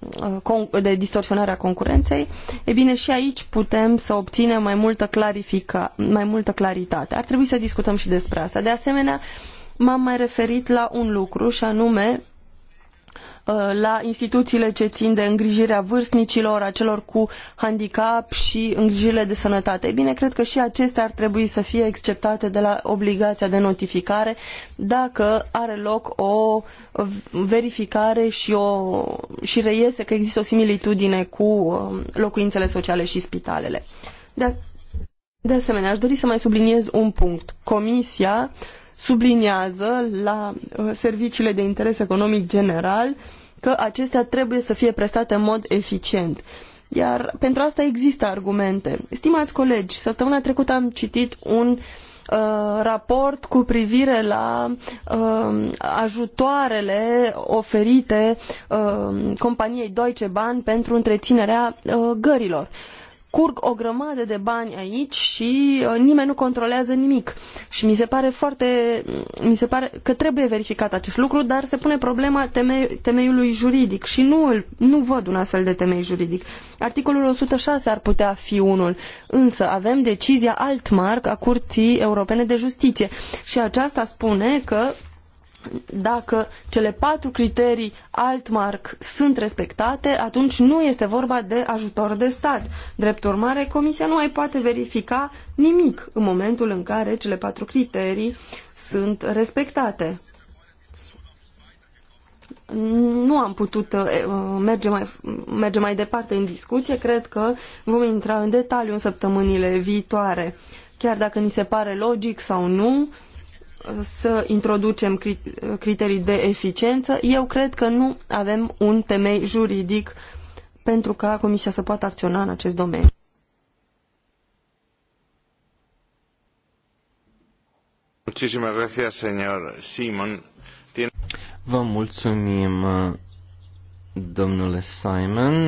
uh, de distorsionarea concurenței, e bine și aici putem să obținem mai multă, clarifica, mai multă claritate. Ar trebui să discutăm și despre asta. De asemenea, m-am mai referit la un lucru și anume Uh, la instituțiile ce țin de îngrijirea vârstnicilor, a celor cu handicap și îngrijirile de sănătate. Ei bine, cred că și acestea ar trebui să fie exceptate de la obligația de notificare dacă are loc o verificare și, o, și reiese că există o similitudine cu um, locuințele sociale și spitalele. De, de asemenea, aș dori să mai subliniez un punct. Comisia uh, subliniază la uh, serviciile de interes economic general că acestea trebuie să fie prestate în mod eficient. Iar pentru asta există argumente. Stimați colegi, săptămâna trecută am citit un uh, raport cu privire la uh, ajutoarele oferite uh, companiei Deutsche Bahn pentru întreținerea uh, gărilor. Uh, curg o grămadă de bani aici și uh, nimeni nu controlează nimic. Și mi se pare foarte, mm, mi se pare că trebuie verificat acest lucru, dar se pune problema temei, temeiului juridic și nu, nu văd un astfel de temei juridic. Articolul 106 ar putea fi unul, însă avem decizia Altmark a Curții Europene de Justiție și aceasta spune că dacă cele patru criterii Altmark sunt respectate, atunci nu este vorba de ajutor de stat. Drept urmare, Comisia nu mai poate verifica nimic în momentul în care cele patru criterii sunt respectate. Nu am putut uh, merge mai, merge mai departe în discuție, cred că vom intra în detaliu în săptămânile viitoare. Chiar dacă ni se pare logic sau nu, să introducem criterii de eficiență, eu cred că nu avem un temei juridic pentru ca Comisia să poată acționa în acest domeniu. Vă mulțumim, domnule Simon.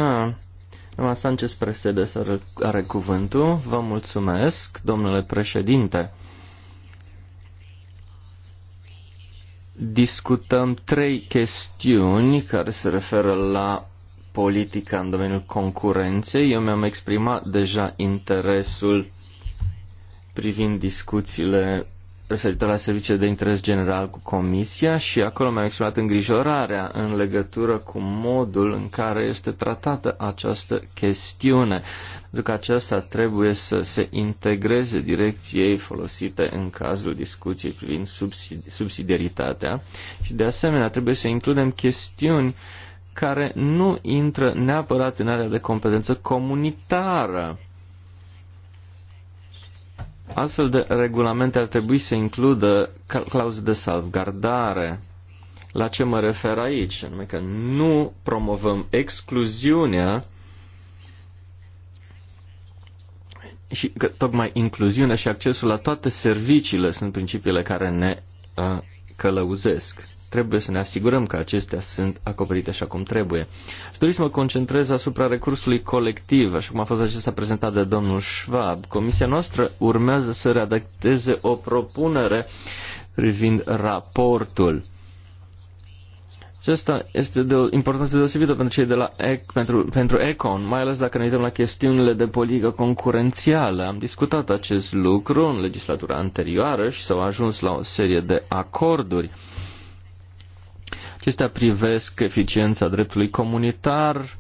Doamna Sanchez Presede are cuvântul. Vă mulțumesc, domnule președinte. discutăm trei chestiuni care se referă la politica în domeniul concurenței. Eu mi-am exprimat deja interesul privind discuțiile referitor la serviciile de interes general cu Comisia și acolo mi-am exprimat îngrijorarea în legătură cu modul în care este tratată această chestiune, pentru că aceasta trebuie să se integreze direcției folosite în cazul discuției privind subsidiaritatea și de asemenea trebuie să includem chestiuni care nu intră neapărat în area de competență comunitară Astfel de regulamente ar trebui să includă clauze de salvgardare. La ce mă refer aici? Anume că nu promovăm excluziunea și că tocmai incluziunea și accesul la toate serviciile sunt principiile care ne uh, călăuzesc trebuie să ne asigurăm că acestea sunt acoperite așa cum trebuie. Aș dori să mă concentrez asupra recursului colectiv, așa cum a fost acesta prezentat de domnul Schwab. Comisia noastră urmează să redacteze o propunere privind raportul. Acesta este de o importanță deosebită pentru cei de la EC, pentru, pentru Econ, mai ales dacă ne uităm la chestiunile de politică concurențială. Am discutat acest lucru în legislatura anterioară și s-au ajuns la o serie de acorduri. Acestea privesc eficiența dreptului comunitar,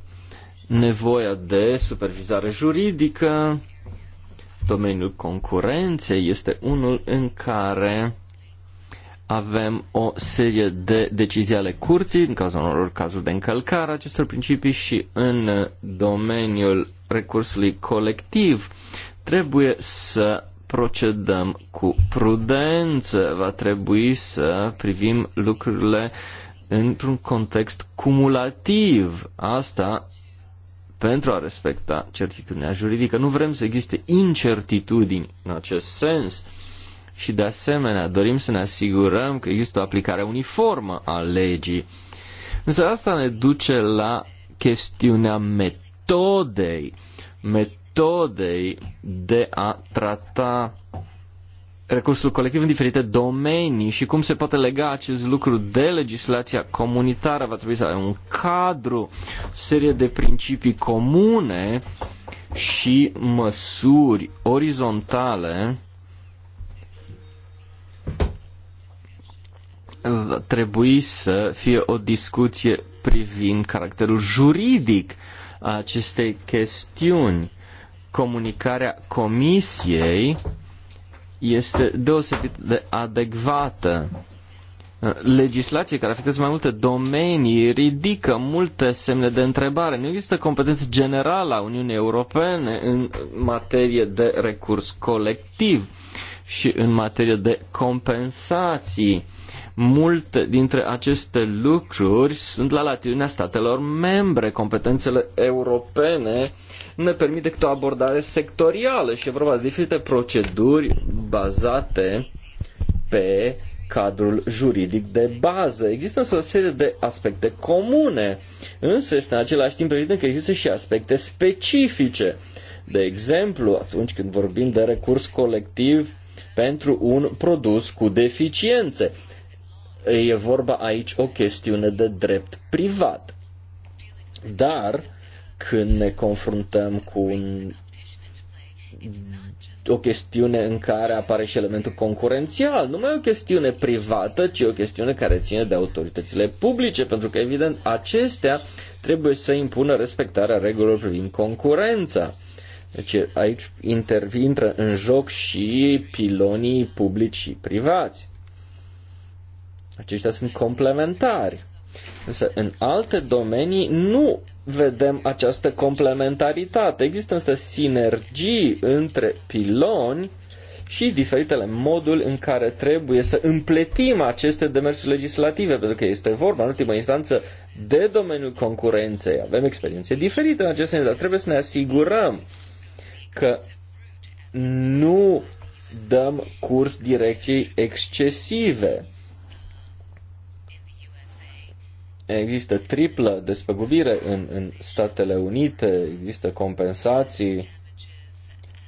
nevoia de supervizare juridică, domeniul concurenței este unul în care avem o serie de decizii ale curții, în cazul unor cazuri de încălcare a acestor principii și în domeniul recursului colectiv trebuie să procedăm cu prudență, va trebui să privim lucrurile într-un context cumulativ. Asta pentru a respecta certitudinea juridică. Nu vrem să existe incertitudini în acest sens și de asemenea dorim să ne asigurăm că există o aplicare uniformă a legii. Însă asta ne duce la chestiunea metodei, metodei de a trata recursul colectiv în diferite domenii și cum se poate lega acest lucru de legislația comunitară. Va trebui să avem un cadru, o serie de principii comune și măsuri orizontale va trebui să fie o discuție privind caracterul juridic a acestei chestiuni. Comunicarea comisiei este deosebit de adecvată. Legislație care afectează mai multe domenii ridică multe semne de întrebare. Nu există competență generală a Uniunii Europene în materie de recurs colectiv. Uh, și în materie de compensații. Multe dintre aceste lucruri sunt la latitudinea statelor membre. Competențele europene ne permit decât o abordare sectorială și e vorba de diferite proceduri bazate pe cadrul juridic de bază. Există însă o serie de aspecte comune, însă este în același timp evident că există și aspecte specifice. De exemplu, atunci când vorbim de recurs colectiv pentru un produs cu deficiențe. E vorba aici o chestiune de drept privat. Dar când ne confruntăm cu un, o chestiune în care apare și elementul concurențial, nu mai e o chestiune privată, ci o chestiune care ține de autoritățile publice, pentru că evident acestea trebuie să impună respectarea regulilor privind concurența. Deci aici intervin în joc și pilonii publici și privați. Aceștia sunt complementari. Însă în alte domenii nu vedem această complementaritate. Există însă sinergii între piloni și diferitele moduri în care trebuie să împletim aceste demersuri legislative, pentru că este vorba, în ultimă instanță, de domeniul concurenței. Avem experiențe diferite în acest sens, dar trebuie să ne asigurăm că nu dăm curs direcției excesive. Există triplă despăgubire în, în Statele Unite, există compensații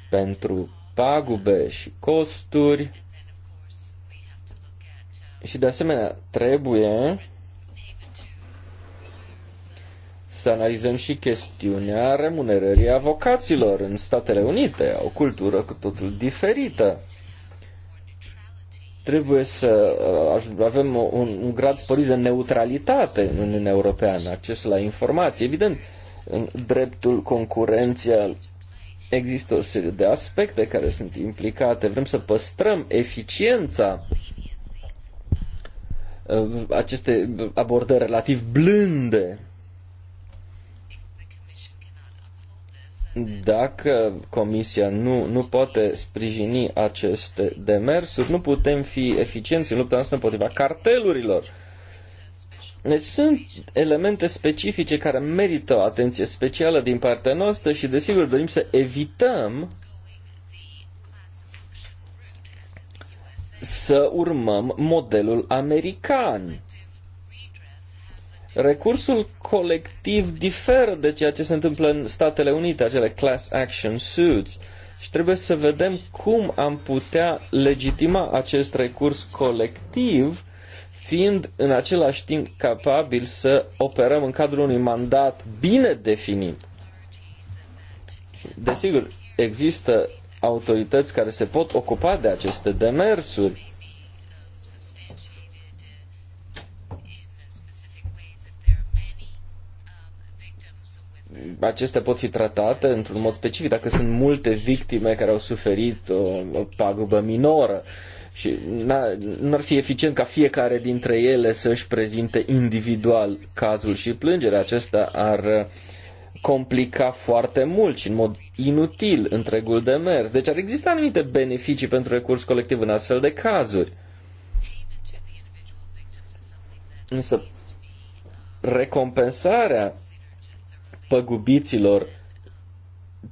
pentru pagube și costuri. Și de asemenea, trebuie să analizăm și chestiunea remunerării avocaților în Statele Unite, o cultură cu totul diferită. Trebuie să uh, avem un, un grad sporit de neutralitate în Uniunea Europeană, acces la informații. Evident, în dreptul concurențial există o serie de aspecte care sunt implicate. Vrem să păstrăm eficiența uh, aceste abordări relativ blânde Dacă Comisia nu, nu poate sprijini aceste demersuri, nu putem fi eficienți în lupta noastră împotriva cartelurilor. Deci sunt elemente specifice care merită o atenție specială din partea noastră și desigur dorim să evităm să urmăm modelul american. Recursul colectiv diferă de ceea ce se întâmplă în Statele Unite, acele class action suits. Și trebuie să vedem cum am putea legitima acest recurs colectiv, fiind în același timp capabil să operăm în cadrul unui mandat bine definit. Desigur, există autorități care se pot ocupa de aceste demersuri, acestea pot fi tratate într-un mod specific dacă sunt multe victime care au suferit o, uh, o pagubă minoră și n-ar fi eficient ca fiecare dintre ele să își prezinte individual cazul și plângerea. Acesta ar uh, complica foarte mult și în mod inutil întregul demers. Deci ar exista anumite beneficii pentru recurs colectiv în astfel de cazuri. Însă recompensarea păgubiților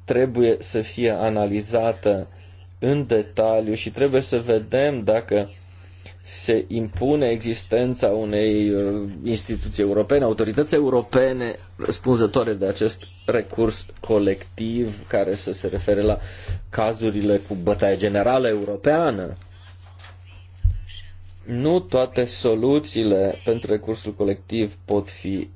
trebuie să fie analizată în detaliu și trebuie să vedem dacă se impune existența unei uh, instituții europene, autorități europene răspunzătoare de acest recurs colectiv care să se refere la cazurile cu bătaie generală europeană. Nu toate soluțiile pentru recursul colectiv pot fi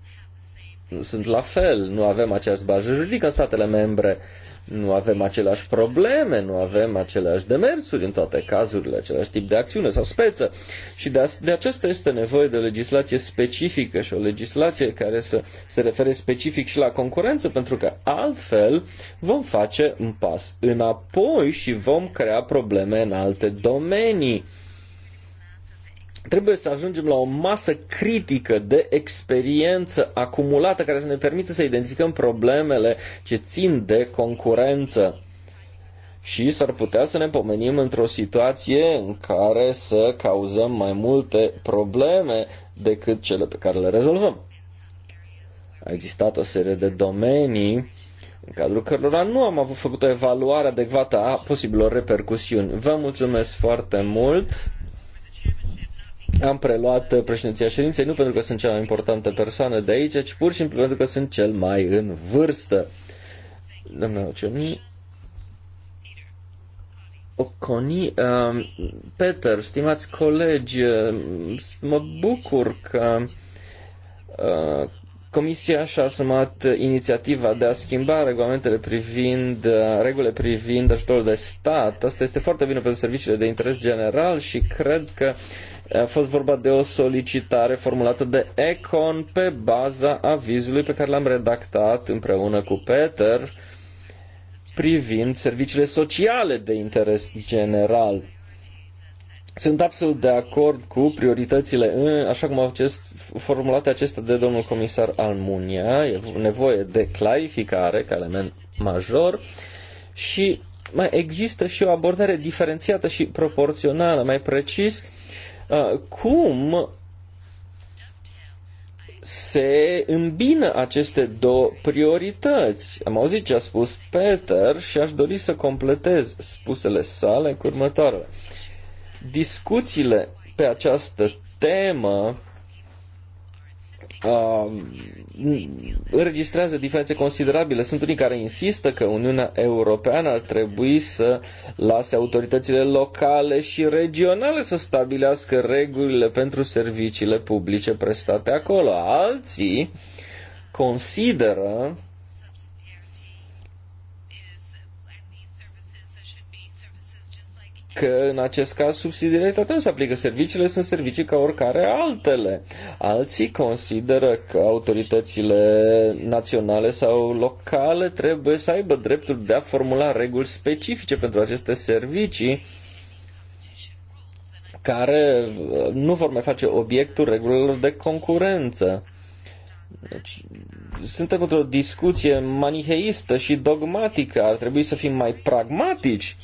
sunt la fel, nu avem aceeași bază juridică în statele membre, nu avem aceleași probleme, nu avem aceleași demersuri în toate cazurile, același tip de acțiune sau speță. Și de, a, de aceasta este nevoie de o legislație specifică și o legislație care să se refere specific și la concurență, pentru că altfel vom face un pas înapoi și vom crea probleme în alte domenii Trebuie să ajungem la o masă critică de experiență acumulată care să ne permită să identificăm problemele ce țin de concurență și s-ar putea să ne pomenim într-o situație în care să cauzăm mai multe probleme decât cele pe care le rezolvăm. A existat o serie de domenii în cadrul cărora nu am avut făcut o evaluare adecvată a posibilor repercusiuni. Vă mulțumesc foarte mult! am preluat uh, președinția ședinței nu pentru că sunt cea mai importantă persoană de aici, ci pur și simplu pentru că sunt cel mai în vârstă. Doamna Ocioni, Oconi, uh, Peter, stimați colegi, uh, mă bucur că uh, Comisia și-a asumat inițiativa de a schimba regulamentele privind, uh, regulile privind ajutorul de stat. Asta este foarte bine pentru serviciile de interes general și cred că a fost vorba de o solicitare formulată de Econ pe baza avizului pe care l-am redactat împreună cu Peter privind serviciile sociale de interes general. Sunt absolut de acord cu prioritățile, așa cum au acest, formulate acestea de domnul comisar Almunia. E nevoie de clarificare ca element major și mai există și o abordare diferențiată și proporțională, mai precis, Uh, cum se îmbină aceste două priorități? Am auzit ce a spus Peter și aș dori să completez spusele sale cu următoarele. Discuțiile pe această temă uh, înregistrează diferențe considerabile. Sunt unii care insistă că Uniunea Europeană ar trebui să lase autoritățile locale și regionale să stabilească regulile pentru serviciile publice prestate acolo. Alții consideră că în acest caz subsidiaritatea nu se aplică. Serviciile sunt servicii ca oricare altele. Alții consideră că autoritățile naționale sau locale trebuie să aibă dreptul de a formula reguli specifice pentru aceste servicii care uh, nu vor mai face obiectul regulilor de concurență. Deci, suntem într-o discuție maniheistă și dogmatică. Ar trebui să fim mai pragmatici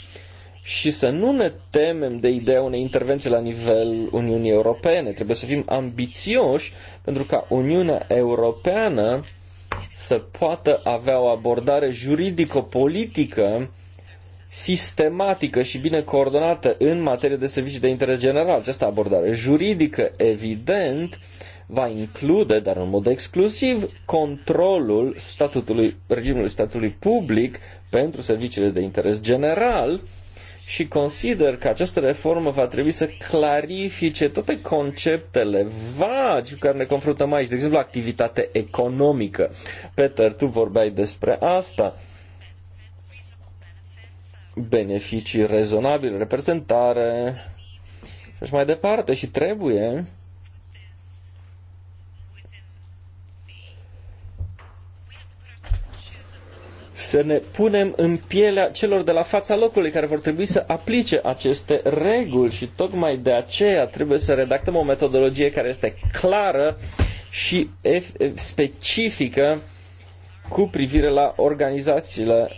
și să nu ne temem de ideea unei intervenții la nivel Uniunii Europene. Trebuie să fim ambițioși pentru ca Uniunea Europeană să poată avea o abordare juridico-politică sistematică și bine coordonată în materie de servicii de interes general. Această abordare juridică, evident, va include, dar în mod exclusiv, controlul statutului, regimului statului public pentru serviciile de interes general, și consider că această reformă va trebui să clarifice toate conceptele vagi cu care ne confruntăm aici, de exemplu activitate economică. Peter, tu vorbeai despre asta beneficii rezonabile, reprezentare și mai departe și trebuie să ne punem în pielea celor de la fața locului care vor trebui să aplice aceste reguli și tocmai de aceea trebuie să redactăm o metodologie care este clară și specifică cu privire la organizațiile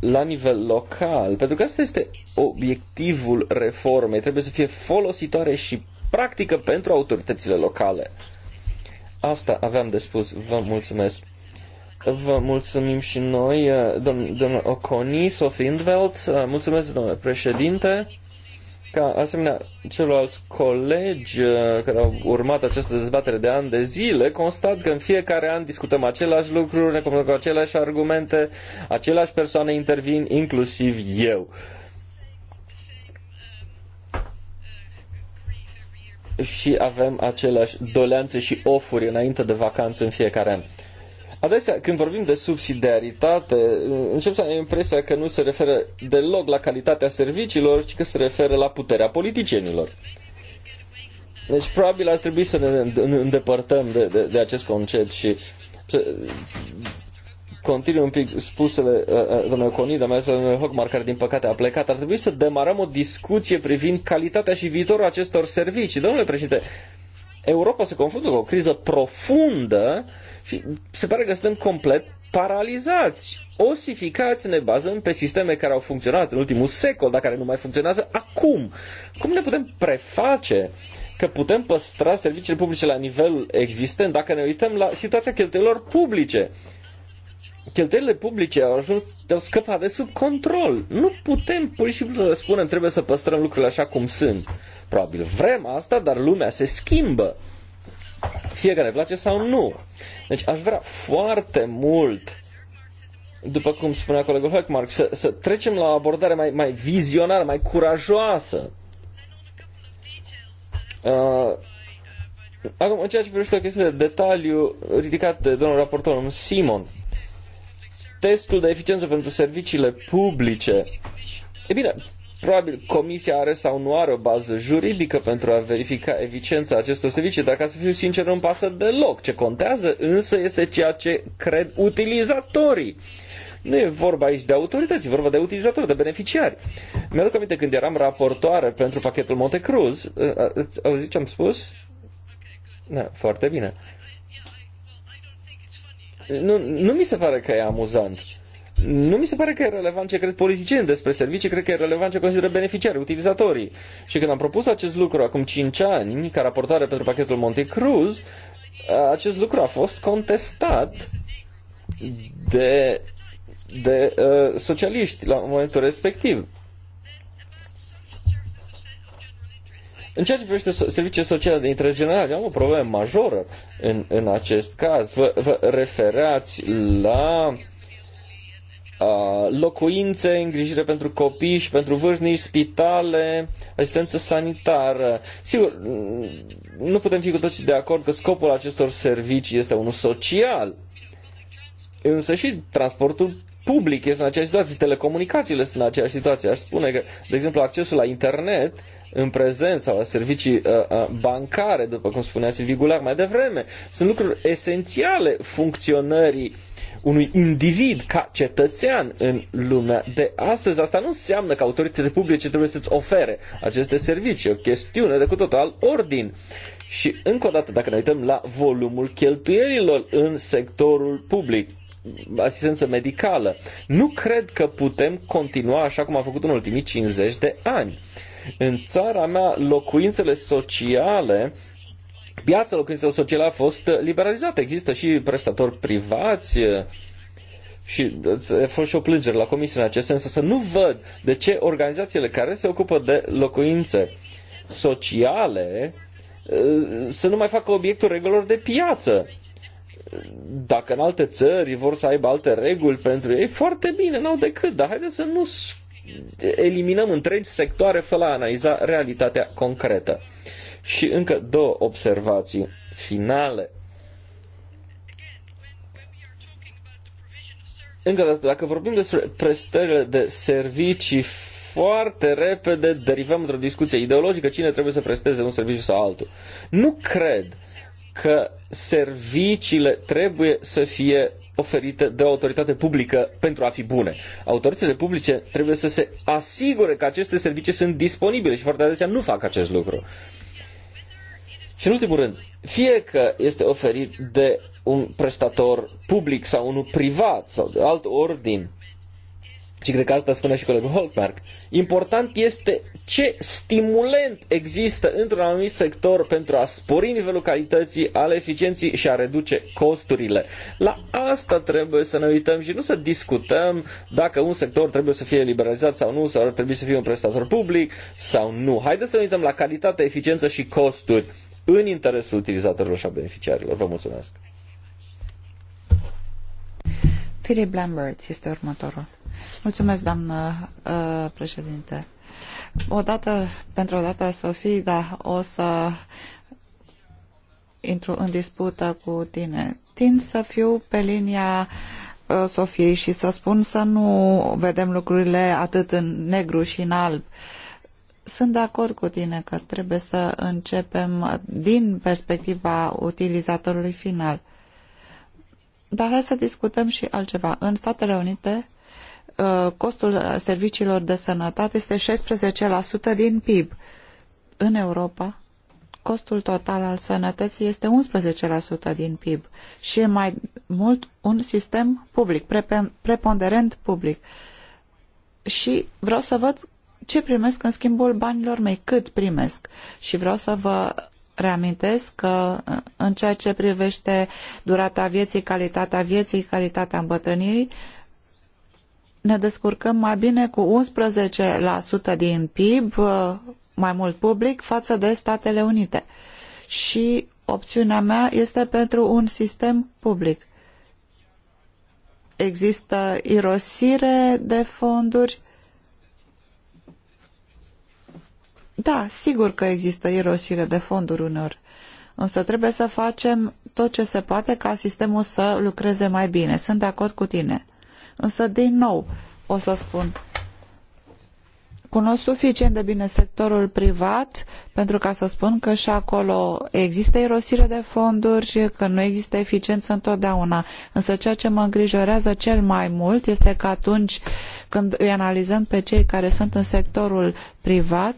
la nivel local. Pentru că asta este obiectivul reformei. Trebuie să fie folositoare și practică pentru autoritățile locale. Asta aveam de spus. Vă mulțumesc. Vă mulțumim și noi, uh, domnul Oconi, Sophie Indveld. Uh, mulțumesc, domnule președinte. Ca asemenea celorlalți colegi uh, care au urmat această dezbatere de ani de zile, constat că în fiecare an discutăm același lucru, ne comunicăm cu aceleași argumente, aceleași persoane intervin, inclusiv eu. Și avem aceleași doleanțe și ofuri înainte de vacanță în fiecare an. Adesea, când vorbim de subsidiaritate, încep să am impresia că nu se referă deloc la calitatea serviciilor, ci că se referă la puterea politicienilor. Deci, probabil ar trebui să ne îndepărtăm de, de, de acest concept și să continui un pic spusele domnului Conida, mai ales domnului Hockmar, care din păcate a plecat. Ar trebui să demarăm o discuție privind calitatea și viitorul acestor servicii. Domnule președinte, Europa se confruntă cu o criză profundă și se pare că suntem complet paralizați, osificați, ne bazăm pe sisteme care au funcționat în ultimul secol, dar care nu mai funcționează acum. Cum ne putem preface că putem păstra serviciile publice la nivel existent dacă ne uităm la situația cheltuielor publice? Cheltuielile publice au ajuns, au scăpat de sub control. Nu putem pur și simplu să spunem trebuie să păstrăm lucrurile așa cum sunt probabil vrem asta, dar lumea se schimbă. Fie că ne place sau nu. Deci aș vrea foarte mult după cum spunea colegul Höckmark, să, să trecem la o abordare mai, mai vizionară, mai curajoasă. Uh, acum, în ceea ce privește o chestie de detaliu ridicat de domnul raportor, Simon, testul de eficiență pentru serviciile publice. E bine, Probabil comisia are sau nu are o bază juridică pentru a verifica eficiența acestor servicii, dar ca să fiu sincer nu pasă deloc. Ce contează însă este ceea ce cred utilizatorii. Nu e vorba aici de autorități, e vorba de utilizatori, de beneficiari. Mi-aduc aminte când eram raportoare pentru pachetul Monte Cruz, ați ce am spus? Da, foarte bine. Nu, nu mi se pare că e amuzant. Nu mi se pare că e relevant ce cred politicieni despre servicii, cred că e relevant ce consideră beneficiarii, utilizatorii. Și când am propus acest lucru acum 5 ani, ca raportare pentru pachetul Monte Cruz, acest lucru a fost contestat de, de uh, socialiști la momentul respectiv. În ceea ce privește servicii sociale de interes general, am o problemă majoră în, în acest caz. Vă, vă referați la uh, locuințe, îngrijire pentru copii și pentru vârstnici, spitale, asistență sanitară. Sigur, nu putem fi cu toții de acord că scopul acestor servicii este unul social, însă și transportul public este în aceeași situație, telecomunicațiile sunt în aceeași situație. Aș spune că, de exemplu, accesul la internet în prezent sau la servicii uh, uh, bancare, după cum spunea Silvi Gular mai devreme, sunt lucruri esențiale funcționării uh, unui individ ca cetățean în lumea de astăzi. Asta nu înseamnă că autoritățile publice trebuie să-ți ofere aceste servicii. E o chestiune de cu total ordin. Și încă o dată, dacă ne uităm la volumul cheltuielilor în sectorul public, asistență medicală, nu cred că putem continua așa cum a făcut în ultimii 50 de ani. În țara mea, locuințele sociale uh, piața locuințelor sociale a fost uh, liberalizată. Există și prestatori privați uh, și uh, a fost și o plângere la comisie în acest sens, să nu văd de ce organizațiile care se ocupă de locuințe sociale să nu mai facă obiectul regulilor de piață. Dacă în alte țări vor să aibă alte reguli pentru ei, foarte bine, n-au decât, dar haideți să nu eliminăm întregi sectoare fără a analiza realitatea concretă. Și încă două observații finale. Încă o dată, dacă vorbim despre prestările de servicii foarte repede derivăm într-o discuție ideologică cine trebuie să presteze un serviciu sau altul. Nu cred că serviciile trebuie să fie oferite de o autoritate publică pentru a fi bune. Autoritățile publice trebuie să se asigure că aceste servicii sunt disponibile și foarte adesea nu fac acest lucru. Uh, și în ultimul rând, fie că este oferit de un prestator public sau unul privat sau de alt ordin, și cred că asta spune și colegul Holtmark, important este ce stimulent există într-un anumit sector pentru a spori nivelul calității, al eficienții și a reduce costurile. La asta trebuie să ne uităm și nu să discutăm dacă un sector trebuie să fie liberalizat sau nu, sau ar trebui să fie un prestator public sau nu. Haideți să ne uităm la calitate, eficiență și costuri în interesul utilizatorilor și a beneficiarilor. Vă mulțumesc! Philip Lambert este următorul. Mulțumesc, doamnă uh, președinte. Odată, pentru o dată, Sofie, da, o să intru în dispută cu tine. Tind să fiu pe linia uh, Sofiei și să spun să nu vedem lucrurile atât în negru și în alb. Uh, sunt de acord cu tine că trebuie să începem din perspectiva utilizatorului final. Dar hai să discutăm și altceva. În Statele Unite, uh, costul serviciilor de sănătate este 16% din PIB. În Europa, costul total al sănătății este 11% din PIB și e mai mult un sistem public, preponderent public. Și vreau să văd ce primesc în schimbul banilor mei, cât primesc. Și vreau să vă reamintesc că în ceea ce privește durata vieții, calitatea vieții, calitatea îmbătrânirii, ne descurcăm mai bine cu 11% din PIB, mai mult public, față de Statele Unite. Și opțiunea mea este pentru un sistem public. Există irosire de fonduri, Da, sigur că există irosire de fonduri unor, însă trebuie să facem tot ce se poate ca sistemul să lucreze mai bine. Sunt de acord cu tine. Însă, din nou, o să spun, cunosc suficient de bine sectorul privat pentru ca să spun că și acolo există irosire de fonduri, și că nu există eficiență întotdeauna. Însă ceea ce mă îngrijorează cel mai mult este că atunci când îi analizăm pe cei care sunt în sectorul privat,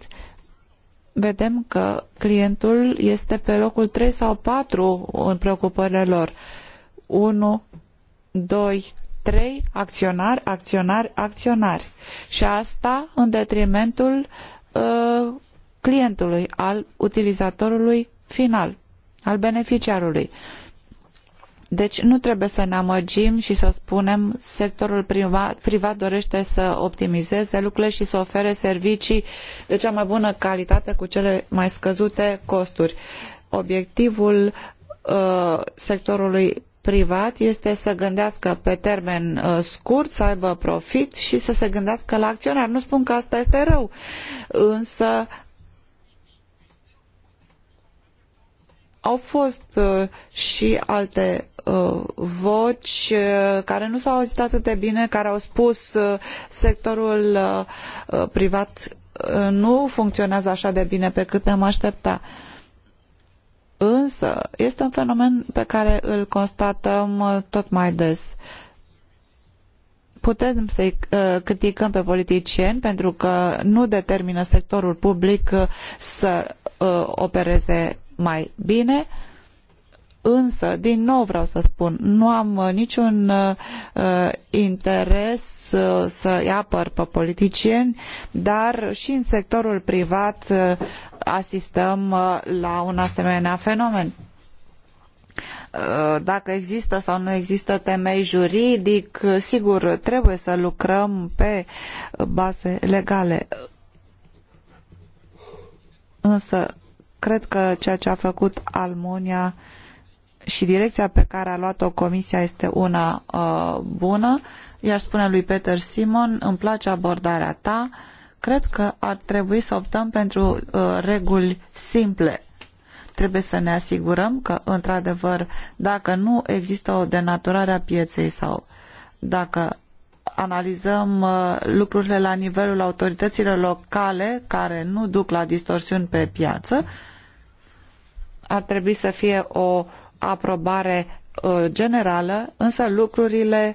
vedem că clientul este pe locul 3 sau 4 în preocupările lor. 1, 2, 3, acționari, acționari, acționari. Și asta în detrimentul uh, clientului, al utilizatorului final, al beneficiarului. Uh, deci nu trebuie să ne amăgim și să spunem sectorul privat, privat dorește să optimizeze lucrurile și să ofere servicii de cea mai bună calitate cu cele mai scăzute costuri. Obiectivul uh, sectorului privat este să gândească pe termen uh, scurt, să aibă profit și să se gândească la acționar. Nu spun că asta este rău, însă au fost uh, și alte Uh, voci uh, care nu s-au auzit atât de bine, care au spus uh, sectorul privat nu funcționează așa de bine pe cât ne-am aștepta. Însă este un fenomen pe care îl constatăm tot mai des putem să i criticăm pe politicieni pentru că nu determină sectorul public să opereze mai bine Însă, din nou vreau să spun, nu am uh, niciun uh, uh, interes uh, să îi apăr pe politicieni, dar și în sectorul privat uh, asistăm uh, la un asemenea fenomen dacă există sau nu există temei juridic, sigur, trebuie să lucrăm pe baze legale. Însă, cred că ceea ce a făcut Almunia uh, și direcția pe care a luat-o Comisia este una uh, bună. I-aș spune lui Peter Simon, îmi place abordarea ta, cred că ar trebui să optăm pentru uh, reguli simple. Trebuie să ne asigurăm că, într-adevăr, dacă nu există o denaturare a pieței sau dacă analizăm uh, lucrurile la nivelul autorităților locale care nu duc la distorsiuni pe piață, ar trebui să fie o aprobare uh, generală, însă lucrurile,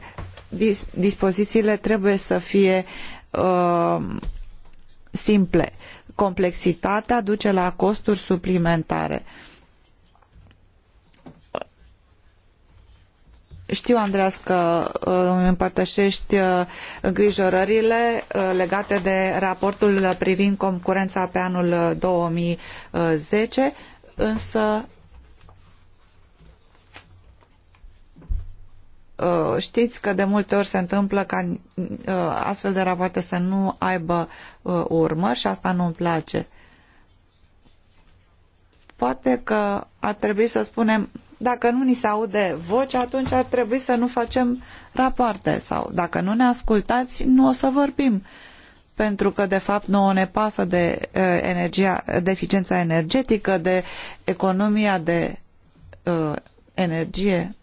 dispozițiile trebuie să fie uh, simple. Complexitatea duce la costuri suplimentare. Știu, Andreas, că uh, îmi împărtășești uh, îngrijorările legate de raportul privind concurența pe anul 2010, însă Uh, știți că de multe ori se întâmplă ca uh, astfel de rapoarte să nu aibă uh, urmă și asta nu îmi place. Poate că ar trebui să spunem, dacă nu ni se aude voce, atunci ar trebui să nu facem rapoarte sau dacă nu ne ascultați, nu o să vorbim. Pentru că, de fapt, nouă ne pasă de, energia, de eficiența energetică, de economia de uh, energie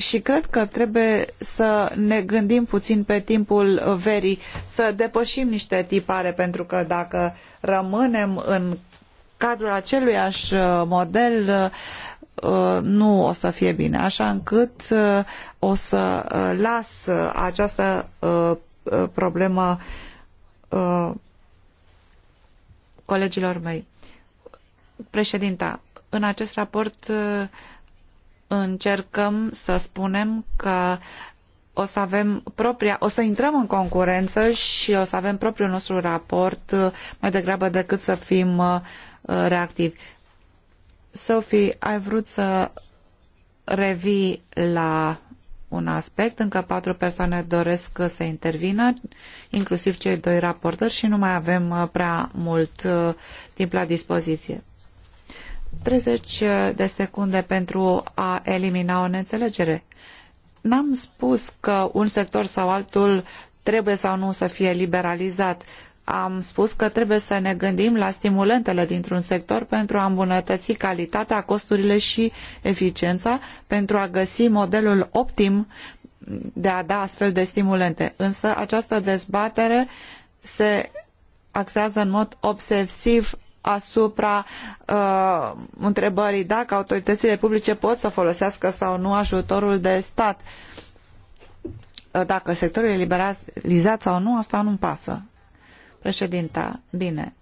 și cred că trebuie să ne gândim puțin pe timpul verii, să depășim niște tipare, pentru că dacă rămânem în cadrul aceluiași uh, model, uh, nu o să fie bine, așa încât uh, o să las această problemă colegilor mei. Președinta, în acest raport încercăm să spunem că o să avem propria, o să intrăm în concurență și o să avem propriul nostru raport uh, mai degrabă decât să fim uh, uh, reactivi. Sophie, ai vrut să revii la un aspect, încă patru persoane doresc să intervină, inclusiv cei doi raportări și nu mai avem prea mult timp la dispoziție. 30 eh, de secunde pentru a elimina o neînțelegere. N-am spus că un sector sau altul trebuie sau nu să fie liberalizat. Am spus că trebuie să ne gândim la stimulentele dintr-un sector pentru a îmbunătăți calitatea, costurile și eficiența, pentru a găsi modelul optim de a da astfel de stimulente. Însă această dezbatere se axează în mod obsesiv asupra uh, întrebării dacă autoritățile publice pot să folosească sau nu ajutorul de stat. Uh, dacă sectorul e liberalizat sau nu, asta nu-mi pasă. Președinta, bine,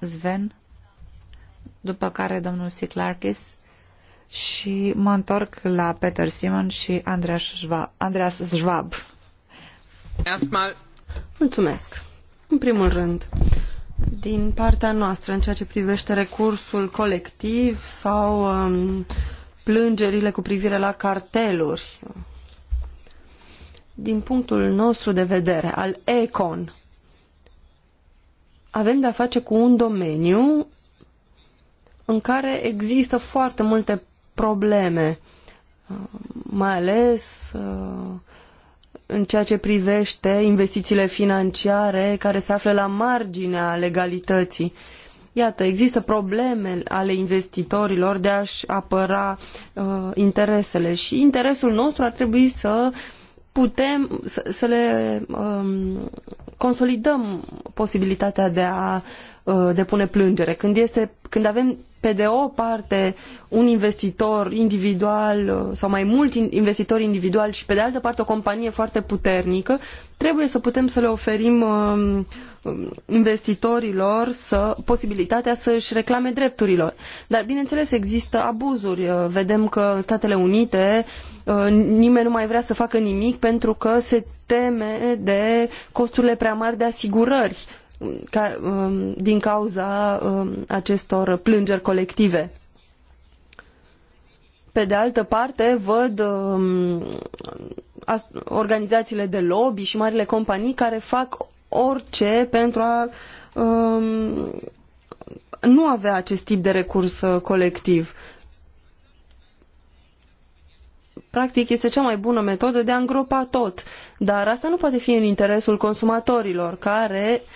Sven, după care domnul Siclarchis și mă întorc la Peter Simon și Andreas Schwab. Andreas Schwab. Mulțumesc. În primul rând, din partea noastră în ceea ce privește recursul colectiv sau um, plângerile cu privire la carteluri. Din punctul nostru de vedere, al ECON, avem de-a face cu un domeniu în care există foarte multe probleme, um, mai ales uh, în ceea ce privește investițiile financiare care se află la marginea legalității. Iată, există probleme ale investitorilor de a-și apăra uh, interesele și interesul nostru ar trebui să putem să, să le um, consolidăm posibilitatea de a uh, Uh, depune plângere. Când, este, când avem pe de o parte un investitor individual uh, sau mai mulți investitori individuali și pe de altă parte o companie foarte puternică, trebuie să putem să le oferim uh, investitorilor să, posibilitatea să își reclame drepturilor. Dar bineînțeles există abuzuri. Vedem că în Statele Unite nimeni nu mai vrea să facă nimic pentru că se teme de costurile prea mari de asigurări ca, um, din cauza um, acestor plângeri colective. Pe de altă parte, văd um, organizațiile de lobby și marile companii care fac orice pentru a nu avea acest tip de recurs uh, colectiv. Practic, este cea mai bună metodă de a îngropa tot, dar asta nu poate fi în interesul consumatorilor, care uh,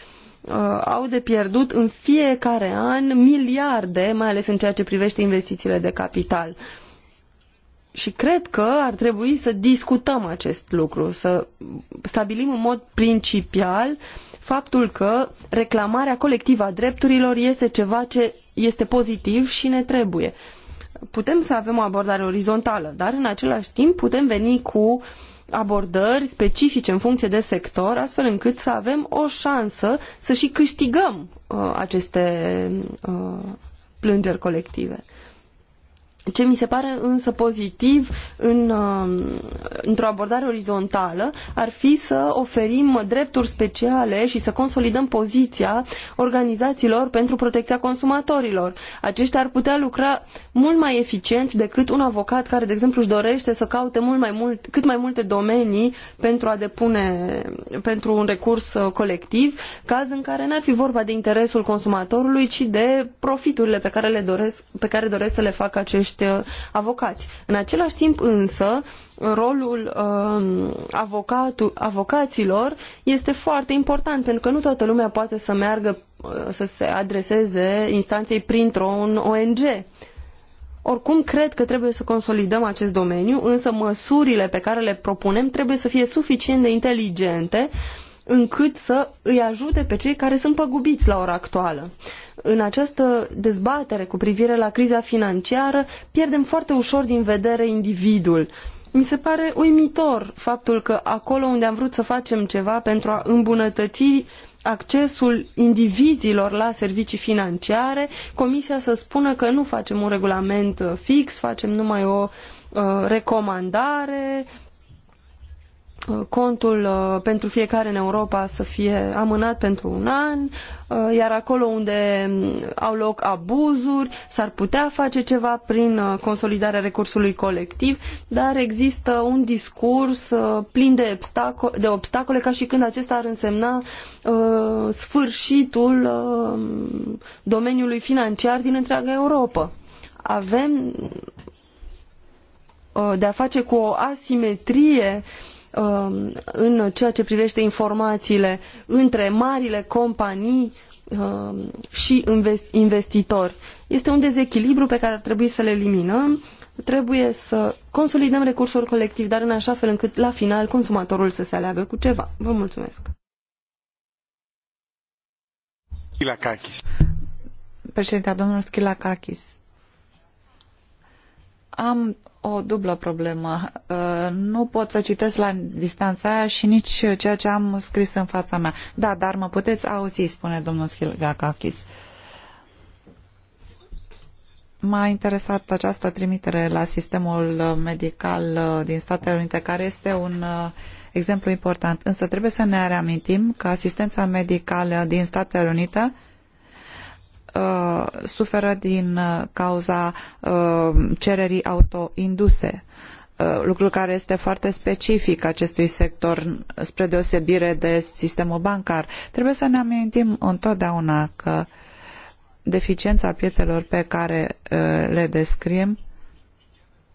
uh, au de pierdut în fiecare an miliarde, mai ales în ceea ce privește investițiile de capital. Și cred că ar trebui să discutăm acest lucru, să stabilim în mod principial faptul că reclamarea colectivă a drepturilor este ceva ce este pozitiv și ne trebuie. Putem să avem o abordare orizontală, dar în același timp putem veni cu uh, abordări specifice în funcție de sector, astfel încât să avem o șansă să și câștigăm uh, aceste uh, plângeri colective. Ce mi se pare însă pozitiv în, um, într-o abordare orizontală ar fi să oferim drepturi speciale și să consolidăm poziția organizațiilor pentru protecția consumatorilor. Aceștia ar putea lucra mult mai eficient decât un avocat care, de exemplu, își dorește să caute mult mai mult, cât mai multe domenii pentru a depune pentru un recurs uh, colectiv, caz în care n-ar fi vorba de interesul consumatorului, ci de profiturile pe care, le doresc, pe care doresc să le facă acești acești uh, avocați. În același timp însă, rolul um, avocaților este foarte important, pentru că nu toată lumea poate să meargă uh, să se adreseze instanței printr-un ONG. Oricum, cred că trebuie să consolidăm acest domeniu, însă măsurile pe care le propunem trebuie să fie suficient de inteligente încât să îi ajute pe cei care sunt păgubiți la ora actuală în această dezbatere cu privire la criza financiară pierdem foarte ușor din vedere individul. Mi se pare uimitor faptul că acolo unde am vrut să facem ceva pentru a îmbunătăți accesul indivizilor la servicii financiare, Comisia să spună că nu facem un regulament fix, facem numai o uh, recomandare, contul uh, pentru fiecare în Europa să fie amânat pentru un an, uh, iar acolo unde mm, au loc abuzuri s-ar putea face ceva prin uh, consolidarea recursului colectiv, dar există un discurs plin de obstacole, de obstacole ca și când acesta ar însemna sfârșitul domeniului financiar din întreaga Europa. Avem de a face cu o asimetrie uh, Um, în ceea ce privește informațiile între marile companii um, și investitori. Este un dezechilibru pe care ar trebui să-l eliminăm. Trebuie să consolidăm recursul colectiv, dar în așa fel încât la final consumatorul să se aleagă cu ceva. Vă mulțumesc. Schilakakis. Președinte, domnul Schilakakis. Am o dublă problemă. Uh, nu pot să citesc la distanța aia și nici ceea ce am scris în fața mea. Da, dar mă puteți auzi, spune domnul Schilgakakis. M-a interesat această trimitere la sistemul medical uh, din Statele Unite, care este un uh, exemplu important. Însă trebuie să ne reamintim că asistența medicală din Statele Unite Uh, suferă din uh, cauza uh, cererii autoinduse lucru care este foarte specific acestui sector, spre deosebire de sistemul bancar. Trebuie să ne amintim întotdeauna că deficiența piețelor pe care le descriem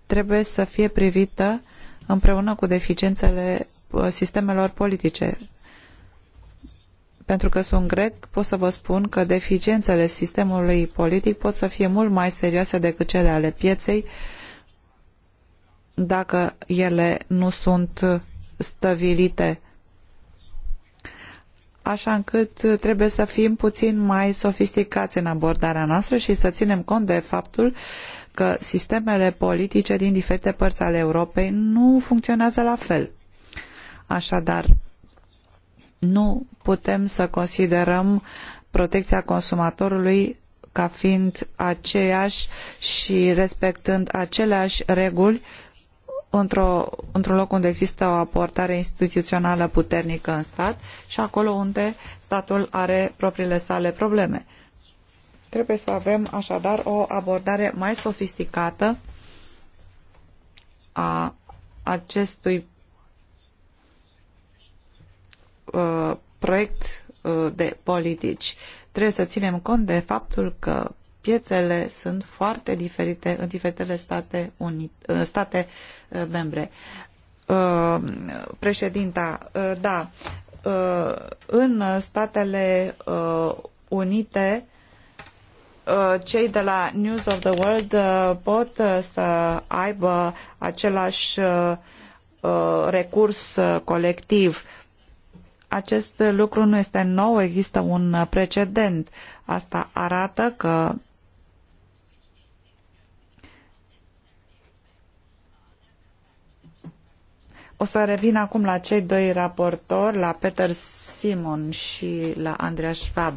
trebuie să fie privită împreună cu deficiențele sistemelor politice pentru că sunt grec, pot să vă spun că deficiențele sistemului politic pot să fie mult mai serioase decât cele ale pieței dacă ele nu sunt stăvilite. Așa încât trebuie să fim puțin mai sofisticați în abordarea noastră și să ținem cont de faptul că sistemele politice din diferite părți ale Europei nu funcționează la fel. Așadar, nu putem să considerăm protecția consumatorului ca fiind aceeași și respectând aceleași reguli într-un într loc unde există o aportare instituțională puternică în stat și acolo unde statul are propriile sale probleme. Trebuie să avem așadar o abordare mai sofisticată a acestui Uh, proiect uh, de politici. Trebuie să ținem cont de faptul că piețele sunt foarte diferite în diferitele state, unite uh, state membre. președinta, da, în Statele Unite cei de la News of the World pot să aibă același recurs colectiv acest lucru nu este nou, există un precedent. Asta arată că O să revin acum la cei doi raportori, la Peter Simon și la Andreas Schwab.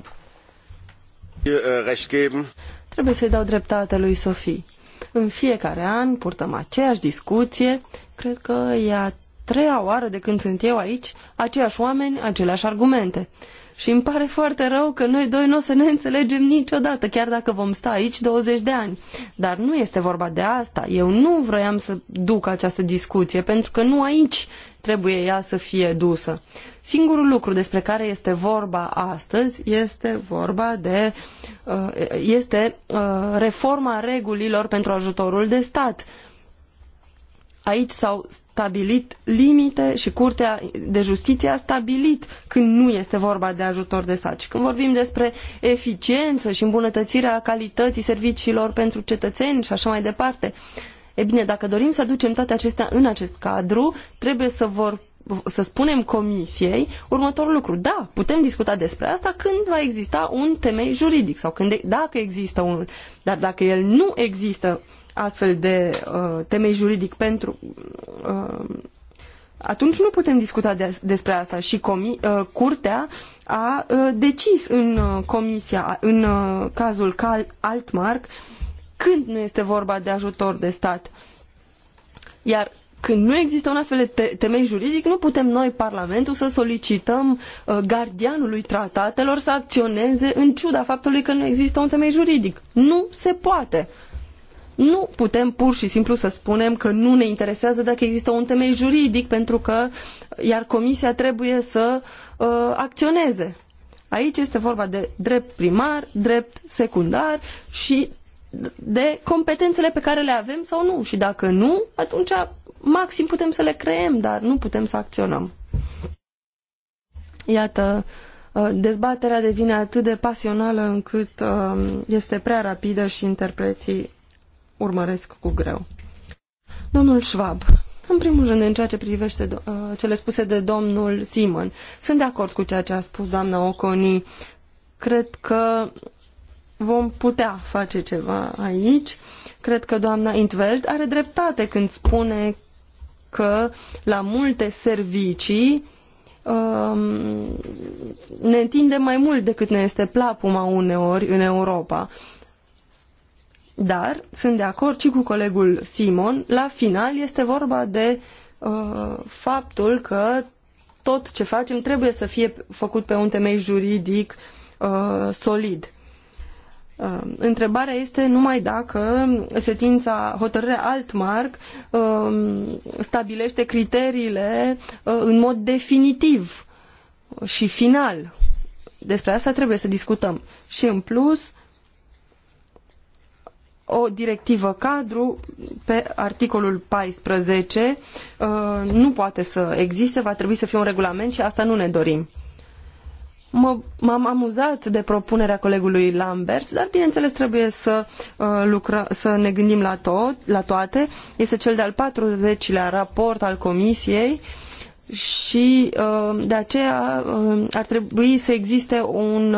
Trebuie să-i dau dreptate lui Sofie. În fiecare an purtăm aceeași discuție. Cred că e a treia oară de când sunt eu aici, aceiași oameni, aceleași argumente. Și îmi pare foarte rău că noi doi nu o să ne înțelegem niciodată, chiar dacă vom sta aici 20 de ani. Dar nu este vorba de asta. Eu nu vroiam să duc această discuție, pentru că nu aici trebuie ea să fie dusă. Singurul lucru despre care este vorba astăzi este vorba de uh, este uh, reforma regulilor pentru ajutorul de stat aici s-au stabilit limite și Curtea de Justiție a stabilit când nu este vorba de ajutor de stat. când vorbim despre eficiență și îmbunătățirea calității serviciilor pentru cetățeni și așa mai departe, e bine, dacă dorim să aducem toate acestea în acest cadru, trebuie să vor să spunem comisiei următorul lucru. Da, putem discuta despre asta când va exista un temei juridic sau când, dacă există unul. Dar dacă el nu există astfel de uh, temei juridic pentru... Uh, atunci nu putem discuta de, despre asta și comi, uh, curtea a uh, decis în uh, comisia, în uh, cazul Cal Altmark, când nu este vorba de ajutor de stat. Iar când nu există un astfel de te temei juridic, nu putem noi, Parlamentul, să solicităm uh, gardianului tratatelor să acționeze în ciuda faptului că nu există un temei juridic. Nu se poate. Uh, nu putem pur și simplu să spunem că nu ne interesează dacă există un temei juridic, pentru că iar comisia trebuie să uh, acționeze. Aici este vorba de drept primar, drept secundar și de competențele pe care le avem sau nu. Și dacă nu, atunci maxim putem să le creăm, dar nu putem să acționăm. Iată, uh, dezbaterea devine atât de pasională încât uh, este prea rapidă și interpreții urmăresc cu greu. Domnul Schwab, în primul rând, în ceea ce privește uh, cele spuse de domnul Simon, sunt de acord cu ceea ce a spus doamna Oconi. Cred că vom putea face ceva aici. Cred că doamna Intveld are dreptate când spune că la multe servicii um, ne întindem mai mult decât ne este plapuma uneori în Europa. Dar sunt de acord și cu colegul Simon, la final este vorba de uh, faptul că tot ce facem trebuie să fie făcut pe un temei juridic uh, solid. Uh, întrebarea este numai dacă setința, hotărârea Altmark uh, stabilește criteriile uh, în mod definitiv și final. Despre asta trebuie să discutăm. Și în plus, o directivă cadru pe articolul 14 uh, nu poate să existe, va trebui să fie un regulament și asta nu ne dorim. M-am amuzat de propunerea colegului Lambert, dar bineînțeles trebuie să, uh, lucra, să ne gândim la, tot, la toate. Este cel de-al 40-lea raport al Comisiei și uh, de aceea ar trebui să existe un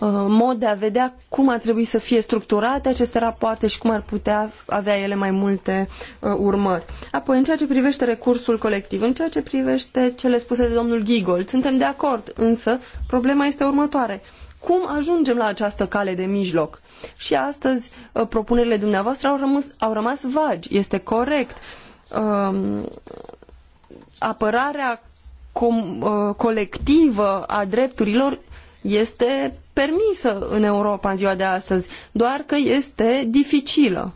Uh, mod de a vedea cum ar trebui să fie structurate aceste rapoarte și cum ar putea avea ele mai multe uh, urmări. Apoi, în ceea ce privește recursul colectiv, în ceea ce privește cele spuse de domnul Gigol, suntem de acord, însă problema este următoare. Cum ajungem la această cale de mijloc? Și astăzi uh, propunerile dumneavoastră au rămas, au rămas vagi. Este corect. Uh, apărarea com, uh, colectivă a drepturilor este permisă în Europa în ziua de astăzi, doar că este dificilă.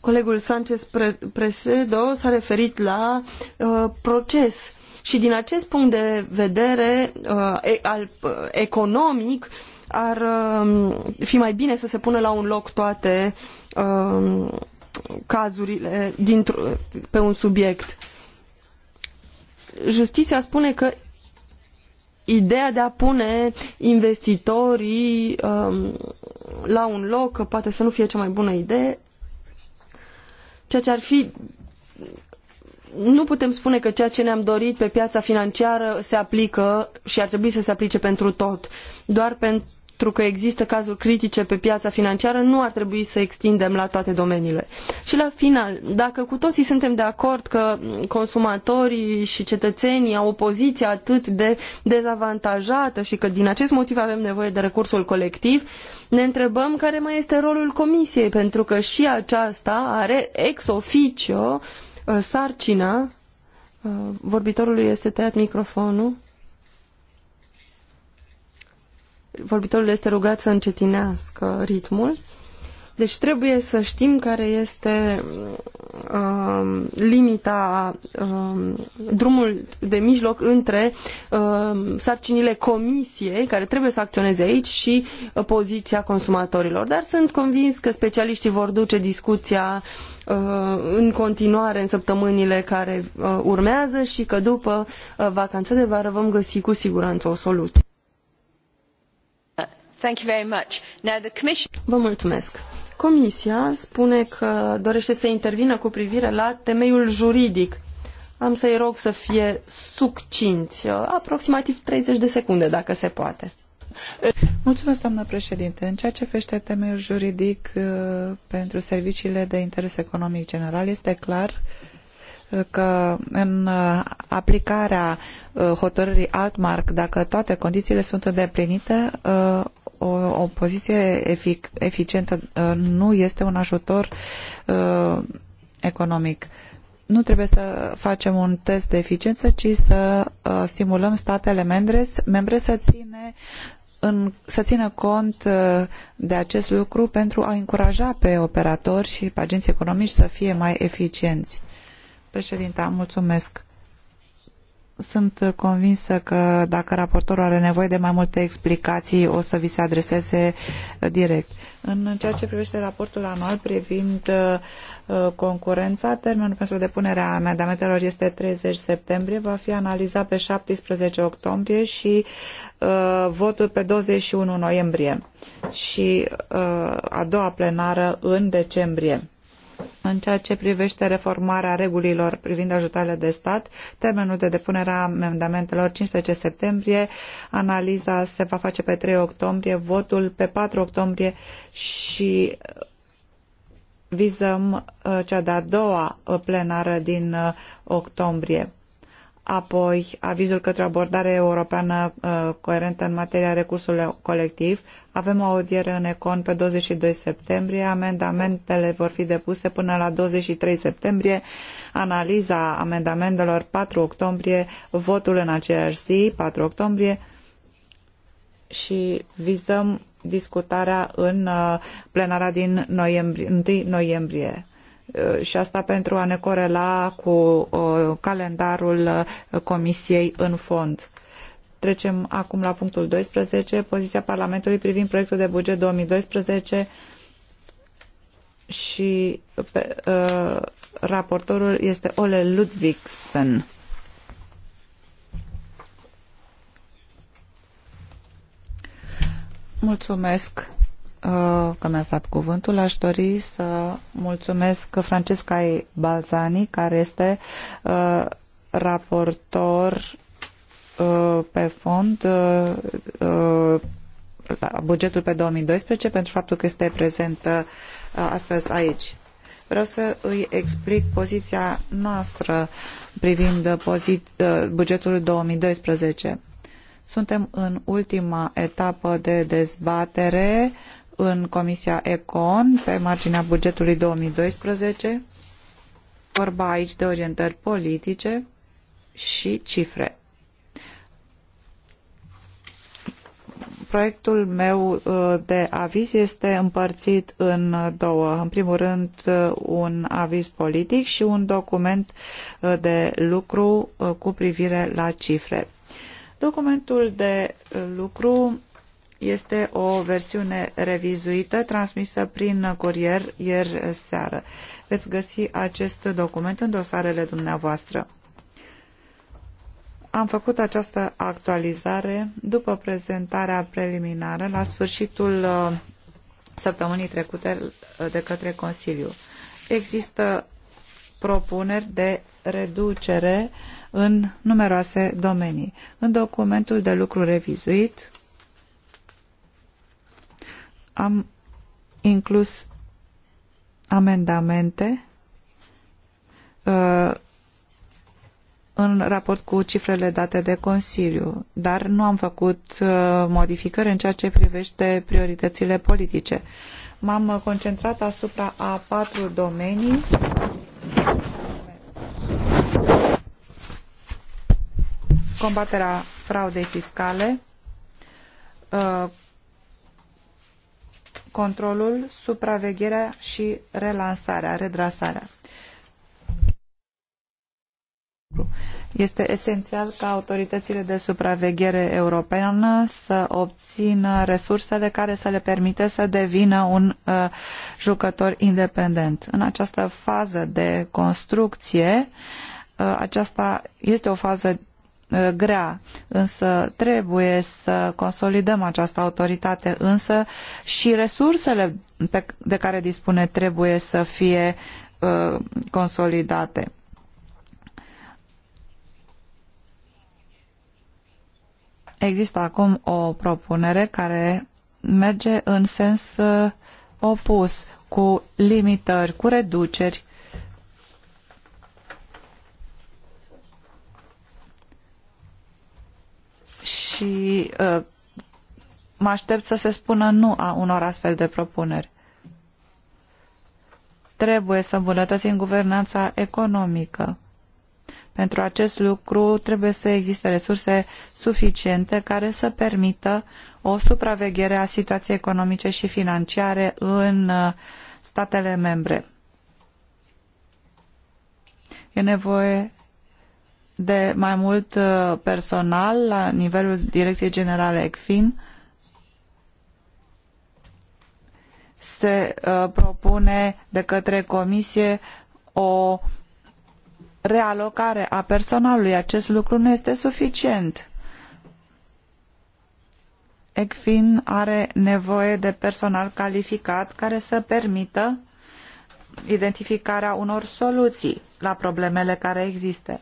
Colegul Sanchez Presedo s-a referit la uh, proces și din acest punct de vedere uh, e, al, uh, economic ar um, fi mai bine să se pună la un loc toate um, cazurile pe un subiect. Justiția spune că ideea de a pune investitorii um, la un loc poate să nu fie cea mai bună idee. Ceea ce ar fi nu putem spune că ceea ce ne-am dorit pe piața financiară se aplică și ar trebui să se aplice pentru tot. Doar pentru pentru că există cazuri critice pe piața financiară, nu ar trebui să extindem la toate domeniile. Și la final, dacă cu toții suntem de acord că consumatorii și cetățenii au o poziție atât de dezavantajată și că din acest motiv avem nevoie de recursul colectiv, ne întrebăm care mai este rolul comisiei, pentru că și aceasta are ex officio uh, sarcina. Uh, Vorbitorului este tăiat microfonul vorbitorul este rugat să încetinească ritmul. Deci trebuie să știm care este uh, limita, uh, drumul de mijloc între uh, sarcinile comisiei, care trebuie să acționeze aici, și uh, poziția consumatorilor. Dar sunt convins că specialiștii vor duce discuția uh, în continuare în săptămânile care uh, urmează și că după uh, vacanța de vară vom găsi cu siguranță o soluție. Comisia spune că dorește să intervină cu privire la temeiul juridic. Am să-i rog să fie succinți, uh, aproximativ 30 de secunde, dacă se poate. Mulțumesc, doamnă președinte. În ceea ce fește temeiul juridic uh, pentru serviciile de interes economic general, este clar uh, că în aplicarea hotărârii Altmark, dacă toate condițiile sunt îndeplinite, o opoziție efic eficientă uh, nu este un ajutor uh, economic. Nu trebuie să facem un test de eficiență, ci să uh, stimulăm statele membre, membre să ține în, să țină cont de acest lucru pentru a încuraja pe operatori și pe agenții economici să fie mai eficienți. Președinta, mulțumesc. Sunt convinsă că dacă raportorul are nevoie de mai multe explicații, o să vi se adreseze direct. În ceea ce privește raportul anual privind uh, concurența, termenul pentru depunerea amendamentelor este 30 septembrie, va fi analizat pe 17 octombrie și uh, votul pe 21 noiembrie și uh, a doua plenară în decembrie. În ceea ce privește reformarea regulilor privind ajutoarele de stat, termenul de depunere a amendamentelor 15 septembrie, analiza se va face pe 3 octombrie, votul pe 4 octombrie și uh, vizăm uh, cea de-a doua uh, plenară din octombrie apoi avizul către o abordare europeană uh, coerentă în materia recursului colectiv. Avem o audiere în Econ pe 22 septembrie, amendamentele vor fi depuse până la 23 septembrie, analiza amendamentelor 4 octombrie, votul în aceeași zi, 4 octombrie și vizăm discutarea în uh, plenara din noiembrie, 1 noiembrie. Eh, și asta pentru a ne corela cu eh, calendarul eh, Comisiei în fond. Trecem acum la punctul 12, poziția Parlamentului privind proiectul de buget 2012 și pe, uh, raportorul este Ole Ludvigsen. Mulțumesc. Uh, că mi-ați dat cuvântul. Aș dori să mulțumesc Francescai Balzani, care este uh, raportor uh, pe fond la bugetul pe 2012 pentru faptul că este prezentă astăzi aici. Vreau să îi explic poziția noastră privind bugetul 2012. Suntem în ultima etapă de dezbatere în Comisia Econ pe marginea bugetului 2012. Vorba aici de orientări politice și cifre. Proiectul meu uh, de aviz este împărțit în două. În primul rând, uh, un aviz politic și un document uh, de lucru cu privire la cifre. Documentul de lucru este o versiune revizuită transmisă prin curier ieri seară. Veți găsi acest document în dosarele dumneavoastră. Am făcut această actualizare după prezentarea preliminară la sfârșitul uh, săptămânii trecute de către Consiliu. Există propuneri de reducere în numeroase domenii. În documentul de lucru revizuit am inclus amendamente uh, în raport cu cifrele date de Consiliu, dar nu am făcut uh, modificări în ceea ce privește prioritățile politice. M-am concentrat asupra a patru domenii. Combaterea fraudei fiscale, uh, controlul, supravegherea și relansarea, redrasarea. Este esențial ca autoritățile de supraveghere europeană să obțină resursele care să le permită să devină un uh, jucător independent. În această fază de construcție, uh, aceasta este o fază grea, însă trebuie să consolidăm această autoritate, însă și resursele pe, de care dispune trebuie să fie uh, consolidate. Există acum o propunere care merge în sens uh, opus, cu limitări, cu reduceri și ă, mă aștept să se spună nu a unor astfel de propuneri. Trebuie să îmbunătățim guvernanța economică. Pentru acest lucru trebuie să existe resurse suficiente care să permită o supraveghere a situației economice și financiare în ă, statele membre. E nevoie de mai mult uh, personal la nivelul Direcției Generale ECFIN. Se uh, propune de către Comisie o realocare a personalului. Acest lucru nu este suficient. ECFIN are nevoie de personal calificat care să permită identificarea unor soluții la problemele care există.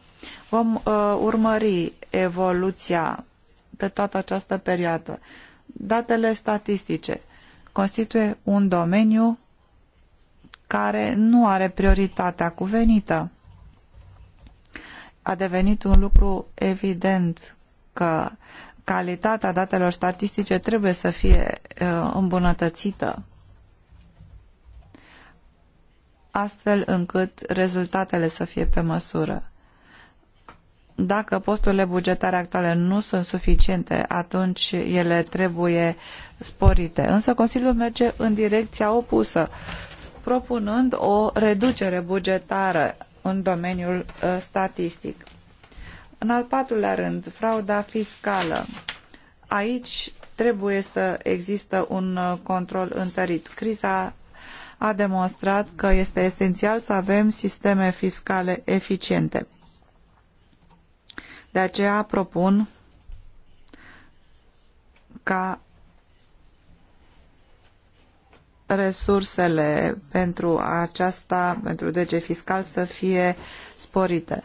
Vom uh, urmări evoluția pe toată această perioadă. Datele statistice constituie un domeniu care nu are prioritatea cuvenită. A devenit un lucru evident că calitatea datelor statistice trebuie să fie uh, îmbunătățită astfel încât rezultatele să fie pe măsură. Dacă posturile bugetare actuale nu sunt suficiente, atunci ele trebuie sporite. Însă Consiliul merge în direcția opusă, propunând o reducere bugetară în domeniul uh, statistic. În al patrulea rând, frauda fiscală. Aici trebuie să existe un uh, control întărit. Criza a demonstrat că este esențial să avem sisteme fiscale eficiente. De aceea propun ca resursele pentru aceasta, pentru DG Fiscal să fie sporite.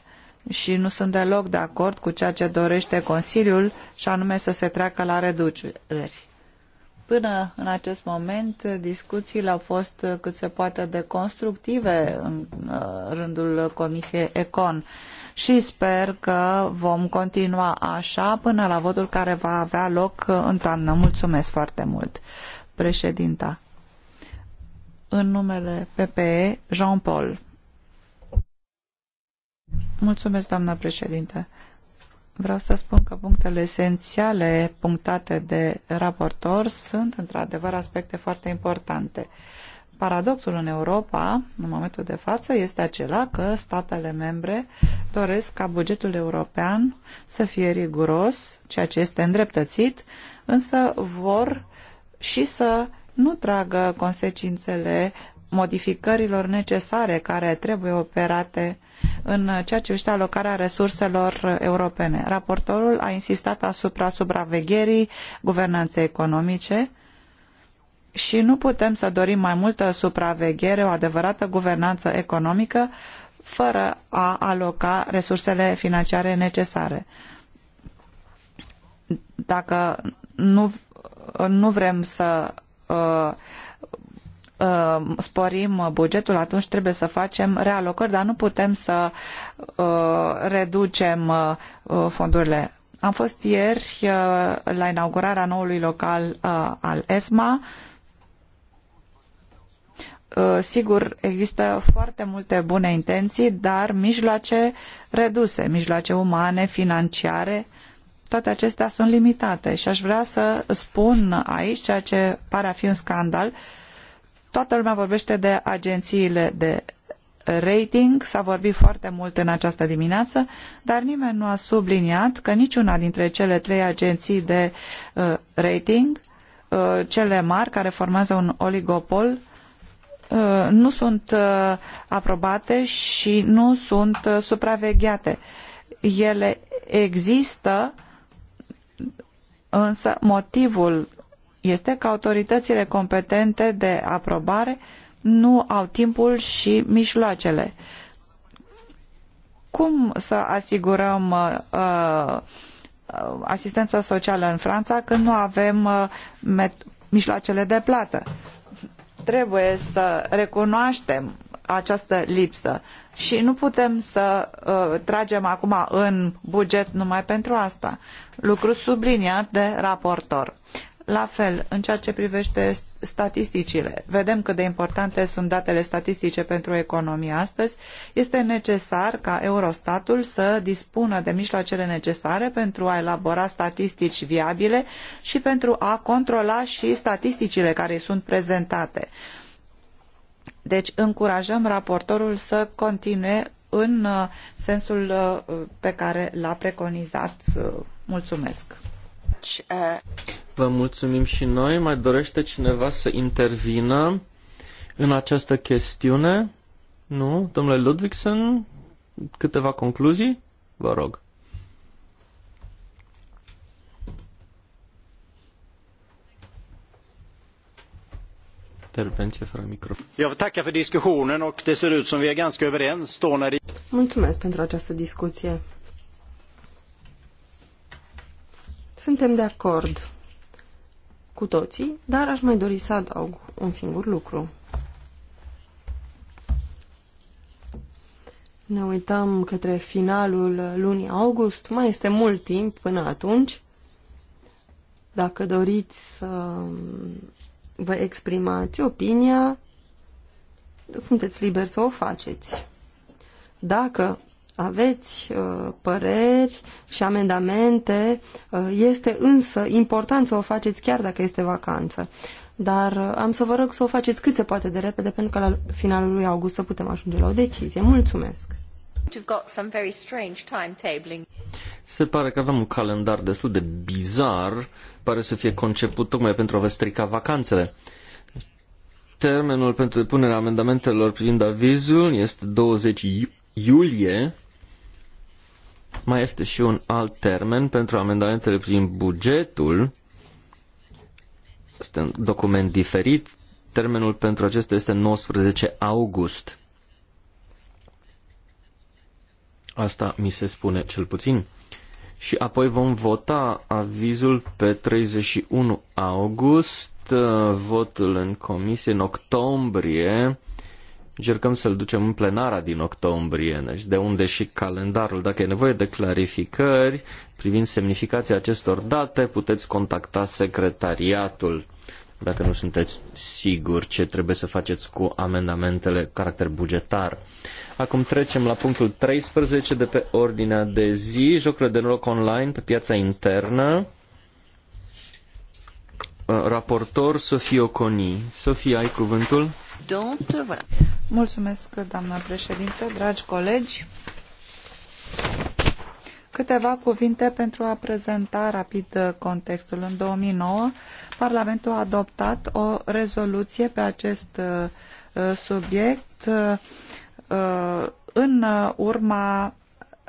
Și nu sunt deloc de acord cu ceea ce dorește Consiliul și anume să se treacă la reduceri. Până în acest moment, discuțiile au fost cât se poate de constructive în uh, rândul Comisiei Econ și sper că vom continua așa până la votul care va avea loc uh, în toamnă. Mulțumesc foarte mult, președinta. În numele PPE, Jean-Paul. Mulțumesc, doamnă președinte. Vreau să spun că punctele esențiale punctate de raportor sunt într-adevăr aspecte foarte importante. Paradoxul în Europa, în momentul de față, este acela că statele membre doresc ca bugetul european să fie riguros, ceea ce este îndreptățit, însă vor și să nu tragă consecințele modificărilor necesare care trebuie operate în ceea ce privește alocarea resurselor europene. Raportorul a insistat asupra supravegherii guvernanței economice, și nu putem să dorim mai multă supraveghere, o adevărată guvernană economică, fără a aloca resursele financiare necesare. Dacă nu, nu vrem să uh, uh, sporim bugetul, atunci trebuie să facem realocări, dar nu putem să uh, reducem uh, uh, fondurile. Am fost ieri uh, la inaugurarea noului local al ESMA, Uh, sigur, există foarte multe bune intenții, dar mijloace reduse, mijloace umane, financiare, toate acestea sunt limitate și aș vrea să spun aici ceea ce pare a fi un scandal. Toată lumea vorbește de agențiile de rating, s-a vorbit foarte mult în această dimineață, dar nimeni nu a subliniat că niciuna dintre cele trei agenții de uh, rating, uh, cele mari care formează un oligopol, Uh, nu sunt uh, aprobate și nu sunt uh, supravegheate. Ele există, însă motivul este că autoritățile competente de aprobare nu au timpul și mijloacele. Cum să asigurăm uh, socială în Franța când nu avem uh, mijloacele de plată? Trebuie să recunoaștem această lipsă și nu putem să uh, tragem acum în buget numai pentru asta. Lucru subliniat de raportor. La fel, în ceea ce privește statisticile, vedem cât de importante sunt datele statistice pentru economie astăzi, este necesar ca Eurostatul să dispună de mijloacele necesare pentru a elabora statistici viabile și pentru a controla și statisticile care sunt prezentate. Deci încurajăm raportorul să continue în uh, sensul uh, pe care l-a preconizat. Uh, mulțumesc! much. Uh... Vă mulțumim și noi. Mai dorește cineva să intervină în această chestiune? Nu? Domnule Ludvigsen, câteva concluzii? Vă rog. intervenție fără microfon. Jag Mulțumesc pentru această discuție. Suntem de acord cu toții, dar aș mai dori să adaug un singur lucru. Ne uităm către finalul lunii august, mai este mult timp până atunci. Dacă doriți să vă exprimați opinia, sunteți liberi să o faceți. Dacă aveți uh, păreri și amendamente, uh, este însă important să o faceți chiar dacă este vacanță. Dar uh, am să vă rog să o faceți cât se poate de repede, pentru că la finalul lui august să putem ajunge la o decizie. Mulțumesc! Se pare că avem un calendar destul de bizar, pare să fie conceput tocmai pentru a vă strica vacanțele. Termenul pentru depunerea amendamentelor privind avizul este 20 iulie mai este și un alt termen pentru amendamentele prin bugetul. Este un document diferit. Termenul pentru acesta este 19 august. Asta mi se spune cel puțin. Și apoi vom vota avizul pe 31 august, uh, votul în comisie în octombrie Încercăm să-l ducem în plenara din octombrie, deci de unde și calendarul. Dacă e nevoie de clarificări privind semnificația acestor date, puteți contacta secretariatul dacă nu sunteți siguri ce trebuie să faceți cu amendamentele caracter bugetar. Acum trecem la punctul 13 de pe ordinea de zi, jocurile de noroc online pe piața internă. Uh, raportor Sofie Oconi. Sofie, ai cuvântul? Mulțumesc, doamna președinte, dragi colegi. Câteva cuvinte pentru a prezenta rapid contextul. În 2009, Parlamentul a adoptat o rezoluție pe acest uh, subiect uh, în urma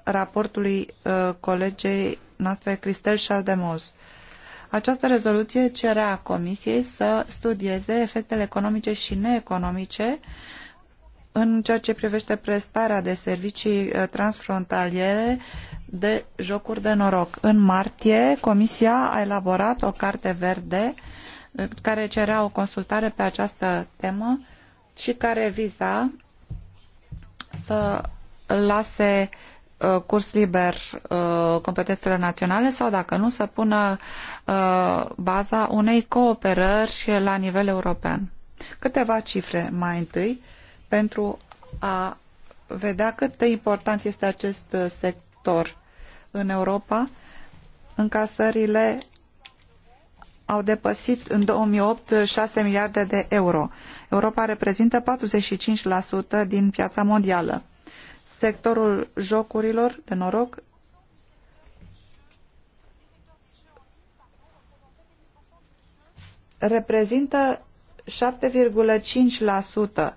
raportului uh, colegei noastre Cristel Chaldemos. Această rezoluție cerea Comisiei să studieze efectele economice și neeconomice în ceea ce privește prestarea de servicii uh, transfrontaliere de jocuri de noroc. În martie, Comisia a elaborat o carte verde uh, care cerea o consultare pe această temă și care viza să lase uh, Uh, curs liber uh, competențele naționale sau, dacă nu, să pună uh, baza unei cooperări la nivel european. Câteva cifre mai întâi pentru a vedea cât de important este acest sector în Europa. Încasările au depășit în 2008 6 miliarde de euro. Europa reprezintă 45% din piața mondială sectorul jocurilor de noroc reprezintă 7,5%.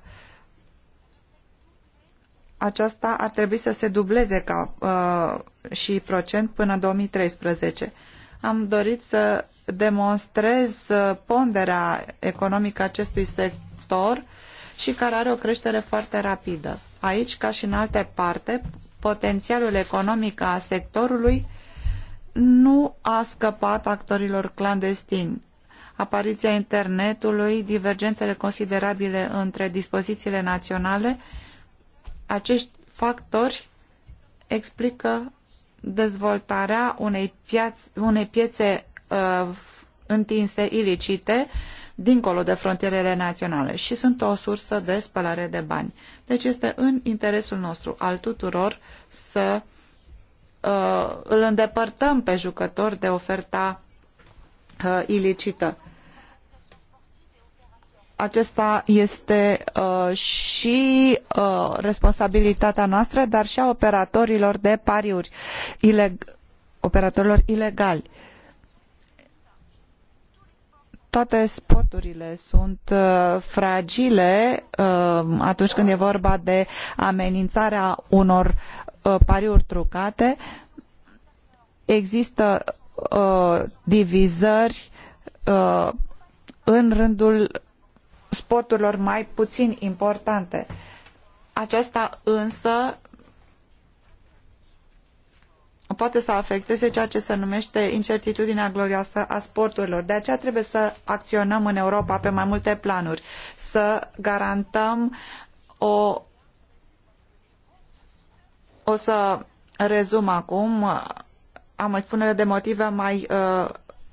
Aceasta ar trebui să se dubleze ca uh, și procent până 2013. Am dorit să demonstrez uh, ponderea economică acestui sector și care are o creștere foarte rapidă. Aici, ca și în alte parte, potențialul economic al sectorului nu a scăpat actorilor clandestini. Apariția internetului, divergențele considerabile între dispozițiile naționale, acești factori explică dezvoltarea unei, piaț- unei piețe uh, întinse ilicite dincolo de frontierele naționale și sunt o sursă de spălare de bani. Deci este în interesul nostru al tuturor să uh, îl îndepărtăm pe jucător de oferta uh, ilicită. Acesta este uh, și uh, responsabilitatea noastră, dar și a operatorilor de pariuri, ileg- operatorilor ilegali. Uh, toate sporturile sunt uh, fragile uh, atunci când e vorba de amenințarea unor uh, pariuri trucate. Există divizări în rândul sporturilor mai puțin importante. Aceasta însă poate să afecteze ceea ce se numește incertitudinea glorioasă a sporturilor. De aceea trebuie să acționăm în Europa pe mai multe planuri, să garantăm o... O să rezum acum, am o expunere de motive mai uh,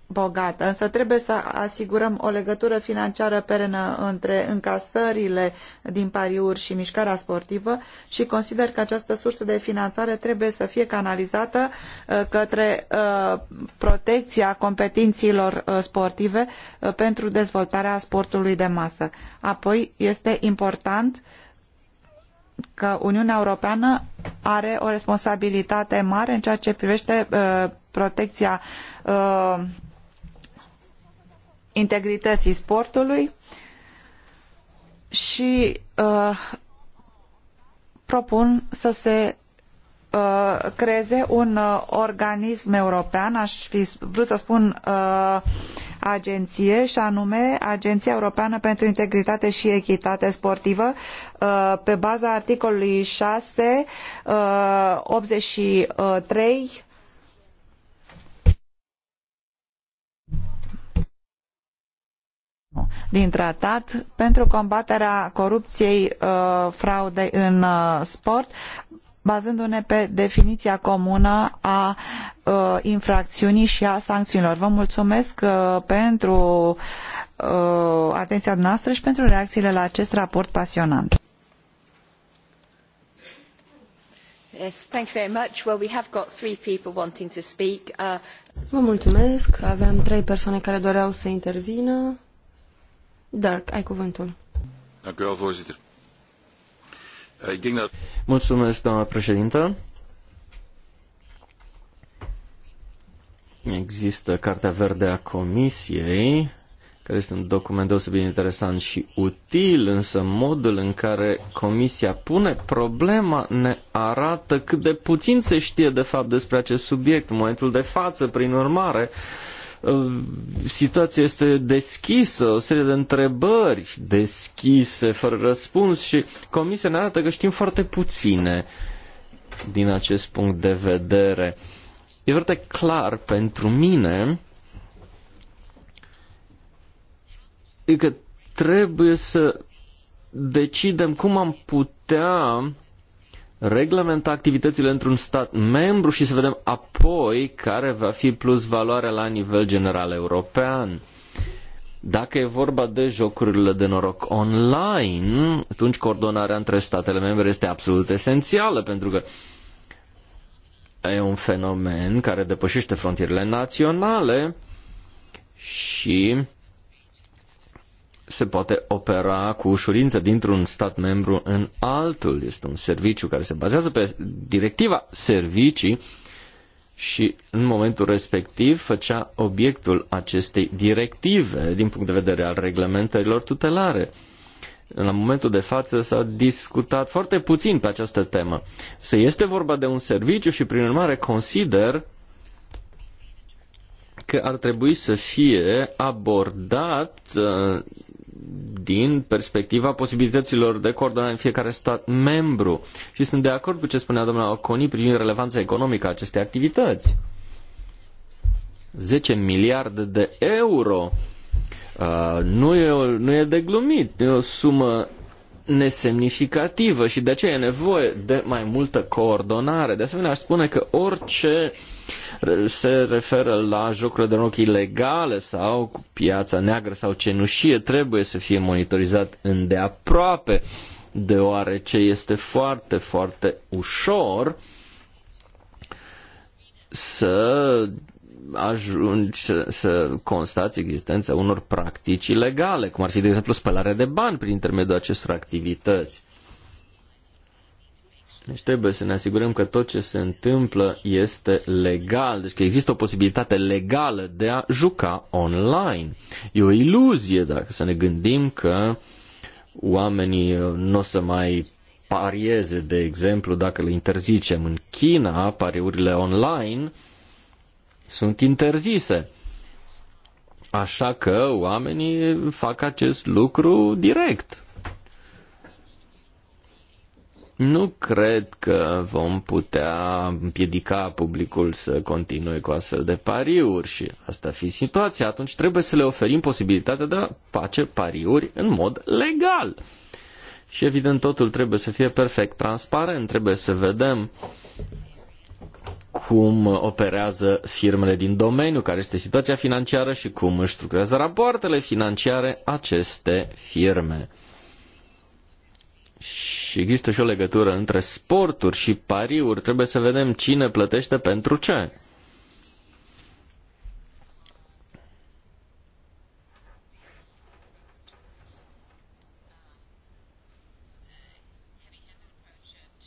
bogată, însă trebuie să asigurăm o legătură financiară perenă între încasările din pariuri și mișcarea sportivă și consider că această sursă de finanțare trebuie să fie canalizată uh, către uh, protecția competițiilor uh, sportive pentru dezvoltarea sportului de masă. Apoi este important că Uniunea Europeană are o responsabilitate mare în ceea ce privește uh, protecția uh, integrității sportului și uh, propun să se uh, creeze un uh, organism european, aș fi vrut să spun uh, agenție și anume Agenția Europeană pentru Integritate și Echitate Sportivă uh, pe baza articolului 6 83 uh, din tratat pentru combaterea corupției, uh, fraudei în uh, sport, bazându-ne pe definiția comună a uh, infracțiunii și a sancțiunilor. Vă mulțumesc pentru atenția noastră și pentru reacțiile la acest raport pasionant. Vă mulțumesc. Aveam trei persoane care doreau să intervină. Dark, ai cuvântul. Eh, Mulțumesc, doamna președintă. Există Cartea Verde a Comisiei, care este un document deosebit interesant și util, însă modul în care Comisia pune problema ne arată cât de puțin se știe de fapt despre acest subiect în momentul de față, prin urmare. Uh, Ehm, situația este deschisă, o serie de întrebări deschise, fără răspuns și comisia ne arată că știm foarte puține din acest punct de vedere. E foarte clar pentru mine că trebuie să decidem cum am putea reglementa activitățile într-un stat membru și să vedem apoi care va fi plus valoarea la nivel general european. Dacă e vorba de jocurile de noroc online, atunci coordonarea între statele membre este absolut esențială, pentru că e un fenomen care depășește frontierele naționale și se poate opera cu ușurință dintr-un stat membru în altul. Este un serviciu care se bazează pe directiva servicii și în momentul respectiv făcea obiectul acestei directive din punct de vedere al reglementărilor tutelare. La momentul de față s-a discutat foarte puțin pe această temă. Se este vorba de un serviciu și prin urmare consider că ar trebui să fie abordat uh, din perspectiva posibilităților de coordonare în fiecare stat membru. Și sunt de acord cu ce spunea doamna Oconi privind relevanța economică a acestei activități. 10 miliarde de euro. Uh, nu, e, nu e de glumit, e o sumă nesemnificativă și de aceea e nevoie de mai multă coordonare. De asemenea, aș spune că orice se referă la jocurile de noroc ilegale sau cu piața neagră sau cenușie trebuie să fie monitorizat îndeaproape, deoarece este foarte, foarte ușor să ajungi să constați existența unor practici ilegale, cum ar fi, de exemplu, spălarea de bani prin intermediul acestor activități. Deci trebuie să ne asigurăm că tot ce se întâmplă este legal, deci că există o posibilitate legală de a juca online. E o iluzie dacă să ne gândim că oamenii nu o să mai parieze, de exemplu, dacă le interzicem în China pariurile online, sunt interzise. Așa că oamenii fac acest lucru direct. Nu cred că vom putea împiedica publicul să continue cu astfel de pariuri și asta fi situația, atunci trebuie să le oferim posibilitatea de a face pariuri în mod legal. Și evident totul trebuie să fie perfect transparent, trebuie să vedem cum operează firmele din domeniu, care este situația financiară și cum își structurează rapoartele financiare aceste firme. Și există și o legătură între sporturi și pariuri. Trebuie să vedem cine plătește pentru ce.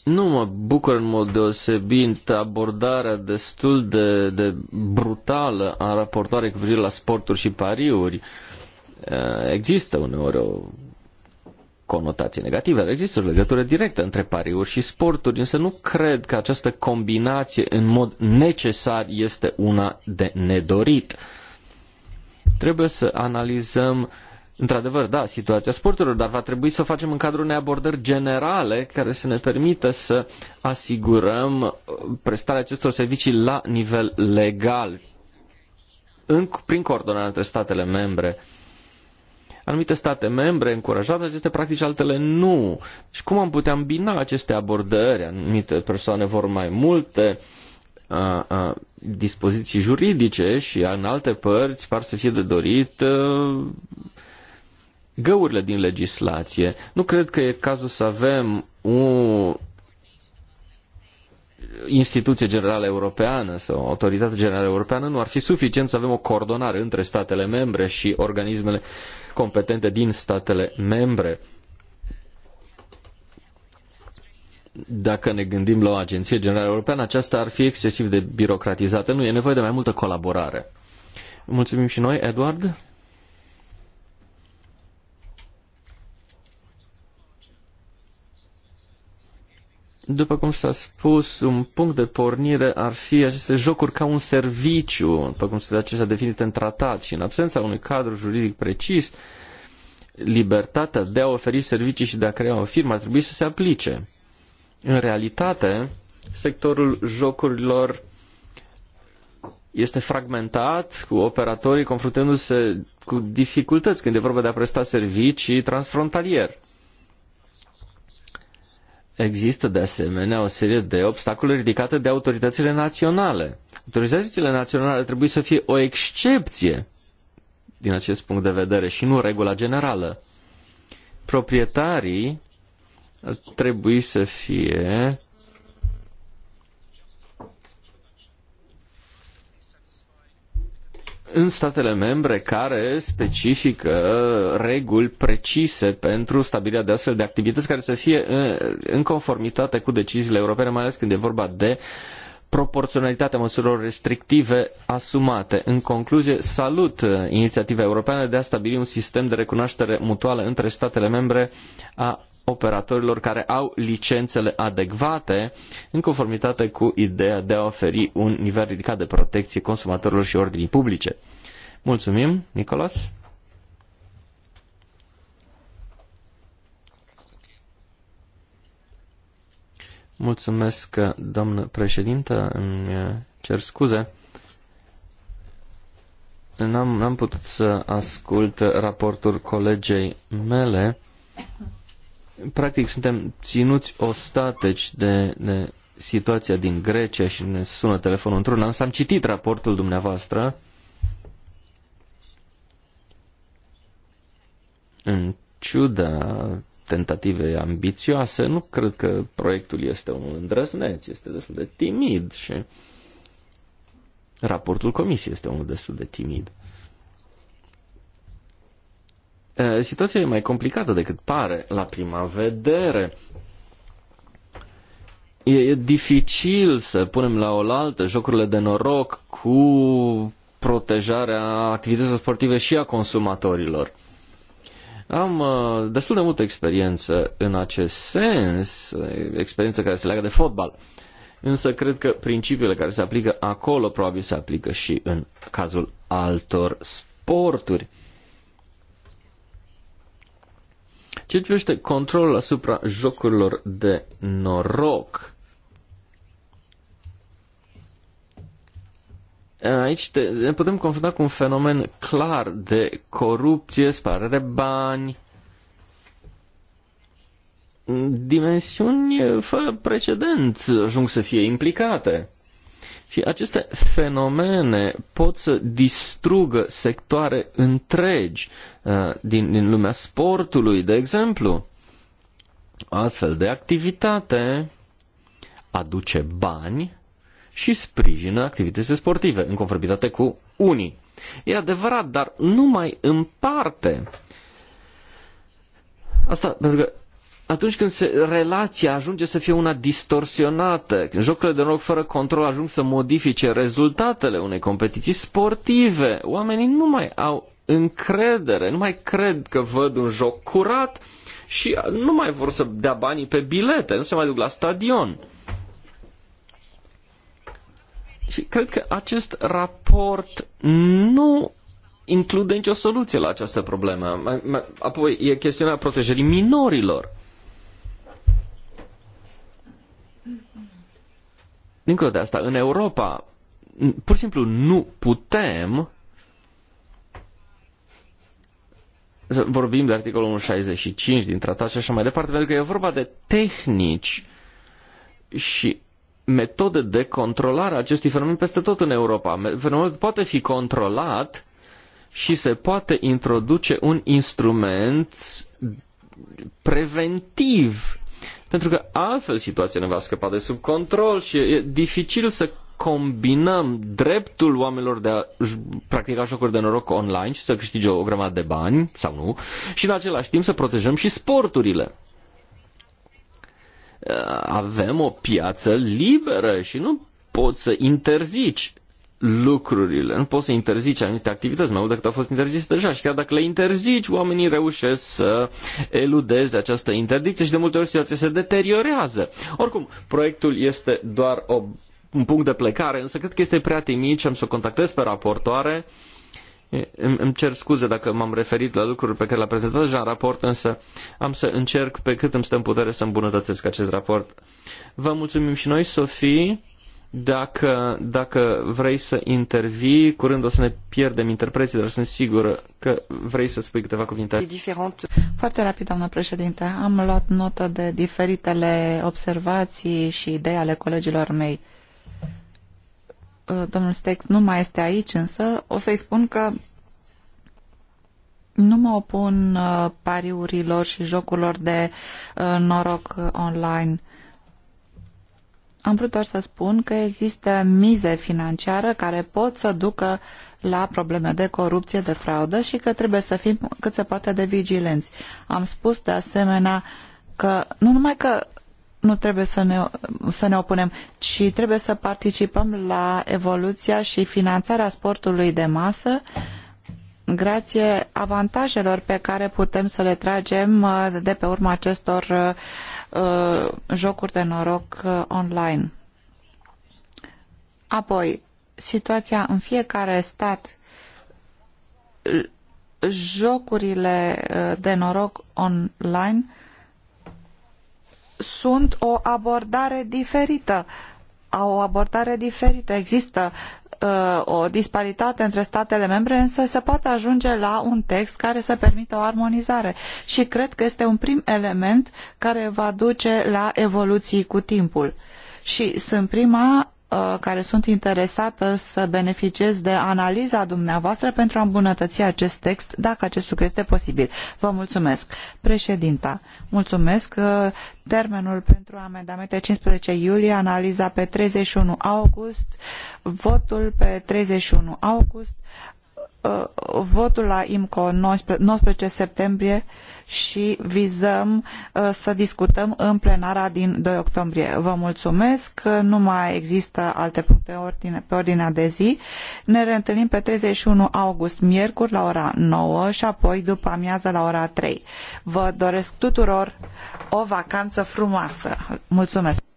Nu mă bucur în mod deosebit abordarea destul de, de brutală a raportoarei cu privire la sporturi și pariuri. Eh, există uneori o conotație negativă, dar există o legătură directă între pariuri și sporturi, însă nu cred că această combinație în mod necesar este una de nedorit. Trebuie să analizăm uh, într-adevăr, da, situația sporturilor, dar va trebui să o facem în cadrul unei abordări generale care să ne permită să asigurăm uh, prestarea acestor servicii la nivel legal, în, prin coordonare între statele membre. Anumite state membre încurajează aceste practici, altele nu. Și cum am putea îmbina aceste abordări? Anumite persoane vor mai multe a, uh, a, uh, dispoziții juridice și în alte părți par să fie de dorit a, găurile din legislație. Nu cred că e cazul să avem o instituție generală europeană sau o autoritate generală europeană, nu ar fi suficient să avem o coordonare între statele membre și organismele competente din statele membre. Dacă ne gândim la o agenție generală europeană, aceasta ar fi excesiv de birocratizată. Nu, e nevoie de mai multă colaborare. Mulțumim și noi, Edward. După cum s-a spus, un punct de pornire ar fi aceste jocuri ca un serviciu, după cum se acestea definit în tratat și în absența unui cadru juridic precis, libertatea de a oferi servicii și de a crea o firmă ar trebui să se aplice. În realitate, sectorul jocurilor este fragmentat, cu operatorii confruntându-se cu dificultăți când e vorba de a presta servicii transfrontalier. Există de asemenea o serie de obstacole ridicate de autoritățile naționale. Autoritățile naționale trebuie să fie o excepție din acest punct de vedere și nu regula generală. Proprietarii ar trebui să fie în statele membre care specifică reguli precise pentru stabilirea de astfel de activități care să fie în conformitate cu deciziile europene, mai ales când e vorba de proporționalitatea măsurilor restrictive asumate. În concluzie, salut inițiativa europeană de a stabili un sistem de recunoaștere mutuală între statele membre a operatorilor care au licențele adecvate în conformitate cu ideea de a oferi un nivel ridicat de protecție consumatorilor și ordinii publice. Mulțumim, Nicolas. Mulțumesc, doamnă președintă, îmi cer scuze. N-am, putut să ascult raportul colegei mele practic suntem ținuți ostateci de, de situația din Grecia și ne sună telefonul într-una, însă am citit raportul dumneavoastră în ciuda tentative ambițioase, nu cred că proiectul este un îndrăzneț, este destul de timid și raportul comisiei este unul destul de timid situația e mai complicată decât pare la prima vedere. E, e dificil să punem la oaltă jocurile de noroc cu protejarea activităților sportive și a consumatorilor. Am uh, destul de multă experiență în acest sens, experiență care se leagă de fotbal. Însă cred că principiile care se aplică acolo probabil se aplică și în cazul altor sporturi. Ceea ce privește controlul asupra jocurilor de noroc, Aici te, ne putem confrunta cu un fenomen clar de corupție, spare de bani, dimensiuni fără precedent ajung să fie implicate. Și aceste fenomene pot să distrugă sectoare întregi uh, din, din lumea sportului, de exemplu. Astfel de activitate aduce bani și sprijină activitățile sportive, în conformitate cu unii. E adevărat, dar numai în parte. Asta pentru că atunci când se, relația ajunge să fie una distorsionată, când jocurile de noroc fără control ajung să modifice rezultatele unei competiții sportive, oamenii nu mai au încredere, nu mai cred că văd un joc curat și nu mai vor să dea banii pe bilete, nu se mai duc la stadion. Și cred că acest raport nu include nicio soluție la această problemă. Apoi e chestiunea protejării minorilor. Dincolo de asta, în Europa, pur și simplu nu putem să vorbim de articolul 165 din tratat și așa mai departe, pentru că e vorba de tehnici și metode de controlare a acestui fenomen peste tot în Europa. Fenomenul poate fi controlat și se poate introduce un instrument preventiv pentru că altfel situația ne va scăpa de sub control și e dificil să combinăm dreptul oamenilor de a practica jocuri de noroc online și să câștige o grămadă de bani, sau nu, și în același timp să protejăm și sporturile. Avem o piață liberă și nu poți să interzici lucrurile. Nu poți să interzici anumite activități, mai mult decât au fost interzise deja. Și chiar dacă le interzici, oamenii reușesc să eludeze această interdicție și de multe ori situația se deteriorează. Oricum, proiectul este doar o, un punct de plecare, însă cred că este prea timid și am să o contactez pe raportoare. Îmi, cer scuze dacă m-am referit la lucruri pe care le-a prezentat deja în raport, însă am să încerc pe cât îmi stă în putere să îmbunătățesc acest raport. Vă mulțumim și noi, Sofie. Dacă, dacă vrei să intervii, curând o să ne pierdem interpreții, dar sunt sigur că vrei să spui câteva cuvinte. Foarte rapid, doamnă președinte. Am luat notă de diferitele observații și idei ale colegilor mei. Uh, domnul Stex nu mai este aici, însă o să-i spun că nu mă opun uh, pariurilor și jocurilor de uh, noroc online am vrut doar să spun că există mize financiare care pot să ducă la probleme de corupție, de fraudă și că trebuie să fim cât se poate de vigilenți. Am spus de asemenea că nu numai că nu trebuie să ne, să ne opunem, ci trebuie să participăm la evoluția și finanțarea sportului de masă grație avantajelor pe care putem să le tragem uh, de pe urma acestor uh, Uh, jocuri de noroc uh, online. Apoi, situația în fiecare stat uh, jocurile de noroc online sunt o abordare diferită. Au o abordare diferită. Există Uh, o disparitate între statele membre, însă se poate ajunge la un text care să permită o armonizare și cred că este un prim element care va duce la evoluții cu timpul. Și sunt prima Uh, care sunt interesată să beneficiez de analiza dumneavoastră pentru a îmbunătăți acest text, dacă acest lucru este posibil. Vă mulțumesc. Președinta, mulțumesc. Uh, termenul pentru amendamente 15 iulie, analiza pe 31 august, votul pe 31 august, Uh, votul la IMCO 19 septembrie și vizăm uh, să discutăm în plenara din 2 octombrie. Vă mulțumesc, nu mai există alte puncte ordine, pe ordinea de zi. Ne reîntâlnim pe 31 august, miercuri, la ora 9 și apoi după amiază la ora 3. Vă doresc tuturor o vacanță frumoasă. Mulțumesc!